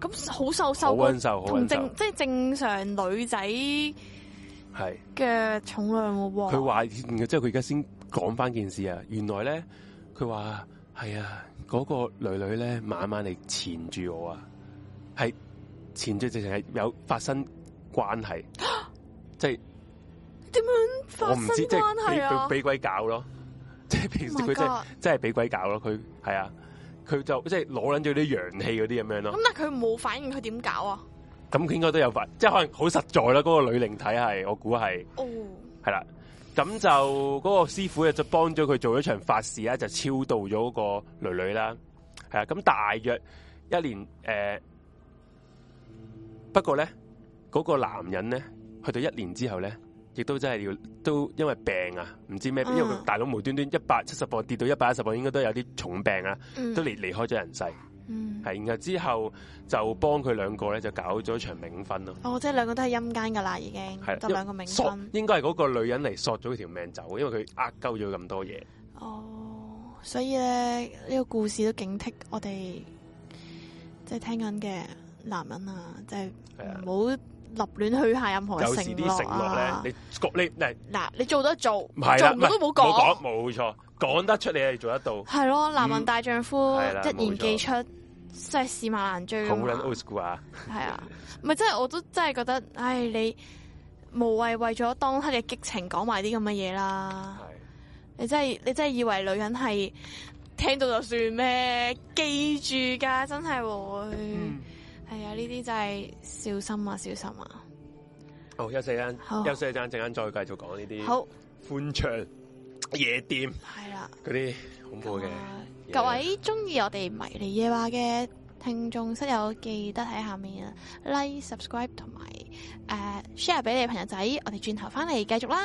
A: 咁好瘦瘦，好正即係正常女仔係嘅重量
C: 喎。佢
B: 話即係佢而家先講翻件事啊。原來咧，佢話係啊，嗰、那個女女咧慢慢嚟纏住我啊，係纏住，直情係有發生關係，啊、即係點樣
C: 發生關係啊？佢俾
B: 鬼搞咯！即係平時佢真係真係俾鬼搞咯。佢係啊。佢就即係攞捻咗啲陽氣嗰啲咁樣咯。咁
A: 但佢冇反應，佢點搞啊？
B: 咁應該都有法，即係可能好實在啦。嗰個女靈體係我估係，哦，係啦。咁就嗰個師傅就幫咗佢做咗場法事啦，就超度咗個女女啦。係啊，咁大約一年誒。不過咧，嗰個男人咧，去到一年之後咧。亦都真係要都因，因為病啊，唔知咩，因為佢大佬無端端一百七十磅跌到一百一十磅，應該都有啲重病啊，嗯、都離離開咗人世，係、嗯、然後之後就幫佢兩個咧就搞咗場冥婚咯。
A: 哦，即係兩個都係陰間噶啦，已經就的兩個冥婚。
B: 應該係嗰個女人嚟索咗佢條命走，因為佢呃鳩咗咁多嘢。哦，
A: 所以咧呢、呢個故事都警惕我哋，即係聽緊嘅男人啊，即係好。的立亂許下任何的承諾，有啲
B: 承諾咧，你你嗱你，你，
A: 你做得做，不做唔到都冇講。
B: 冇錯，講得出你係做得到。係咯，男人大
A: 丈夫、嗯，一言既出，即係駟馬難追。好人 o 啊，係 啊，唔係即係我都真係覺得，唉，你無謂為咗當刻嘅激情講埋啲咁嘅嘢啦。你真係你真係以為女人係聽到就算咩？記住噶，真係會。嗯係啊，呢啲就係小心啊，小心啊！Oh, 一
B: 四一好，休息一陣，休息一陣，陣間再繼續講呢啲。好，歡唱夜店係啦，嗰啲的恐怖嘅。
A: 各位中意我哋迷離夜話嘅聽眾室友，記得喺下面啊 ，like、subscribe、uh, 同埋誒 share 俾你嘅朋友仔。我哋轉頭翻嚟繼續啦。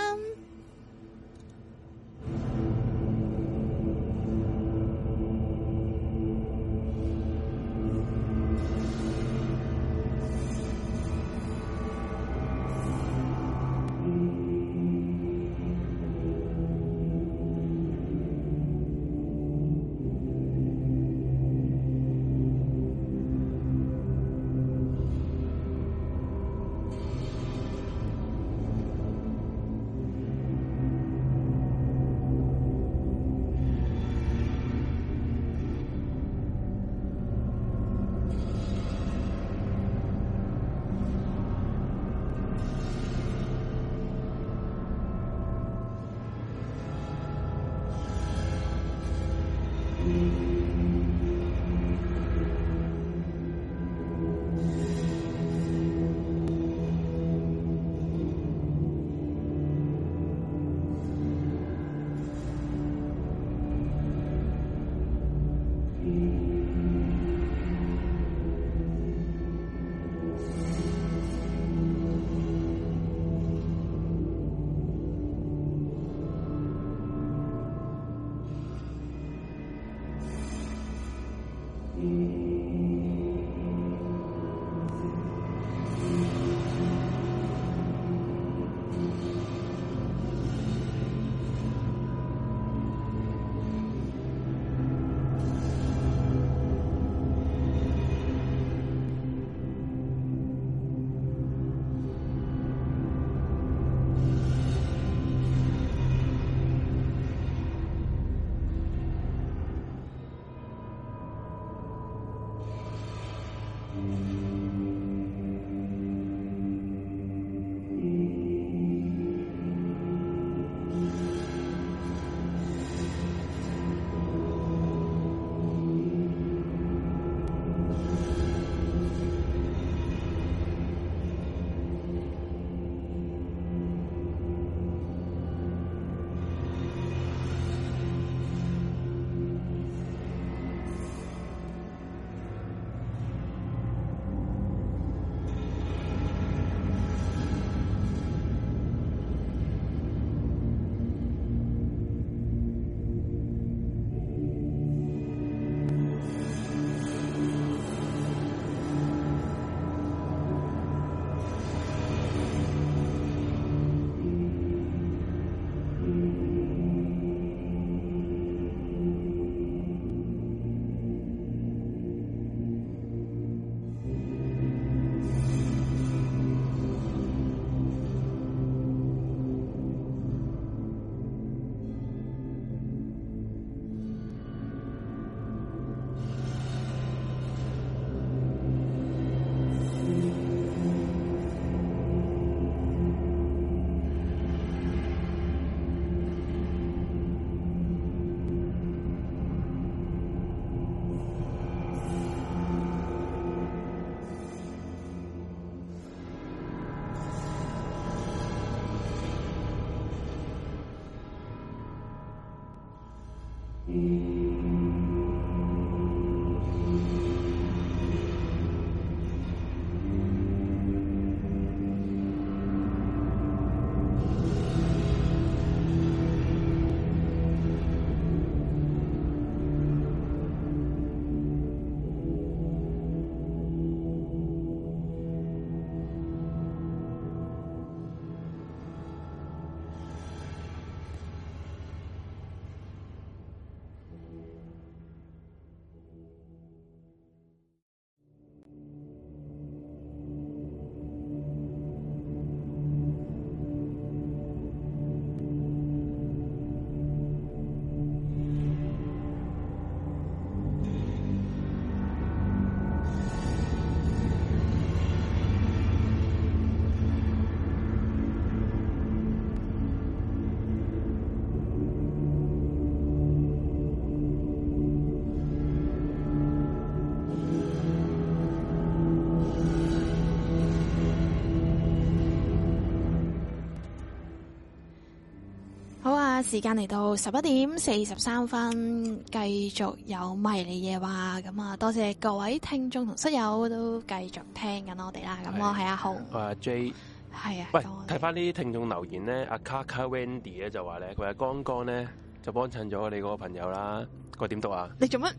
A: 時間嚟到十一點四十三分，繼續有迷離夜話，咁啊多謝各位聽眾同室友都繼續聽緊我哋啦，咁我係阿紅，我
B: 係阿 J，係啊，喂，睇翻呢啲聽眾留言咧，阿 Kaka Wendy 咧就話咧，佢係剛剛咧就幫襯咗你嗰個朋友啦，佢點讀啊？你
A: 做乜？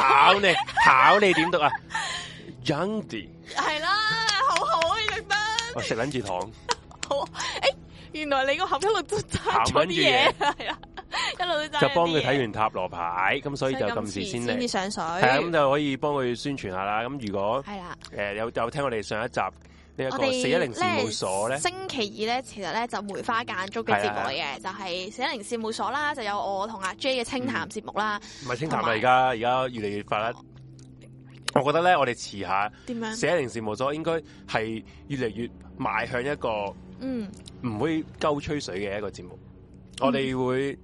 A: 考你
B: 考你點讀啊？Yandy
A: 係啦，好好啊，值得。
B: 我食忍住糖。
A: 好。原來你個盒一路都賺啲嘢，係啊！ 一路都一就幫
B: 佢睇完塔羅牌，咁 所以就及時先至上水。係咁，啊、就可以幫佢宣傳下啦。咁如果係啦，誒、啊呃、有有聽我哋上一集呢一、這個四一零事務所咧，星
A: 期二咧，其實咧就梅花間竹嘅節目嘅，啊，是啊，就係四一零事務所啦，就有我同阿 J 嘅清談節目啦。
B: 唔係，嗯、清談有啊，而家而家越嚟越快啦。我覺得咧，我哋遲下，四一零事務所應該係越嚟越邁向一個。嗯，唔會夠吹水嘅一個節目，我哋會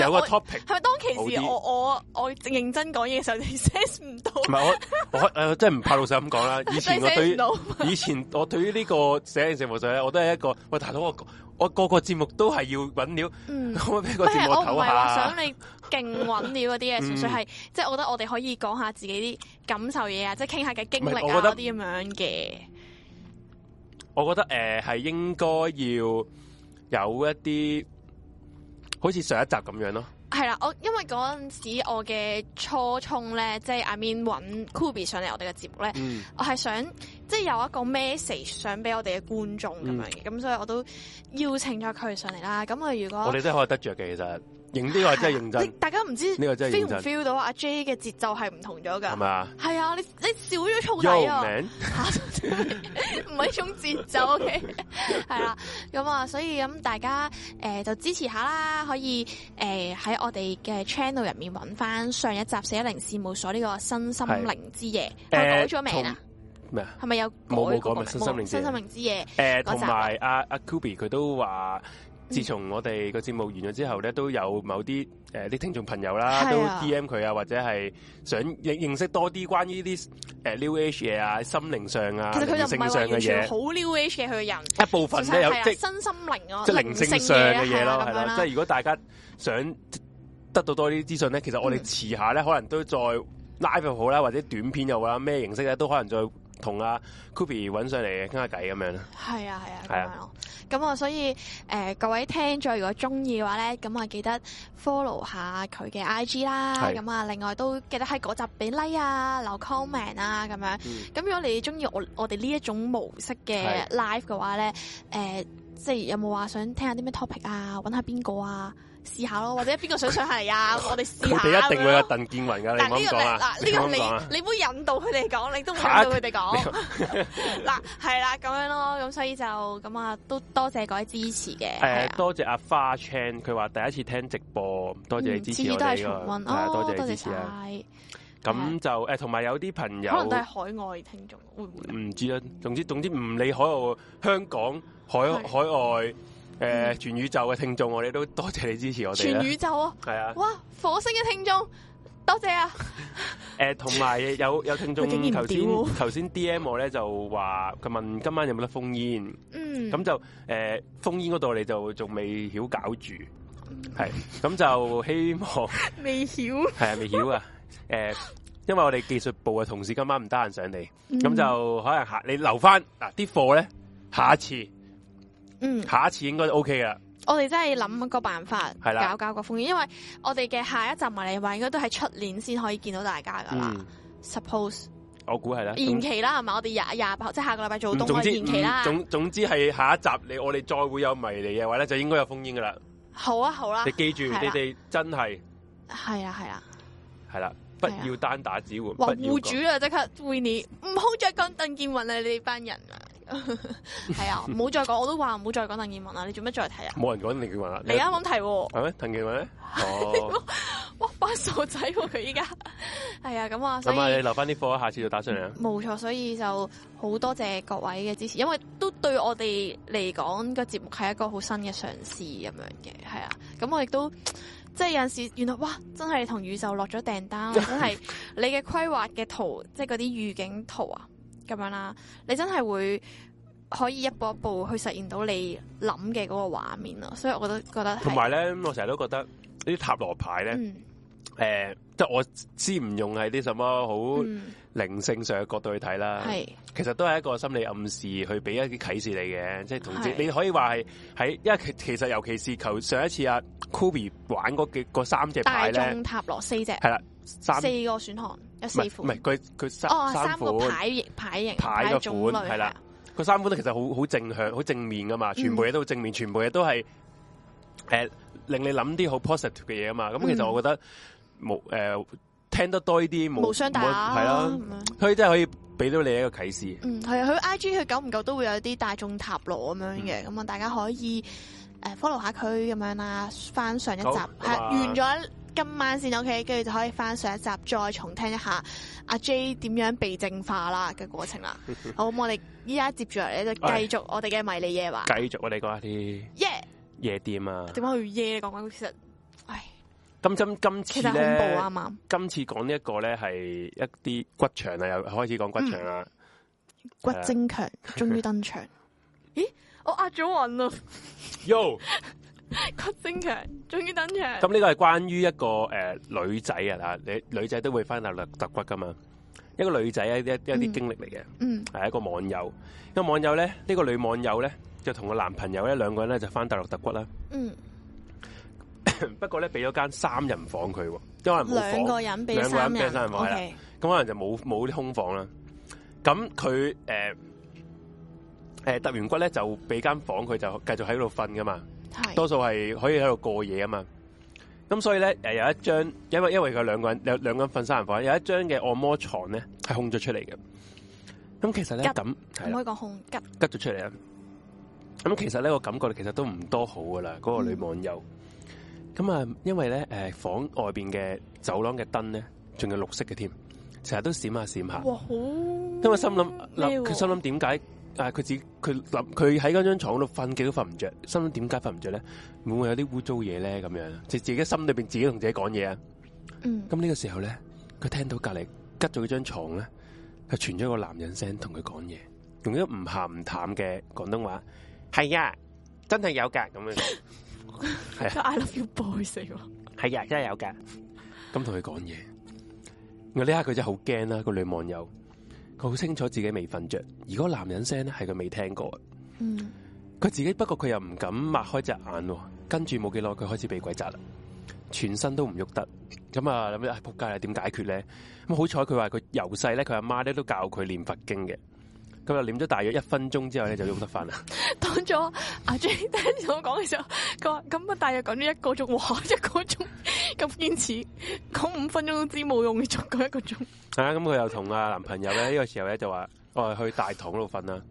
B: 有個 topic。係咪當其時我我
A: 我認真講嘢嘅時候，你寫唔到？
B: 唔係我我誒，即係唔怕老實咁講啦。以前我對於以前我對於呢個寫嘅節目上我都係一個喂，大佬，我我個個節目都係要揾料。嗯，可唔可以俾個節目唞下？唔係，我唔係話想你
A: 勁揾料嗰啲嘢，純粹係即係我覺得我哋可以講下自己啲感受嘢啊，即係傾下嘅經歷啊啲咁樣嘅。
B: 我覺得誒係、呃、應該要有一啲好似上一集咁樣咯。
A: 係啦，我因為嗰陣時我嘅初衷咧，即係阿 I mean 揾 Kobe 上嚟我哋嘅節目咧，嗯、我係想。即係有一個 message 想俾我哋嘅觀眾咁、嗯、樣嘅，咁所以我都邀請咗佢上嚟啦。咁我如果我哋
B: 真係可以得著嘅，其實認真話真係認真。大
A: 家唔知呢個真係 feel 唔 feel 到阿 J 嘅節奏係唔同咗㗎？係咪啊？係啊！你你少咗燥底啊，唔係一種節奏 OK 係啦，咁 啊，所以咁大家誒、呃、就支持一下啦，可以誒喺、呃、我哋嘅 channel 入面揾翻上一集四一零事務所呢個新心靈之夜，佢改咗名啊？
B: 是咩？係
A: 咪有冇冇講咩新心靈之夜。誒同埋
B: 阿阿 Kobe 佢都話，自從我哋個節目完咗之後咧，都有某啲誒啲聽眾朋友啦，都 DM 佢啊，或者係想認識多啲關於啲誒 new age 嘢啊，心靈上啊，其實佢又唔係完全嘅嘢，好
A: new age 嘅佢人一
B: 部分咧有即身
A: 心靈啊，即靈性上嘅嘢咯，係啦，即係如
B: 果大家想得到多啲資訊咧，其實我哋遲下咧可能都再 live 又好啦，或者短片又好啦，咩形式咧都可能再。同啊 Kobe 揾上嚟傾下偈咁樣咯，係啊係啊，係啊，
A: 咁啊，啊所以誒、呃、各位聽眾如果中意嘅話咧，咁啊記得 follow 下佢嘅 IG 啦，咁啊是另外都記得喺嗰集俾 like 啊留 comment 啊咁樣，咁、嗯、如果你中意我我哋呢一種模式嘅 live 嘅話咧是、呃，即係有冇話想聽下啲咩 topic 啊，揾下邊個啊？試下咯，或者邊個想上嚟啊？我哋試下。我哋一定會有
B: 鄧建雲噶。但呢個，嗱呢個你，你
A: 會引導佢哋講，你都會引導佢哋講。嗱，係啦，咁樣咯，咁所以就咁啊，都多謝各位支持嘅。誒，
B: 多謝阿花 Chan，佢話第一次聽直播，多謝你支持。次次都係重溫。多謝多謝。咁就誒，同埋有啲朋友，可能都係
A: 海外聽眾，會
B: 唔會？唔知啊。總之總之唔理海外、香港、海海外。誒，嗯、全宇宙嘅聽眾，我哋都多謝你支持我哋。全宇宙啊，係啊，哇，
A: 火星嘅聽眾，多謝啊！
B: 誒， 同埋有有聽眾頭先頭先 DM 我咧就話，佢問今晚有冇得封煙？嗯，咁就誒、呃、封煙嗰度，你就仲未曉搞住，係咁、嗯、就希望
C: 未曉，係啊，未曉
B: 啊！誒， 因為我哋技術部嘅同事今晚唔得閒上嚟，咁、嗯、就可能下你留翻嗱啲貨咧，下一次。嗯，下一次應該 OK 噶。
A: 我哋真係諗個辦法，搞搞個烽煙，因為我哋嘅下一集迷離夜話，應該都係出年先可以見到大家噶。Suppose
B: 我估係啦，延期
A: 啦係咪？我哋廿廿即係下個禮拜
B: 做冬延期啦。總總之係下一集你我哋再會有迷離嘅話咧，就應該有烽煙噶啦。
A: 好啊，好啦。你記住，你哋真係係啊，係
B: 啊，係啦，不要單打，只換。哇，戶主
A: 啊，即刻會你，唔好再講鄧建雲啊，你哋班人啊。係 啊，唔好再講，我都話唔好再講鄧健文啦。你做咩再提啊？
B: 冇人講鄧健文啦，你啱啱提係咩？鄧健文？哦，
A: 哇，班傻仔，佢依家係啊，咁 啊，咁啊，啊，你
B: 留翻啲貨，下次就打上嚟啊。
A: 冇錯，所以就好多謝各位嘅支持，因為都對我哋嚟講個節目係一個好新嘅嘗試咁樣嘅，係啊。咁我亦都即係有陣時，原來哇，真係同宇宙落咗訂單，真係 你嘅規劃嘅圖，即係嗰啲預警圖啊！咁樣啦，你真係會可以一步一步去實現到你諗嘅嗰個畫面咯，所以我，覺得我都覺
C: 得呢。同
B: 埋咧，我成日都覺得呢啲塔羅牌咧，誒，即係我知唔用喺啲什麼好靈性上嘅角度去睇啦，係，嗯、其實都係一個心理暗示去俾一啲啟示你嘅，即係總之你可以話係喺，因為其實尤其是求上一次阿、啊、Kobe 玩嗰幾嗰三隻牌咧，大眾
A: 塔羅四隻係啦。
B: 三四
A: 個選項，有四款。唔係
B: 佢佢三哦，三個牌
A: 型，牌型牌嘅種類係啦。
B: 佢三款都其實好好正向，好正面噶嘛。全部嘢都正面，全部嘢都係誒令你諗啲好 positive 嘅嘢啊嘛。咁其實我覺得冇誒聽得多呢啲冇傷大雅係咯。佢真係可以俾到你一個啟示。
A: 係啊。佢 I G 佢久唔久都會有啲大眾塔羅咁樣嘅，咁啊大家可以誒 follow 下佢咁樣啦。翻上一集係完咗。今晚先 O K，跟住就可以翻上一集再重聽一下阿 J 點樣被淨化啦嘅過程啦。 好，我哋依家接住嚟就繼續我哋嘅迷離夜話。
B: 繼續我哋講一啲夜夜店啊？點
A: 解會夜？你講其實，唉，
B: 今今今次其實恐怖啊嘛。今次講呢一個咧係一啲骨牆啊，又開始講骨牆啊、嗯。骨精
A: 強終於登場。 咦？我押咗韻啊 Yo。骨性強，終於登場。咁
B: 呢個係關於一個誒、呃、女仔啊，你女，女仔都會翻大陸揼骨噶嘛？一個女仔一一啲經歷嚟嘅，嗯，係一個網友。一個網友咧，呢、呢個女網友咧，就同個男朋友咧，兩個人咧就翻大陸揼骨啦。嗯， 不過咧俾咗間三人房佢，因為兩個人俾三,三人房咁 okay 可能就冇冇啲空房啦。咁佢誒誒揼完骨咧就俾間房佢就繼續喺度瞓噶嘛。是多數係可以喺度過夜啊嘛，咁所以咧誒有，有一張，因為因為佢兩個人有兩個人瞓三人房，有一張嘅按摩床咧係空咗出嚟嘅。咁其實咧咁唔可以講空吉吉咗出嚟啊。咁其實咧、嗰個感覺其實都唔多好噶啦，嗰個女網友。咁啊，因為咧誒、呃、房外邊嘅走廊嘅燈咧仲有綠色嘅添，成日都閃下閃下。哇好！咁啊心諗嗱，佢心諗點解？啊！佢自佢諗佢喺嗰張床度瞓，幾都瞓唔着。心諗點解瞓唔着咧？會唔會有啲污糟嘢咧？咁樣即係自己心裏邊自己同自己講嘢啊！嗯，咁呢個時候咧，佢聽到隔籬吉咗嗰張床咧，係傳咗個男人聲同佢講嘢，用咗唔鹹唔淡嘅廣東話，係啊，真係有噶咁樣，係。I
C: love you，boys 我。
B: 係啊，真係有噶。咁同佢講嘢，我呢下佢就真係好驚啊，個女網友。好清楚自己未瞓着，如果男人聲咧，係佢未聽過嘅。嗯，佢自己不過佢又唔敢擘開隻眼，跟住冇幾耐佢開始被鬼扎啦，全身都唔喐得，咁啊，諗啊，仆街啊，點解決咧？咁好彩佢話佢由細咧佢阿媽咧都教佢念佛經嘅。今日念咗大約一分鐘之後咧，就用得翻啦。
A: 當咗阿 J 聽我講嘅、啊、時候，佢話咁啊，大約講咗一個鐘，哇，一個鐘咁堅持，講五分鐘都知冇用，仲
C: 講一個鐘。
B: 係啊、嗯，咁佢又同阿男朋友咧呢、這個時候咧就話，我、哦、去大堂度瞓啦。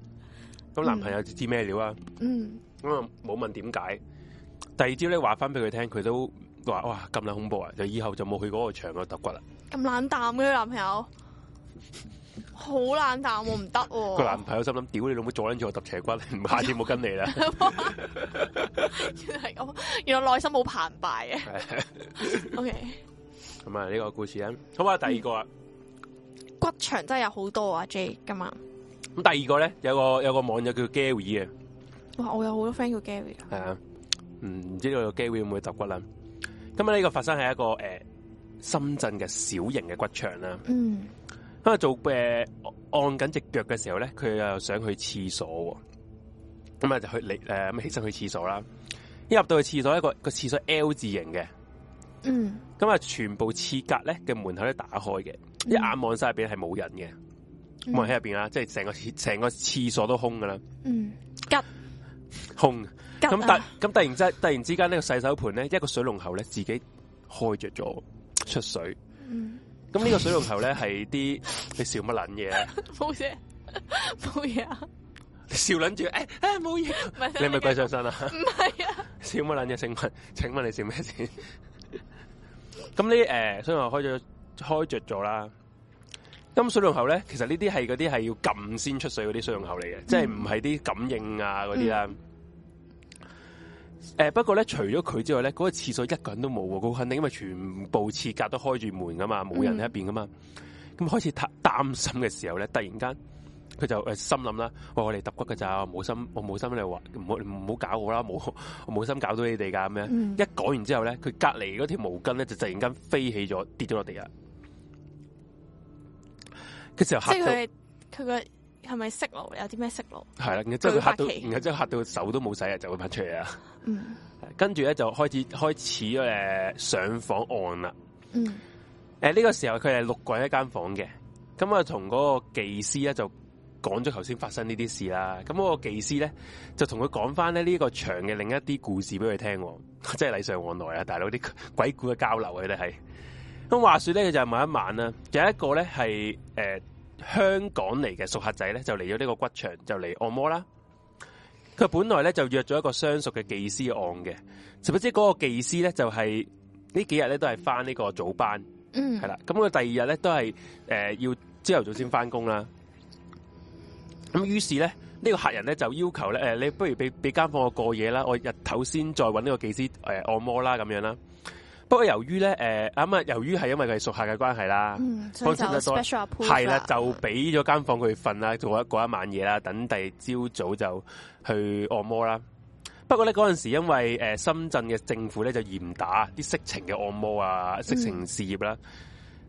B: 咁男朋友知咩料
C: 啊？
B: 嗯。咁啊、嗯，冇問點解。第二朝咧，話翻俾佢聽，佢都話哇咁啊恐怖啊！就以後就冇去嗰個場度揼骨啦。
A: 咁冷淡嘅男朋友。好冷淡，我唔得、啊。個男
B: 朋友心諗：屌你老母，阻緊住我揼斜骨， 下次唔好跟你啦 。
A: 原來係咁，原來內心好澎湃啊。OK，
B: 咁啊，呢個故事啊。好啊，第二個、嗯、場啊，
A: 骨場真係有好多啊，J，今晚。咁
B: 第二個咧，有個有個網友叫 Gary 啊。
A: 哇，我有好多 friend 叫 Gary。
B: 係啊，唔、嗯、唔知道這個 Gary 會唔會揼骨啦？今日呢個發生喺一個誒、呃、深圳嘅小型嘅骨場啦。嗯。做誒、呃、按緊隻腳嘅時候咧，佢又想去廁所，哦，咁啊就去嚟，誒，咁起身去廁所啦。一入到去廁所，一個個廁所 L 字形嘅，嗯，咁啊全部廁格咧嘅門口咧打開嘅，一眼望晒入邊係冇人嘅，
C: 冇人喺
B: 入邊啊，即係成個成個廁所都空噶啦，嗯，隔空咁突咁突然之突然之間呢個洗手盆咧一個水龍頭咧自己開着咗出水。
C: 嗯
B: 咁呢 個水龍頭咧係啲你笑乜撚嘢？
C: 冇嘢，冇嘢啊！
B: 你笑撚住，誒、欸、
C: 誒，冇、欸、嘢，唔係你係咪鬼上身啊？
B: 唔係啊！啊笑乜撚嘢？請問請問你笑咩先？咁呢誒，水龍頭開咗開著咗啦。咁水龍頭咧，其實呢啲係嗰啲係要撳先出水嗰啲水龍頭嚟嘅，嗯、即係唔係啲感應啊嗰啲啦。誒、呃，不過咧，除咗佢之外咧，嗰、那個廁所一個人都冇，佢肯定，因為全部廁格都開住門噶嘛，冇人喺一邊噶嘛。咁、嗯、開始忐擔心嘅時候咧，突然間佢就誒心諗啦，喂、哎，我哋揼骨嘅咋，冇心，我冇心你話唔好唔好搞我啦，冇我冇心搞到你哋噶。咁樣、嗯、一講完之後咧，佢隔籬嗰條毛巾咧就突然間飛起咗，跌咗落地啦。佢就吓
A: 到。係咪色狼？有啲咩色
B: 狼？係啦、啊，然後佢係吓到，然後吓到手都冇洗啊，就會噴出嚟啊。
C: 嗯，
B: 跟住咧就開始開始誒上房按啦。了嗯，誒呢、呃這個時候佢係六鬼一間房嘅，咁啊同嗰個技師咧就講咗頭先發生呢啲事啦。咁個技師咧就同佢講翻呢個場嘅另一啲故事俾佢聽，真係禮尚往來啊！大佬啲鬼故嘅交流啊，真係。咁話說咧，佢就係某一晚啦，有一個咧係誒。是呃香港嚟嘅熟客仔咧，就嚟咗呢個骨場就嚟按摩啦。佢本來咧就約咗一個相熟嘅技師按嘅，殊不知嗰個技師咧就係、是、呢幾日咧都係翻呢個早班，嗯，係啦。咁佢第二日咧都係誒、呃、要朝頭早先翻工啦。咁於是咧呢、這個客人咧就要求咧誒、呃，你不如俾俾間房我過夜啦，我日頭先再搵呢個技師誒、呃、按摩啦咁樣啦。不過由於咧，誒，啱啊！由於係因為佢係熟客嘅關係啦，嗯、方式得多，係啦，就俾咗間房佢瞓啦、嗯做，做一過一,一晚嘢啦，等第二朝早就去按摩啦。不過咧嗰陣時，因為誒、呃、深圳嘅政府咧就嚴打啲色情嘅按摩啊、色情事業啦，嗯、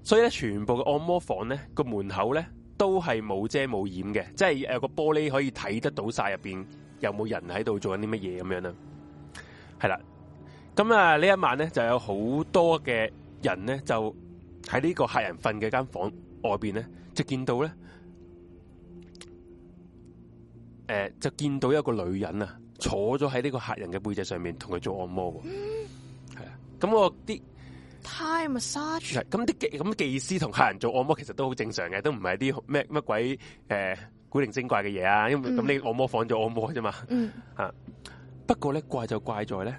B: 所以咧全部嘅按摩房咧個門口咧都係冇遮冇掩嘅，即係誒個玻璃可以睇得到晒入邊有冇人喺度做緊啲乜嘢咁樣啦。係啦。咁啊！呢一晚咧，就有好多嘅人咧，就喺呢個客人瞓嘅間房外邊咧，就見到咧，誒、呃，就見到一個女人啊，坐咗喺呢個客人嘅背脊上面，同佢做按摩。係啊、嗯，咁我啲
A: 泰 massage
B: 咁啲咁技師同客人做按摩，其實都好正常嘅，都唔係啲咩乜鬼誒、呃，古靈精怪嘅嘢啊。因為咁呢，你按摩房做按摩啫嘛、嗯。不過咧，怪就怪在咧。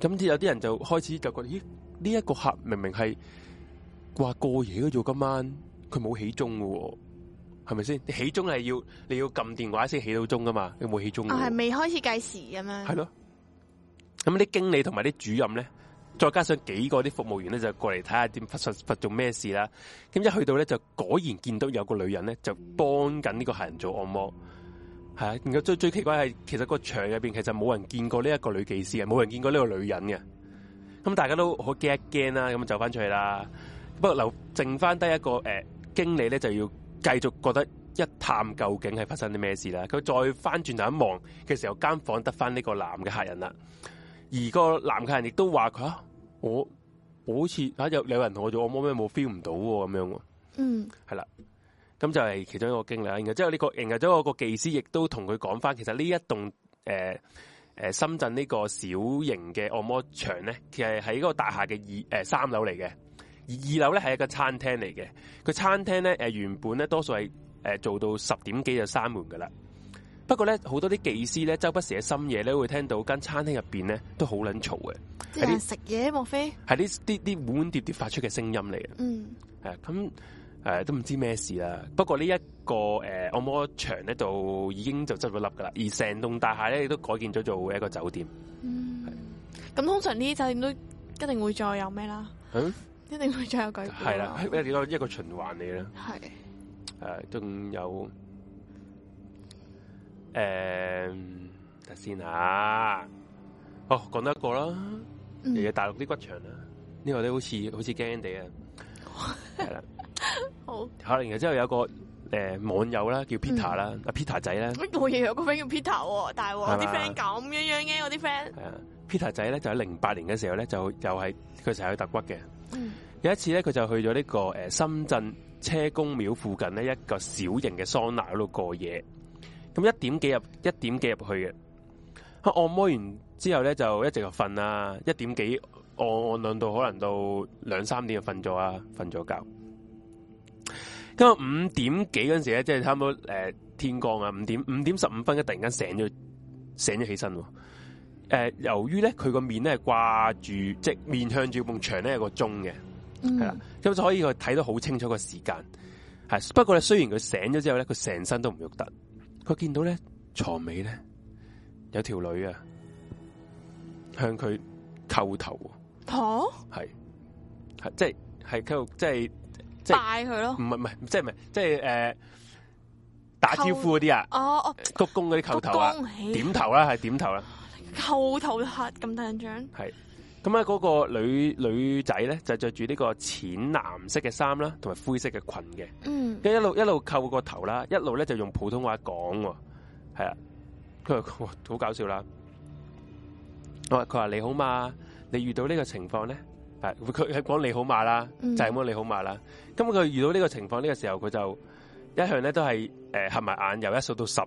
B: 咁即有啲人就開始就覺得咦？呢、這、一個客明明係話過夜咗，今晚佢冇起鐘喎。係咪先？你起鐘係要你要撳電話先起到鐘噶嘛？你冇起鐘，我係
A: 未開始計時啊嘛。係
B: 咯。咁啲經理同埋啲主任咧，再加上幾個啲服務員咧，就過嚟睇下點發生做咩事啦。咁一去到咧，就果然見到有個女人咧，就幫緊呢個客人做按摩。係，而家最最奇怪係，其實個場入邊其實冇人見過呢一個女技師嘅，冇人見過呢個女人嘅。咁大家都好驚一驚啦，咁就翻出去啦。不過留剩翻低一個誒、呃、經理咧，就要繼續覺得一探究竟係發生啲咩事啦。佢再翻轉頭一望嘅時候，間房得翻呢個男嘅客人啦。而個男客人亦都話佢啊，我我好似啊有有人同我做按摩咩冇 feel 唔到咁、啊、樣。嗯，係啦。咁就係其中一個經歷啦。然後即係呢個，然後咗個技師亦都同佢講翻，其實呢一棟誒誒深圳呢個小型嘅按摩場咧，其實喺嗰個大廈嘅二誒、呃、三樓嚟嘅。而二樓咧係一個餐廳嚟嘅。個餐廳咧誒原本咧多數係誒做到十點幾就閂門噶啦。不過咧好多啲技師咧，周不時喺深夜咧會聽到間餐廳入邊咧都好撚嘈嘅。啲人食嘢，莫非係啲啲啲碗碟碟發出嘅聲音嚟嘅？嗯，係咁、啊。誒、呃，都唔知咩事啦。不過呢、這、一個誒、呃、按摩場咧就已經就執咗笠噶啦，而成棟大廈咧亦都改建咗做一個酒店。
A: 嗯，咁是通常呢啲酒店都一定會再有咩啦？嗯、一定會再有改
B: 係啦，呢一個循環嚟啦。係誒的，仲、呃、有誒，睇先啊。哦，講多一個啦。嗯、大陸啲骨場啊，呢、這個都好似好似驚哋啊，係啦。 好，下年嘅之後有一個誒、呃、網友啦，叫 Peter 啦，阿、嗯、Peter 仔咧，
A: 我亦有個 friend 叫 Peter、啊、大鑊，吧我啲 friend 咁樣樣嘅，吧我啲 friend、
B: 啊、Peter 仔咧就喺零八年嘅時候咧就又係佢成日去揼骨嘅，嗯、有一次咧佢就去咗呢、這個誒、呃、深圳車公廟附近呢一個小型嘅桑拿喺度過夜，咁一點幾入，一點幾入去嘅，喺按摩完之後咧就一直就瞓啊，一點幾按按到可能到兩三點就瞓咗啊，瞓咗覺。今日五點幾嗰陣時咧，即係差唔多誒、呃、天光啊五點五點十五分，一突然間醒咗醒咗起身，誒、呃、由於咧佢個面咧係掛住即面向住埲牆咧有個鐘嘅，係啦咁所以佢睇得好清楚個時間係不過咧雖然佢醒咗之後咧佢成身都唔喐得，佢見到咧床尾咧有條女啊向佢叩頭陀？係係、哦、即係喺度即係。拜佢即咯，唔係唔係，即係唔係，即係誒、呃，打招呼嗰啲啊，哦，鞠躬嗰啲叩頭啊，不點頭啦、啊、係點頭啦，
A: 叩頭客咁大印
C: 象。
B: 係咁啊，嗰個女女仔咧就穿着住呢個淺藍色嘅衫啦，同埋灰色嘅裙嘅，嗯，咁一路一路叩個頭啦，一路咧就用普通話講，係啊，佢 話好搞笑啦，我話佢話你好嘛，你遇到呢個情況咧？係佢喺講你好嘛啦，就係、是、咁你好嘛啦。咁、嗯、佢遇到呢個情況呢、這個時候，佢就一向咧都係誒合埋眼，由一數到十、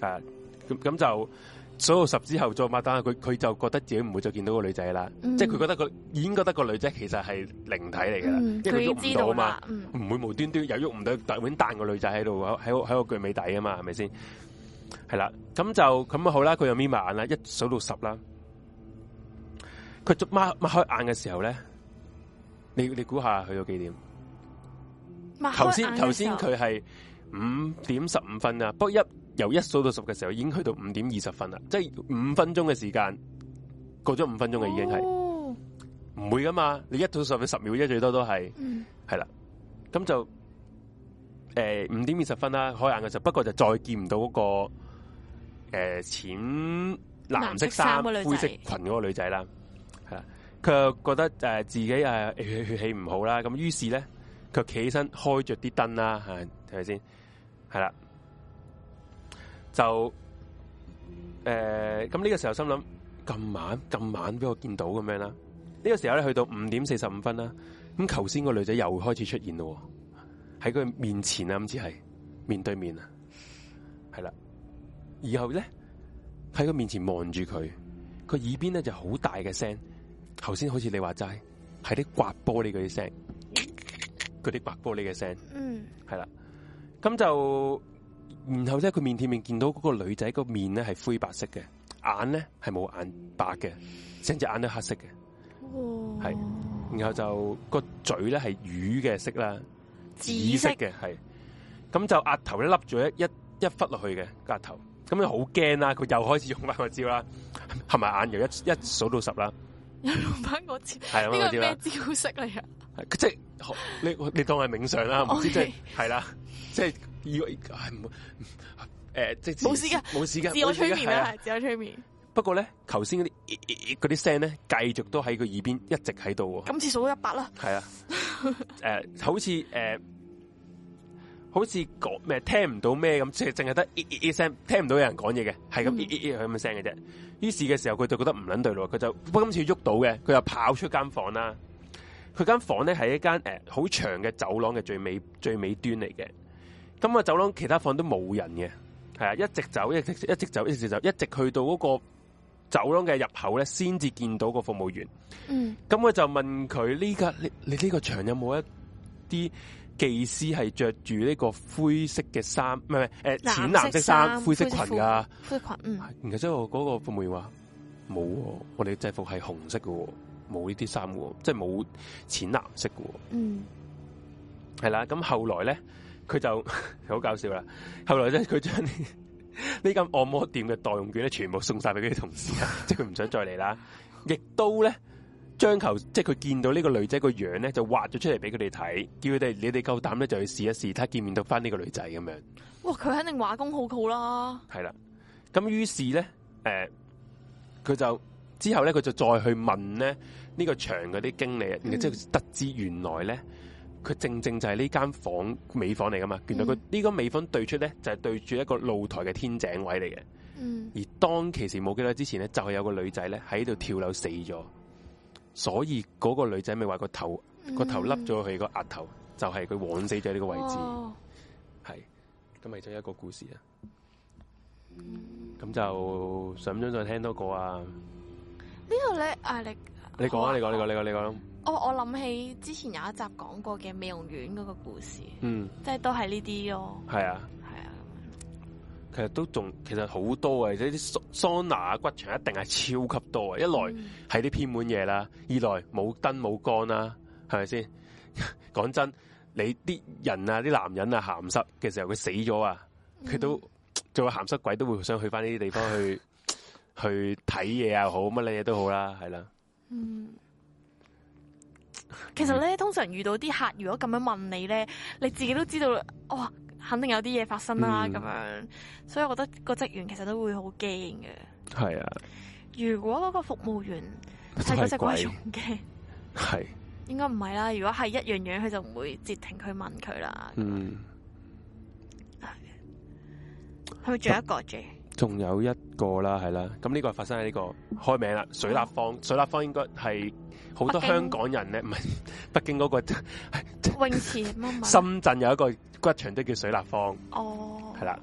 B: 嗯，啊咁咁就數到十之後再擘大佢，佢就覺得自己唔會再見到個女仔啦。嗯、即係佢覺得個已經覺得個女仔其實係靈體嚟噶啦，即佢喐唔到嘛，唔、嗯、會無端端又喐唔到突然彈個女仔喺度喺喺個腳尾底啊嘛，係咪先？係 啦，咁就咁好啦，佢又眯埋眼啦，一數到十啦。佢擘擘開眼嘅時候咧。你你估下去到幾點？頭先頭先頭先佢係五點十五分啊，不過，一由一數到十嘅時候已經去到五點二十分啦，即係五分鐘嘅時間過咗五分鐘嘅已經係唔、哦、會噶嘛？你一到十十秒啫最多都係係啦，咁、嗯、就誒五、呃、點二十分啦，開眼嘅時候，不過就再見唔到嗰、嗰個誒淺、呃、藍色衫灰色裙嗰個女仔啦。佢又覺得誒自己誒血氣唔好啦，咁於是咧佢企起身，開着啲燈啦，係，係咪先？係啦，就誒咁呢個時候心諗，咁晚咁晚俾我見到咁樣啦。呢個時候咧去到五點四十五分啦，咁頭先個女仔又開始出現咯，喺佢面前啊，唔知係面對面啊，係啦。以後咧喺佢面前望住佢，佢耳邊咧就好大嘅聲音。頭先好似你話齋，係啲刮玻璃嗰啲聲，嗰啲 Yeah. 刮玻璃嘅聲，嗯、
C: mm.，
B: 係啦，咁就，然後咧佢面貼面見到嗰個女仔個面咧係灰白色嘅，眼咧係冇眼白嘅，成、mm. 隻眼都黑色嘅，係、oh.，然後就、個嘴咧係魚嘅色啦，
C: 紫色嘅
B: 係，咁就額頭咧凹咗一一一忽落去嘅額頭，咁就好驚啦，佢又開始用翻個招啦，合埋眼又一一數到十啦。有用翻我招，呢個咩招式嚟啊？即係你，你當係冥想啦，唔知 Okay. 即係係啦，即係以為誒，即冇事噶，冇事噶，自我催眠啦，自我催眠。不過咧，頭先嗰啲嗰啲聲咧，繼續都喺佢耳邊一直喺度。今次數到一百啦。係啊，誒、呃，好似誒。呃好似講咩聽唔到咩咁，即係淨係得一聲聽唔到有人講嘢嘅，係咁咁嘅聲嘅啫。於是嘅時候，佢就覺得唔捻對咯，佢就、嗯、今次喐到嘅，佢又跑出間房啦。佢間房咧係一間誒好長嘅走廊嘅最尾最尾端嚟嘅。咁、那、啊、個、走廊其他房都冇人嘅，係啊一直走一直一直走一直走，一直，走一直去到嗰個走廊嘅入口咧，先至見到個服務員。嗯，咁我就問佢呢、這個你你呢個場有冇一啲？技師係着住呢個灰色嘅衫，唔係唔係誒淺藍色衫、灰色裙噶，灰色裙，灰裙，嗯。然後之後嗰個服務員話，冇、哦，我哋制服係紅色嘅，冇呢啲衫嘅，即係冇淺藍色
C: 嘅。
B: 嗯，係啦。咁後來咧，佢就好搞笑啦。後來咧，佢將呢間按摩店嘅代用券咧，全部送晒俾佢啲同事，嗯、即係佢唔想再嚟啦。亦都咧。將球即係佢見到呢個女仔個樣咧，就畫咗出嚟俾佢哋睇，叫佢哋，你哋夠膽咧就去試一試，睇下見唔見到返呢個女仔咁樣。
A: 哇！佢肯定畫功好好啦。
B: 係啦，咁於是咧，誒、呃，佢就之後咧，佢就再去問咧呢、這個場嗰啲經理，嗯、即係得知原來咧，佢正正就係呢間房尾房嚟噶嘛。原來佢呢間尾房對出咧就係、是、對住一個露台嘅天井位嚟嘅。嗯，而當其時冇幾耐之前咧，就係有個女仔咧喺度跳樓死咗。所以嗰個女仔咪話個頭個、嗯、頭凹咗，佢個額頭就係佢枉死咗呢個位置。係咁咪即係一個故事啊。咁、嗯、就想唔想再聽多個啊？
A: 呢度咧啊，你
B: 你講啊，你講你講你講你
A: 講。哦，我諗起之前有一集講過嘅美容院嗰個故事，嗯，即係都係呢啲咯，
B: 係啊。其實都仲其實好多啊。即啲桑拿啊、骨牆一定係超級多啊！一來係啲偏門嘢啦，二來冇燈冇光啦，係咪先？講真，你啲人啊、啲男人啊鹹濕嘅時候，佢死咗啊，佢都做鹹濕鬼都會想去翻呢啲地方去 去睇嘢啊。好，乜嘢都好啦，係啦。嗯，
A: 其實咧，通常遇到啲客如果咁樣問你咧，你自己都知道哇。哦肯定有啲嘢發生啦，咁、嗯、樣，所以我覺得個職員其實都會好驚嘅。係啊，如果嗰個服務員係嗰隻
B: 鬼蟲嘅，係
A: 應該唔係啦。如果係一樣樣，佢就唔會截停佢問佢啦。
B: 嗯，
A: 係，佢仲有一個 J、啊，
B: 仲有一個啦，係啦。咁呢個發生喺呢、這個開名啦，水立方，嗯、水立方應該係好多京香港人咧，唔係北京嗰、那個，
A: 泳池， 深
B: 圳有一個。骨場都叫水立方，係啦。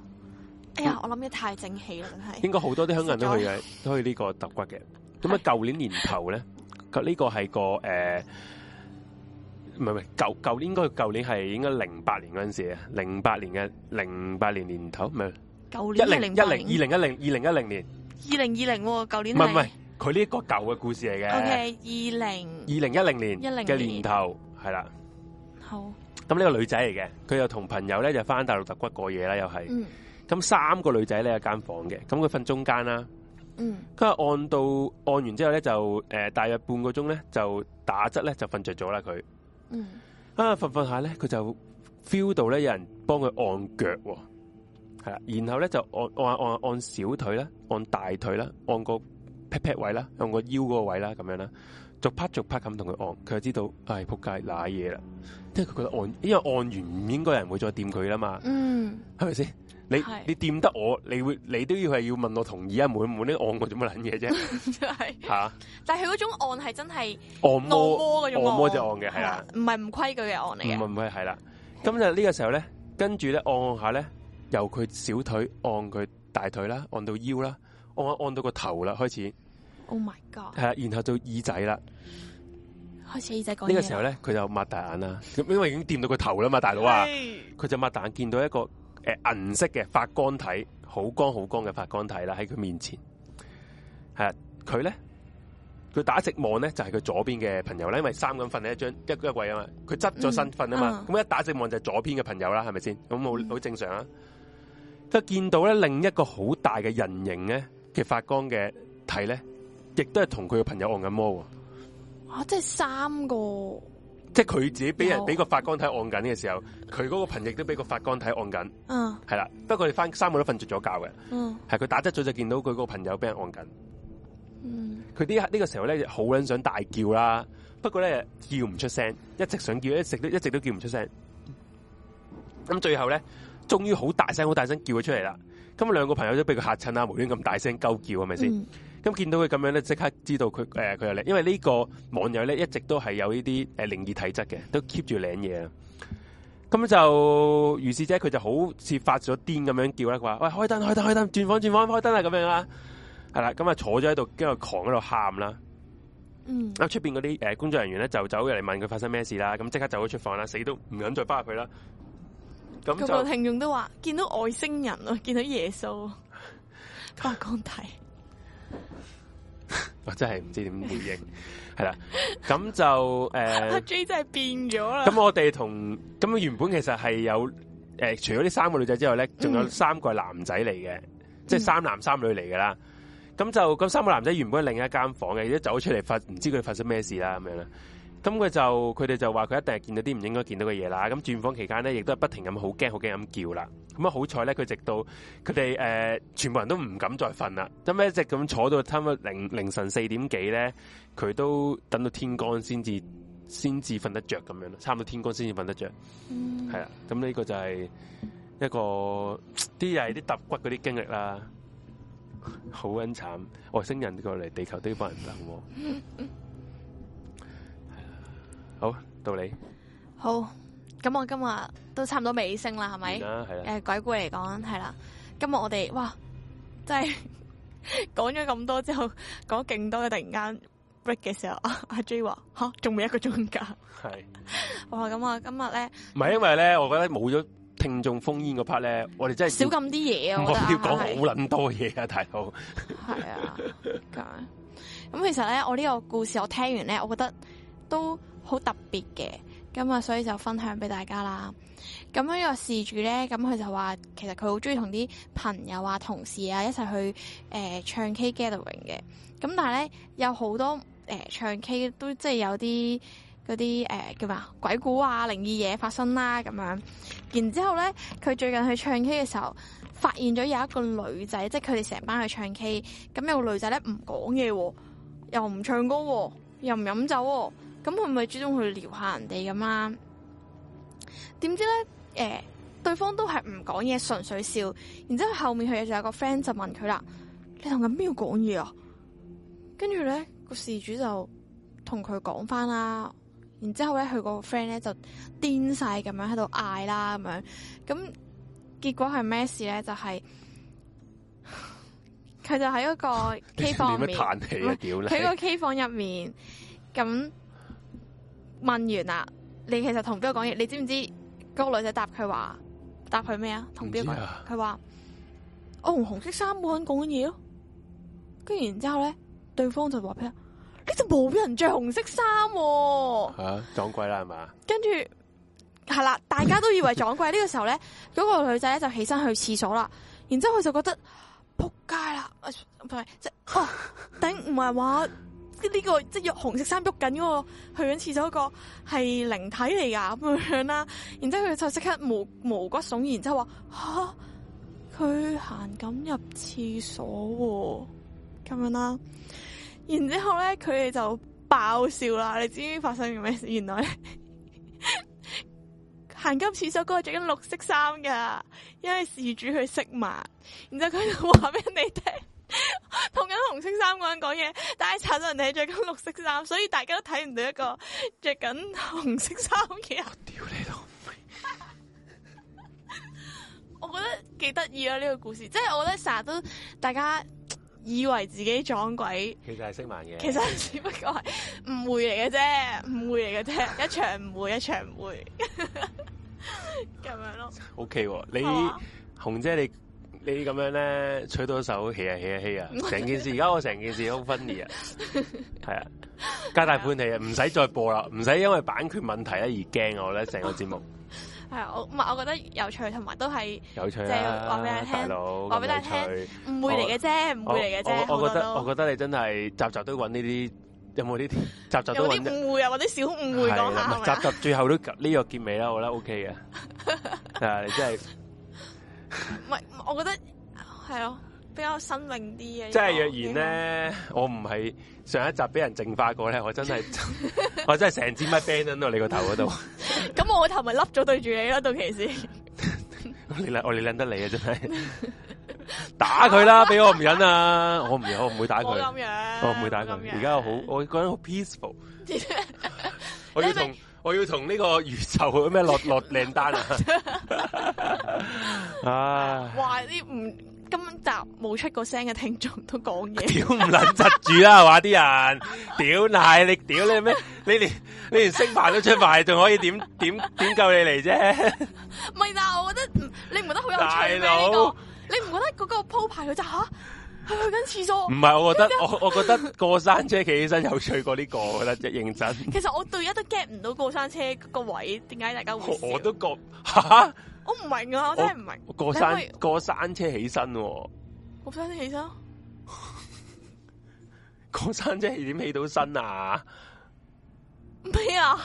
A: 哎呀，我諗你太正氣啦，係。應該好多啲香港人都去嘅，
B: 都去呢個揼骨嘅。咁啊，舊年年頭咧，呢個係個誒，唔係唔係，舊舊年應該舊年係應該零八年嗰陣時啊，零八年嘅零八年年頭，唔係舊年一零一零二零一零二零
A: 一零年，二零二零。舊年唔係唔係，
B: 佢呢個舊嘅故事嚟嘅。O K，二零二零一零年一零嘅年頭係啦。
A: 好。
B: 咁呢個女仔嚟嘅，佢又同朋友咧就翻大陸揼骨過夜啦，又係。咁、嗯、三個女仔咧有間房嘅，咁佢瞓中間啦。佢、嗯、按到按完之後咧就誒、呃、大約半個鐘咧就打側咧就瞓著咗啦佢。嗯、啊瞓瞓下咧佢就 feel 到咧有人幫佢按腳、哦，係啦，然後咧就按按按按,按小腿啦，按大腿啦，按個 pat pat 位啦，按個腰嗰個位啦，咁樣啦。逐 part 逐 part 咁同佢按，佢就知道係仆街舐嘢啦。因為佢覺得按，因為按完唔應該有人會再掂佢啦嘛。嗯，係咪先？你是你掂得我，你會你都要係要問我同意我 啊？唔唔會呢按我做乜卵嘢啫？就係吓。
A: 但係佢嗰種按係真係
B: 按摩按摩就按嘅係啦。
A: 唔係唔規矩嘅按嚟。
B: 嘅的，唔係唔係係啦。咁就呢個時候咧，跟住咧按按下咧，由佢小腿按佢大腿啦，按到腰啦，按按到個頭啦，開始。Oh my god！係啊，然後就耳仔啦，開始耳仔
A: 講呢個時候
B: 咧，佢就擘大眼啦，咁因為已經掂到佢頭啦嘛，大佬啊，佢 Hey. 就擘大眼見到一個誒、呃、銀色嘅發光體，好光好光嘅發光體啦，喺佢面前係佢咧，佢、啊、打直望咧就係、是、佢左邊嘅朋友啦，因為三咁瞓喺一張一張一，張一位啊嘛，佢側咗身瞓啊嘛，咁一打直望就係左邊嘅朋友啦，係咪先咁好好正常啊？佢啊見到咧另一個好大嘅人形咧嘅發光嘅體咧。亦都係同佢嘅朋友按緊摩喎，
A: 啊！即係三個，
B: 即係佢自己俾人俾有個發光體按緊嘅時候，佢嗰個朋亦都俾個發光體按緊，嗯，係啦。不過佢哋翻三個都瞓着咗覺嘅，嗯、uh，係佢打側早就見到佢個朋友俾人按緊，嗯、um，佢呢呢個時候咧好撚想大叫啦，不過咧叫唔出聲，一直想叫，一直都一直都叫唔出聲，咁、um, 最後咧終於好大聲好大聲叫咗出嚟啦，咁兩個朋友都俾佢嚇親啦，無端咁大聲鳩叫係咪先？是咁見到佢咁樣咧，即刻知道佢誒，佢、呃、有靈，因為呢個網友咧一直都係有呢啲誒靈異體質嘅，都 keep 住領嘢啦。咁就於是啫，佢就好似發咗癲咁樣叫啦。佢話喂，開燈開燈開燈，轉房轉房開燈啊咁樣啦，係啦。咁啊坐咗喺度，跟住狂喺度喊啦。嗯，啊出邊嗰啲誒工作人員咧就走入嚟，問佢發生咩事啦，咁即刻走咗出房啦，死都唔肯再返入去啦。咁個聽
A: 眾都話見到外星人咯，見到耶穌，八卦大。
B: 我真係唔知點回應 對了，係啦，咁就誒，阿 J
A: 真係變咗啦。咁我
B: 哋同咁原本其實係有誒、呃，除咗呢三個女仔之外咧，仲有三個男仔嚟嘅，嗯、即係三男三女嚟噶啦。咁就咁三個男仔原本係另一間房嘅，而家走出嚟發，唔知佢發生咩事啦，咁樣啦。咁佢就佢哋就話佢一定係見到啲唔應該見到嘅嘢啦。咁轉房期間咧，亦都係不停咁好驚好驚咁叫啦。咁啊好彩咧，佢直到佢哋誒，全部人都唔敢再瞓啦。咁一直咁坐到差唔多凌，凌晨四點幾咧，佢都等到天光先至先至瞓得着咁樣咯。差唔多天光先至瞓得着。
C: 係啊、嗯，
B: 咁呢個就係一個啲又係啲揼骨嗰啲經歷啦，好恩慘。外、哦、星人過嚟地球都要幫人揼。好道理。
A: 好，咁我今日都差唔多尾聲啦，係咪？係啦，係啦。誒、呃，鬼故嚟講係啦。今日我哋哇，真係講咗咁多之後，講勁多嘅，突然間 break 嘅時候，阿 J 話：吓，仲未一個鐘噶。係的。哇，咁啊，今日咧，
B: 唔係因為咧，我覺得冇咗聽眾烽煙嗰 part 咧，我哋真係少咁
A: 啲嘢。要講好
B: 撚多嘢啊，大佬。係啊，咁、啊。
A: 咁其實咧，我呢個故事我聽完咧，我覺得都。好特別嘅咁啊，所以就分享俾大家啦。咁呢個事主咧，咁佢就話其實佢好中意同啲朋友啊、同事啊一齊去誒、呃、唱 K Gathering 嘅。咁但係咧，有好多誒、呃、唱 K 都即係有啲嗰啲誒叫咩鬼故啊、靈異嘢發生啦、啊、咁樣。然之後咧，佢最近去唱 K 嘅時候，發現咗有一個女仔，即係佢哋成班去唱 K，咁有個女仔咧唔講嘢喎，又唔唱歌喎、哦，又唔飲酒喎、哦。咁佢咪主動去撩下人哋咁嘛？點知咧？誒、欸，對方都係唔講嘢，純粹笑。然之後後面佢仲有個 friend 就問佢啦：你同邊個講嘢啊？跟住咧個事主就同佢講翻啦。然之後咧佢個 friend 咧就癲晒咁樣喺度嗌啦咁樣。咁結果係咩事咧？就係、是、佢就喺一個 K 房嘆氣，佢喺、啊、個 K 房入面咁。問完啦，你其實同邊個講嘢？你知唔知嗰個女仔答佢話？答佢咩啊？同邊個講嘢？佢話、啊、我同紅色衫冇人講嘢咯。跟然之後咧，對方就話俾佢：呢度冇人着紅色衫、啊。
B: 吓、啊，撞鬼啦係嘛？
A: 跟住係啦，大家都以為撞鬼。呢 個時候咧，嗰、嗰個女仔咧就起身去廁所啦。然之後佢就覺得扑街啦，唔係即係啊頂唔係話。呢、這個即係紅色衫喐緊嗰個去緊廁所嗰個係靈體嚟噶咁樣啦，然之後佢就即刻毛毛骨悚然，之後話：吓，佢行緊入廁所喎，咁樣啦。然之後咧，佢哋就爆笑啦。你知發生咩？原來行緊入廁所嗰個着緊綠色衫噶，因為事主佢識埋。然之後佢就話俾你聽。同緊 紅色衫嗰人講嘢，但係查到人哋着緊綠色衫，所以大家都睇唔到一個着緊紅色衫嘅我屌你嚟到。 我覺得幾得意啊。呢、呢個故事，即係我覺得成日都大家以為自己撞鬼，
B: 其實係識盲嘅，其實
A: 只不過係誤 會嚟嘅啫，誤會嚟嘅啫，一場誤會，一場誤會，
B: 咁 樣咯。OK，你嗎紅姐你。你咁樣咧，取到手戲啊戲啊戲啊，成件事而家我成件事好 funny 啊，係啊，加大叛氣啊，唔使再播啦，唔使因為版權問題咧而驚我咧成個節目。
A: 係啊，我唔係我覺得有趣，同埋都係，就係話俾你聽，話俾大家聽，誤會嚟嘅啫，誤會嚟嘅啫。我覺得我
B: 覺得你真係集集都揾呢啲，有冇啲集集都揾啲誤
A: 會啊，或者小誤會講下。集
B: 集最後都集呢個結尾啦，我覺得 OK 嘅，係你真係。
A: 唔係，我覺得係咯，比較新穎啲嘅。即係若
B: 然咧，我唔係上一集俾人淨化過咧，我真係我真係成支咪 band 喺度你個頭嗰度。
A: 咁我個頭咪笠咗對住你咯，到琪士。
B: 你嚟，我哋忍得嚟啊！真係，打佢啦！俾我唔忍啊！我唔忍，我唔會打佢。咁樣，我唔會打佢。而家好，我覺得好 peaceful。我要同。我要同呢個宇宙咩落落靚單啊！
A: 哇！啲唔今集冇出過聲嘅聽眾都講嘢、 啊，屌唔
B: 撚窒住啦係啲人， 屌，力屌，奶你屌你咩？你連你連星牌都出埋，仲可以點點點救你嚟啫？
A: 唔係啊，我覺得你唔覺得好有
B: 趣咩，這個？呢大佬
A: 你唔覺得嗰個鋪排佢就吓，是？啊去緊廁所，唔係我覺得，實我我覺得
B: 過山車企起身有趣過呢、這個，我覺得即認真。其
A: 實我對一都 get 唔到過山車個位，點解大家會我？我
B: 都覺，吓
A: 我唔明啊，我真係唔明我。過山
B: 過山車起身、哦，
A: 過山車起身，
B: 過山車點起到身啊？
A: 咩啊？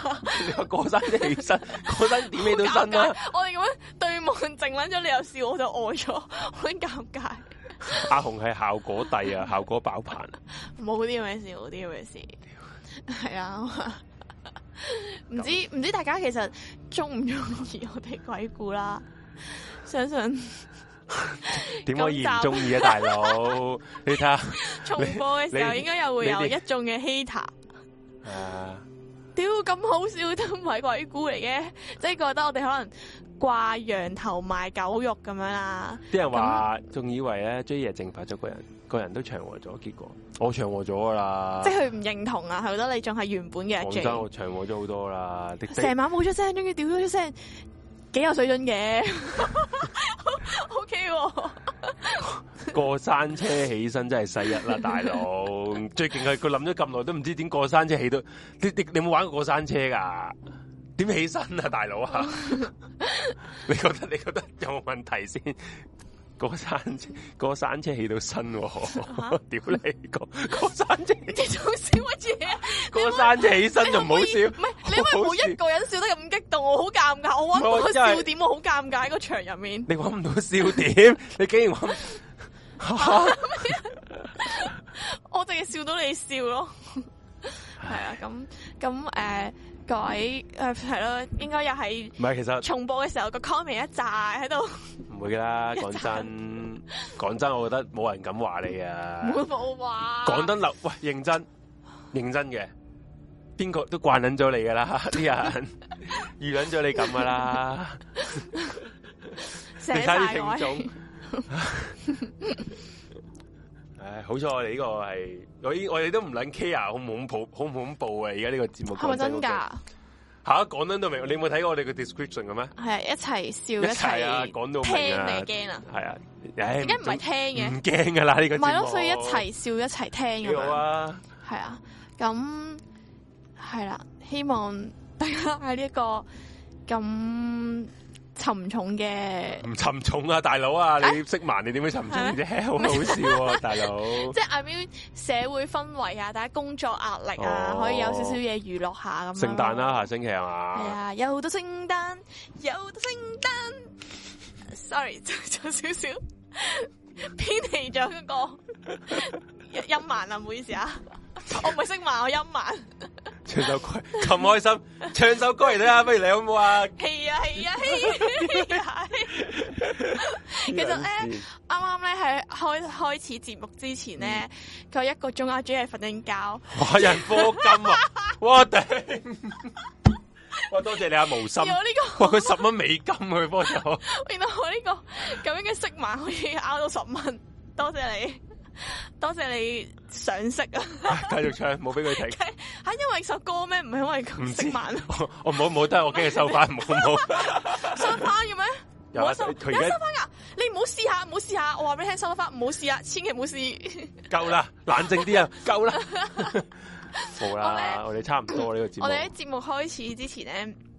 B: 你話過山車起身， 過山點起到身、啊？
A: 我哋咁樣對望靜諗咗，你又笑，我就呆咗，好尷尬。
B: 阿紅係效果帝啊，效果爆棚啊，啊！
A: 冇啲咁嘅事，冇啲咁嘅事，係啊！唔知唔知大家其實中唔中意我哋鬼故啦？相信
B: 點可以唔中意啊，集 大佬？你睇下重播嘅時候，你應該又會有一
A: 眾嘅 hater 啊！屌咁好笑都唔係鬼故嚟嘅，即係覺得我哋可能。掛羊頭賣狗肉咁樣啦，啲人話
B: 仲樣以為咧追嘢淨拍咗個人，個人都祥和咗，結果我祥和咗噶啦，即係佢
A: 唔認同啊，覺得你仲係原本嘅。我
B: 祥和咗好多啦，成晚
A: 冇咗聲，終於屌咗一聲，幾有水準嘅。O K，
B: 過山車起身真係犀日啦，大佬。 最勁係佢諗咗咁耐都唔知點過山車起到。你，你有冇玩過，過山車噶？點起身啊，大佬啊！你覺得你覺得有冇問題先？過山車，過山車起到身，我屌你個過山車！你好笑
C: 乜嘢？
A: 過
B: 山車起身就唔好笑，唔係你唔好每一
A: 個人笑得咁激動，我好尷尬，我搵個笑點我好尷尬喺個場入面。你搵唔
B: 到笑點，你竟然玩
A: 我淨係笑到你笑咯？係啊，咁咁誒。改，誒係咯，應該又係。唔係，其實重播嘅時候個 comment 一扎喺度。唔
B: 會噶啦，講堆真，講 真，我覺得冇人敢話你啊。
A: 冇話。
B: 講得流，喂，認真，認真嘅，邊個都慣捻咗你噶啦，啲人遇 捻咗你咁噶啦。
C: 謝晒聽眾。
B: 唉，哎、好彩我哋呢個係我我哋都唔捻 care，恐唔恐怖，好恐怖，恐怖啊。而家呢個節目係咪真噶？吓，講得都明，你有冇睇過我哋嘅 description 嘅咩？
A: 係啊，一齊笑一齊，講到聽定驚
B: 啊？係啊，點解唔係聽嘅、啊？唔驚噶啦，呢、哎這個唔係咯，所以一齊
A: 笑一齊聽噶啊，係啊，咁係啦，希望大家喺呢、這個咁。沉重嘅，
B: 唔沉重啊，大佬啊，你識盲你點會沉重嘅啫，好好笑啊，大佬。即係
A: I mean 社會氛圍啊，大家工作壓力啊，可以有少少嘢娛樂下咁。聖誕
B: 啦，下星期係嘛？係
A: 啊，又到聖誕，又到聖誕。Sorry，就少少，偏離咗一個陰盲啊，唔好意思啊，我唔係識盲，我陰盲。
B: 唱首歌咁開心，唱首歌嚟睇下，不如你好唔好啊？係
A: 啊係啊係啊係！
B: 其實咧，
A: 啱啱咧喺開開始節目之前咧，佢一個鐘阿、啊、J 係瞓緊覺，
C: 哇！人波
B: 金啊，我頂！ 哇，多謝你啊，無心，我呢個哇，佢十蚊美金佢波友，
A: 然後我呢個咁樣嘅色碼可以 o 到十蚊，多謝你。多謝你賞識啊，
B: 啊！繼續唱，冇俾佢睇。
A: 吓，因為首歌咩？唔係因為咁。唔知。慢，
B: 我唔好唔好得，我驚你收翻唔好。收翻嘅咩？有，沒有收。有收翻
A: 啊！你唔好試下，唔好試下。我話俾你聽，收翻，唔好試啊！千祈唔好試。
B: 夠 啦，冷靜啲啊！
A: 夠啦。
B: 好啦了的、嗯，我哋差唔多呢個節目。我哋喺
A: 節目開始之前咧。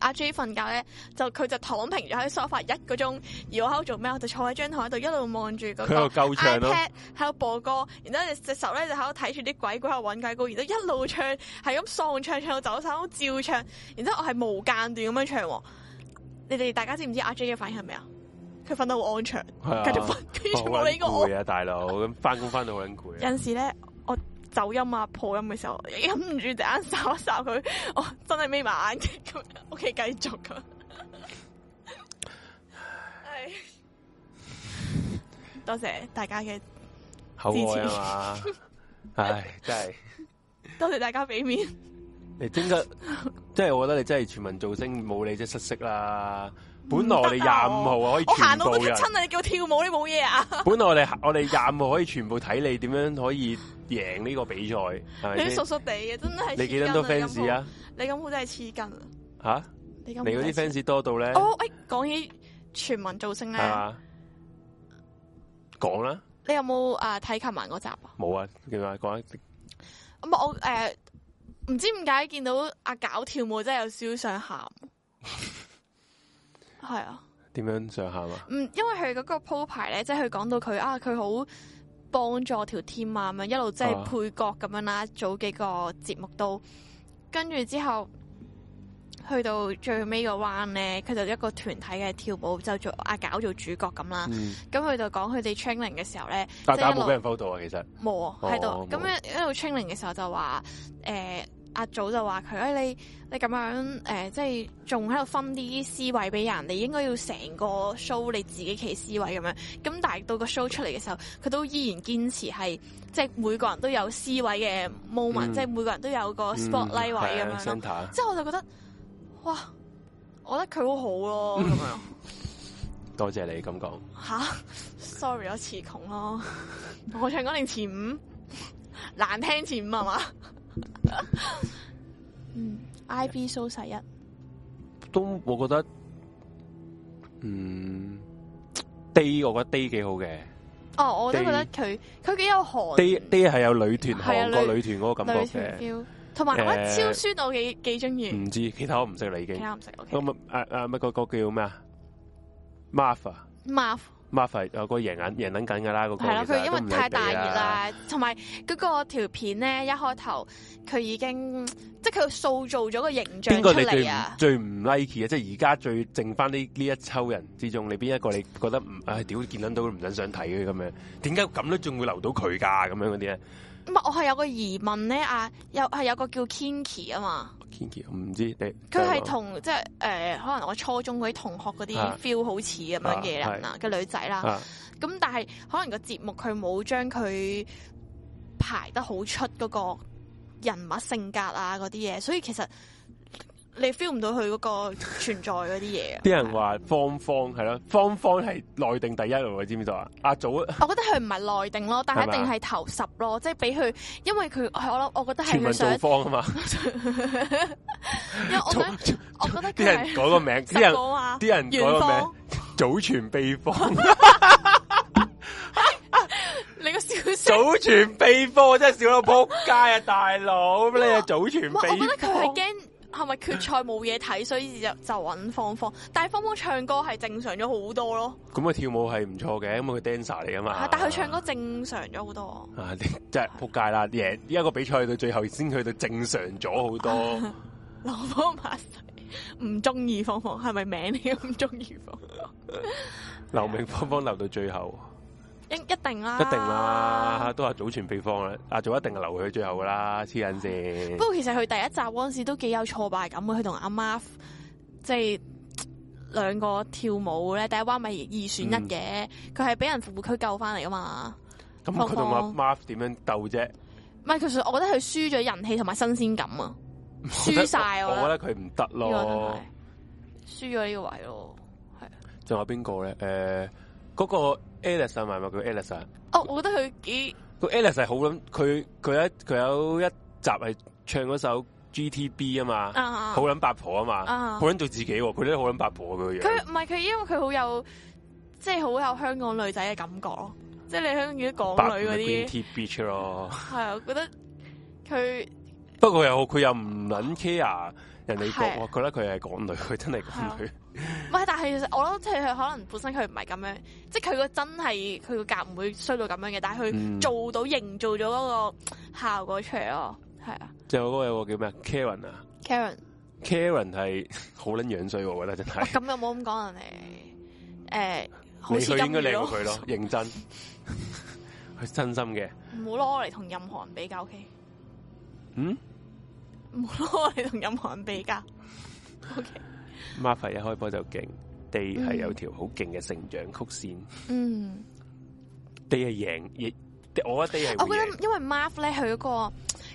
A: 阿 J 瞓覺咧，就佢就躺平住喺沙發一個鐘，而我喺度做咩？我就坐喺張台度一路望住嗰個 iPad 喺度播歌，然之後隻手咧就喺度睇住啲鬼鬼喺度揾鬼歌，然之後一路唱，係咁喪唱唱到走晒。散，照唱，然之後我係無間斷咁樣唱。你哋大家知唔知阿 J 嘅反應係咩啊？佢瞓得好安詳，
B: 繼續瞓，完全冇理過我。攰啊，大佬咁翻工翻到好辛苦。上上啊、 有
A: 陣時咧。走音啊，破音嘅時候，忍唔住突然掃一哨佢，我真係眯埋眼咁 OK 繼續
C: 咁、啊。係
A: 哎，多謝大家嘅
B: 支持。唉、 哎，真係，
A: 多謝大家俾面。
B: 你真係，即係 我覺得你真係全民造星冇你即失色啦。本來我哋廿五號可以全部、啊，我行到親
A: 啊！你叫跳舞你冇嘢啊？
B: 本來我哋我哋廿五號可以全部睇你點樣可以贏呢個比賽， 是是你熟
A: 熟地嘅真係。你記得多 fans 啊？你咁好真係黐筋啊！吓，你嗰啲 fans
B: 多到咧？哦，喂、哎，
A: 講起全民造星呢？
B: 講啦吧。
A: 吧你有冇、呃、啊？睇琴晚嗰集啊？
B: 冇啊，點解講？咁
A: 我誒唔知點解見到阿搞跳舞真係有少少想喊。 係
B: 啊，點樣上下啊？嗯，
A: 因為佢嗰個鋪排咧，即係佢講到佢啊，佢好幫助條 team 啊，咁樣一路即係配角咁樣啦，啊、做幾個節目都跟住之後去到最尾個彎咧，佢就一個團體嘅跳舞就做阿搞做主角咁啦。咁佢就講佢哋 training 嘅時候咧，但係搞冇人
B: follow 啊，其實冇喺度。咁樣、
A: 哦、一路 training 嘅時候就話誒。欸阿祖就話佢、哎，你你咁樣誒、呃，即係仲喺度分啲 C 位俾人哋，你應該要成個 show 你自己企 C 位咁樣。咁但係到個 show 出嚟嘅時候，佢都依然堅持係，即係每個人都有 C 位嘅 moment，、嗯、即係每個人都有個 spotlight 位咁樣咯。嗯嗯嗯、心即係我就覺得，哇，我覺得佢好好咯
C: 咁樣。
B: 多謝你咁講。
A: 吓、啊、，sorry，詞窮咯， 我唱歌年前五 難聽前五係嘛？ 嗯，I B 蘇十一
B: 都，我覺得嗯，Day，我覺得 Day 幾好嘅。
A: 哦，oh，我都覺得佢佢幾有韓。Day
B: Day 係有女團，韓 國女團嗰個感覺
A: 同埋我超酸，uh，我幾幾中意。唔
B: 知道其他我唔識你嘅。經，唔識。咁、okay。乜、啊啊啊啊嗰個、個叫咩啊 Martha Martha Ma 費有個贏緊贏緊緊㗎啦，個佢係啦，佢因為太大熱啦，
A: 同埋嗰個條片咧，一開頭佢已經即係佢塑造咗個形象出嚟啊！
B: 最唔 like 啊，即係而家最剩翻呢呢一抽人之中，你邊一個你覺得唔唉屌見得到都唔想睇嘅咁樣？點解咁都仲會留到佢㗎咁樣嗰啲咧？
A: 唔係我係有個疑問咧啊，有係有個叫 Kinky 啊嘛。
B: 堅傑唔知你佢係同
A: 即係誒，可能我初中嗰啲同學嗰啲 feel 好似咁樣嘅人啊，嘅、啊、女仔啦，咁、啊、但係可能個節目佢冇將佢排得好出嗰個人物性格啊嗰啲嘢，所以其實。你 feel 唔到佢嗰個存在嗰啲嘢啊。
B: 啲人話方方係囉，方方係內定第一路你、啊、定咯，知唔知道啊？阿祖，我覺得佢
A: 唔係內定咯，但係一定係頭十咯、啊，即係俾佢，因為佢我諗、啊我，我覺得係佢想方
B: 啊嘛。因為我覺我覺
C: 得啲人改個名，啲人啲人改個名，
B: 祖傳秘方。
C: 你個小祖傳
B: 秘方真係笑到仆街啊！大佬，你啊祖傳秘方，我覺得佢係
A: 驚。係咪決賽冇嘢睇，所以就就揾芳芳。但係芳芳唱歌係正常咗好多咯。
B: 咁啊，跳舞係唔錯嘅，因為佢 dancer 嚟噶嘛。但
A: 係佢唱歌正常咗好多。
B: 啊，即係仆街啦！嘢呢一個比賽到最後先去到正常咗好多。
A: 劉芳華唔中意芳芳，係咪名嚟？唔中意芳芳。
B: 劉明芳芳留到最後。
A: 一定，一定啦，啊啊、一定是啦，
B: 都係祖傳秘方啦。阿祖一定係留佢最後噶啦，黐人先，不過
A: 其實佢第一集嗰陣時都幾有挫敗感，佢同阿 Mark 即係兩個跳舞咧，第一彎咪二選一嘅，佢係俾人服務區救翻嚟噶嘛。
B: 咁佢同阿 Mark 點樣鬥啫？
A: 唔係，其實我覺得佢輸咗人氣同埋新鮮感啊，
B: 輸晒光。我覺得佢唔得咯，
A: 輸咗呢個位
B: 咯，係。仲有邊個咧？誒，嗰個。Alex 係咪叫 Alex？哦，
A: 我覺得佢幾
B: 個 Alex 係好捻，佢佢一佢有一集係唱嗰首 G T B 啊嘛，好捻八婆啊嘛，好捻做自己，佢都好捻八婆佢樣。佢
A: 唔係佢，因為佢好有即係好有香港女仔嘅感覺咯，即係你香港啲港女嗰啲。G T
B: Beach 咯，
A: 係啊，我覺得佢
B: 不過又佢又唔捻 care。人哋覺，是啊、我覺得佢係港女，佢真係港女。唔
A: 係，但係其實我諗，即係佢可能本身佢唔係咁樣，即係佢個真係佢個夾唔會衰到咁樣嘅，但係佢做到營、嗯、造咗嗰個效果出嚟咯，係啊，啊。
B: 就嗰個叫咩 Karen 啊？Karen。Karen 係好捻樣衰，我覺得真係。咁
A: 又冇咁講人哋，誒、欸，你去應該利佢咯，認
B: 真，佢 真心嘅。
A: 唔好攞嚟同任何人比較，OK？嗯？冇咯，你同任何人比較。
B: OK，Martha 一開波就勁，地係、嗯、有條好勁嘅成長曲線。嗯，地係贏，亦我一地係。我覺得
A: 因為 Martha 咧，佢嗰個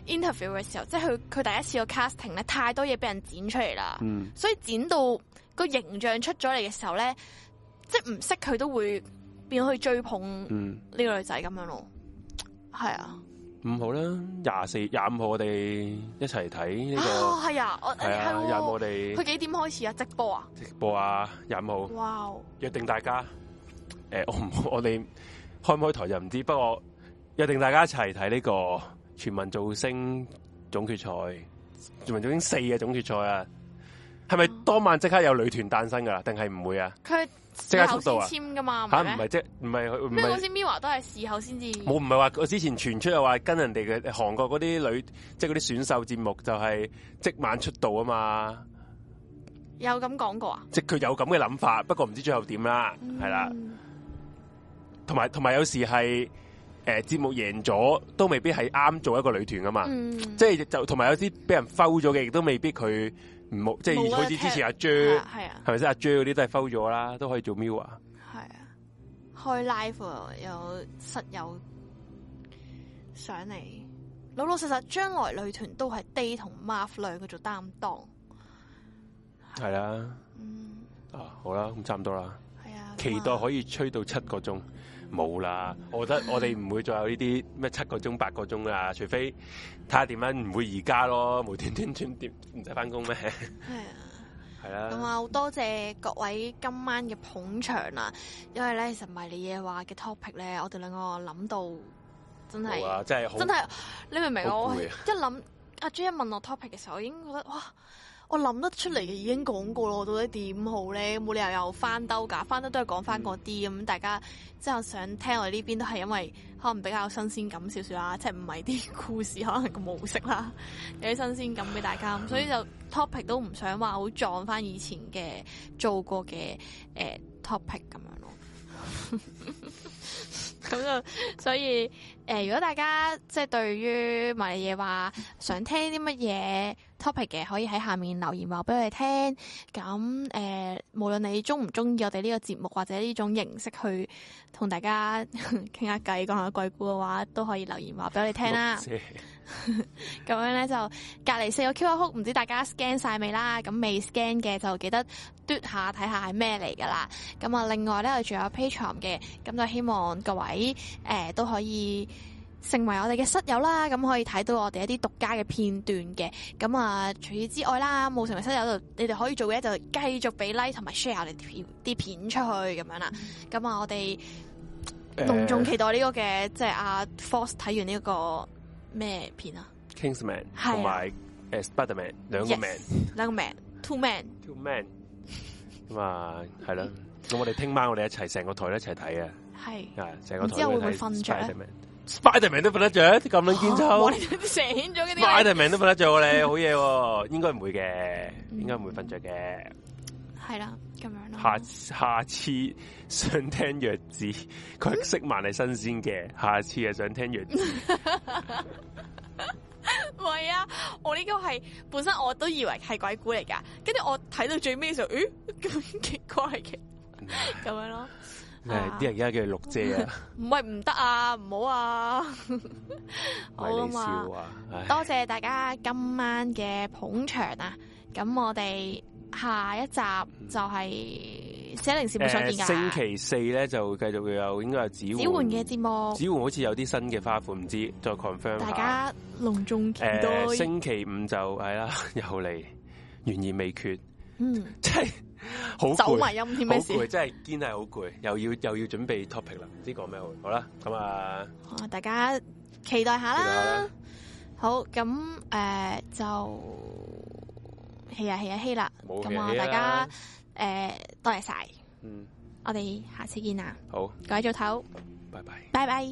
A: interview 嘅時候，即係佢佢第一次個 casting 咧，太多嘢俾人剪出嚟啦。嗯、所以剪到個形象出咗嚟嘅時候咧，即係唔識佢都會變去追捧呢個女仔咁樣咯。係、嗯、啊。
B: 五號啦，廿四廿五號我哋一齊睇呢個係
A: 啊，係啊廿五號我哋佢幾點開始啊？直播啊？
B: 直播啊？廿五號哇，Wow 約定大家誒、呃，我唔我哋開唔開台就唔知，不過約定大家一齊睇呢個全民造星總決賽，全民造星四嘅總，總決賽啊，係咪當晚即刻有女團誕生噶啦？定係唔會啊？
A: 佢。即刻出道啊！吓唔係即唔
B: 係咩？佢好
A: 似 Mirror 都係事後先至。我
B: 唔係話我之前傳出又話跟人哋嘅韓國嗰啲女即係嗰啲選秀節目就係即晚出道啊嘛。
A: 有咁講過啊？
B: 即佢有咁嘅諗法，不過唔知最後點啦。係啦、嗯，同埋同埋有時係誒節目贏咗都未必係啱做一個女團噶嘛。嗯、即係就同埋有啲俾人 fail 咗嘅，亦都未必佢。冇即係好似之前阿 J，係、er, 啊，係咪先阿 J 嗰、er、啲都係 fail 咗啦，都可以做 MIRROR。係啊，
A: 開 Live 有室友上嚟，老老實實，將來女團都係 Day 同 Marv 兩個做擔當。
B: 係啦、啊，啊、嗯，啊好啦，咁差唔多啦，係啊，啊期待可以吹到七個鐘。冇啦，我覺得我哋唔會再有呢啲咩七個鐘、八個鐘啊，除非睇下點樣，唔會而家咯，無端端轉點，唔使翻工咩？係啊，係啊。咁啊，好
A: 多謝各位今晚嘅捧場啊！因為咧，其實迷離夜話嘅 topic 咧，我哋兩個諗到真係、啊，真係，你明唔明？啊、我一諗阿 J 一問我 topic 嘅時候，我已經覺得哇！我諗得出嚟嘅已經講過咯，我到底點好咧？冇理由又翻兜噶，翻兜都係講翻嗰啲咁。大家之後想聽我哋呢邊都係因為可能，比較，有點點可能比較新鮮感少少啦，即係唔係啲故事，可能個模式啦，有啲新鮮感俾大家。所以就 topic 都唔想話好撞翻以前嘅做過嘅誒、呃、topic 咁樣咯。哇 咁就 所以，誒、呃、如果大家即係對於萬嘢話想聽啲乜嘢 topic 嘅， 可以喺下面留言話俾我哋聽。咁誒、呃，無論你中唔中意我哋呢個節目或者呢種形式去同大家傾下偈、講下鬼故嘅話，都可以留言話俾我哋聽啦。咁沒錯 樣咧就隔離四個 QR code 唔知大家 scan 晒未啦？咁未 scan 嘅就記得下睇下係咩嚟噶啦，咁啊，另外咧我仲有 Patreon 嘅，咁就希望各位誒、呃、都可以成為我哋嘅室友啦，咁可以睇到我哋一啲獨家嘅片段嘅，咁啊，除此之外啦，冇成為室友，就你哋可以做嘅就繼續俾 like 同埋 share 我哋啲片出去咁樣啦，咁啊、嗯，我哋
B: 隆重期待
A: 呢個嘅，即係阿 Force 睇完呢個咩片啊
B: ？Kingsman，同埋 Spiderman 兩個 man，
A: 兩個 man，two man，two
B: man。咁啊，係咯，咁我哋聽晚我哋一齊成個台一齊睇嘅，係，都得啊成個台，唔知會唔會瞓着 Spiderman 都瞓得着，咁撚堅就，
A: 醒咗啲 Spiderman
B: 都瞓得着，你，你 好嘢、哦，應該唔會嘅，嗯、應該唔會瞓着嘅，係
A: 啦，咁樣
B: 咯、啊。下次下次想聽弱智，佢識埋你新鮮嘅，下次啊想聽弱
A: 唔係 啊！我呢個係本身我都以為係鬼故嚟噶，跟住我睇到最尾嘅時候，咦咁奇 怪嘅的咁 樣
B: 咯。係啲人而家叫六姐啊。
A: 唔係唔得啊，唔好啊，好 啊嘛。多 謝，謝大家今晚嘅捧場啊！咁 我哋下一集就係、是。想、呃、星期
B: 四咧就繼續會有應該係紫紫換嘅
A: 節目，紫換
B: 好似有啲新嘅花款，唔知再 confirm。大家
A: 隆重期待。呃、星
B: 期五就係啦，又嚟懸而未決，
C: 嗯，即係
B: 好攰累，走埋音添咩事？很真係堅係好攰，又要又要準備 topic 啦，唔知講咩好啦，咁啊
A: ，uh, 大家期待一下啦，一下啦好，咁誒、uh, 就係、哦、啊係啊希啦，
B: 咁啊大家。
A: 誒、呃，多謝晒，嗯，我哋下次見啦，好，各位早唞，拜拜 bye，拜拜。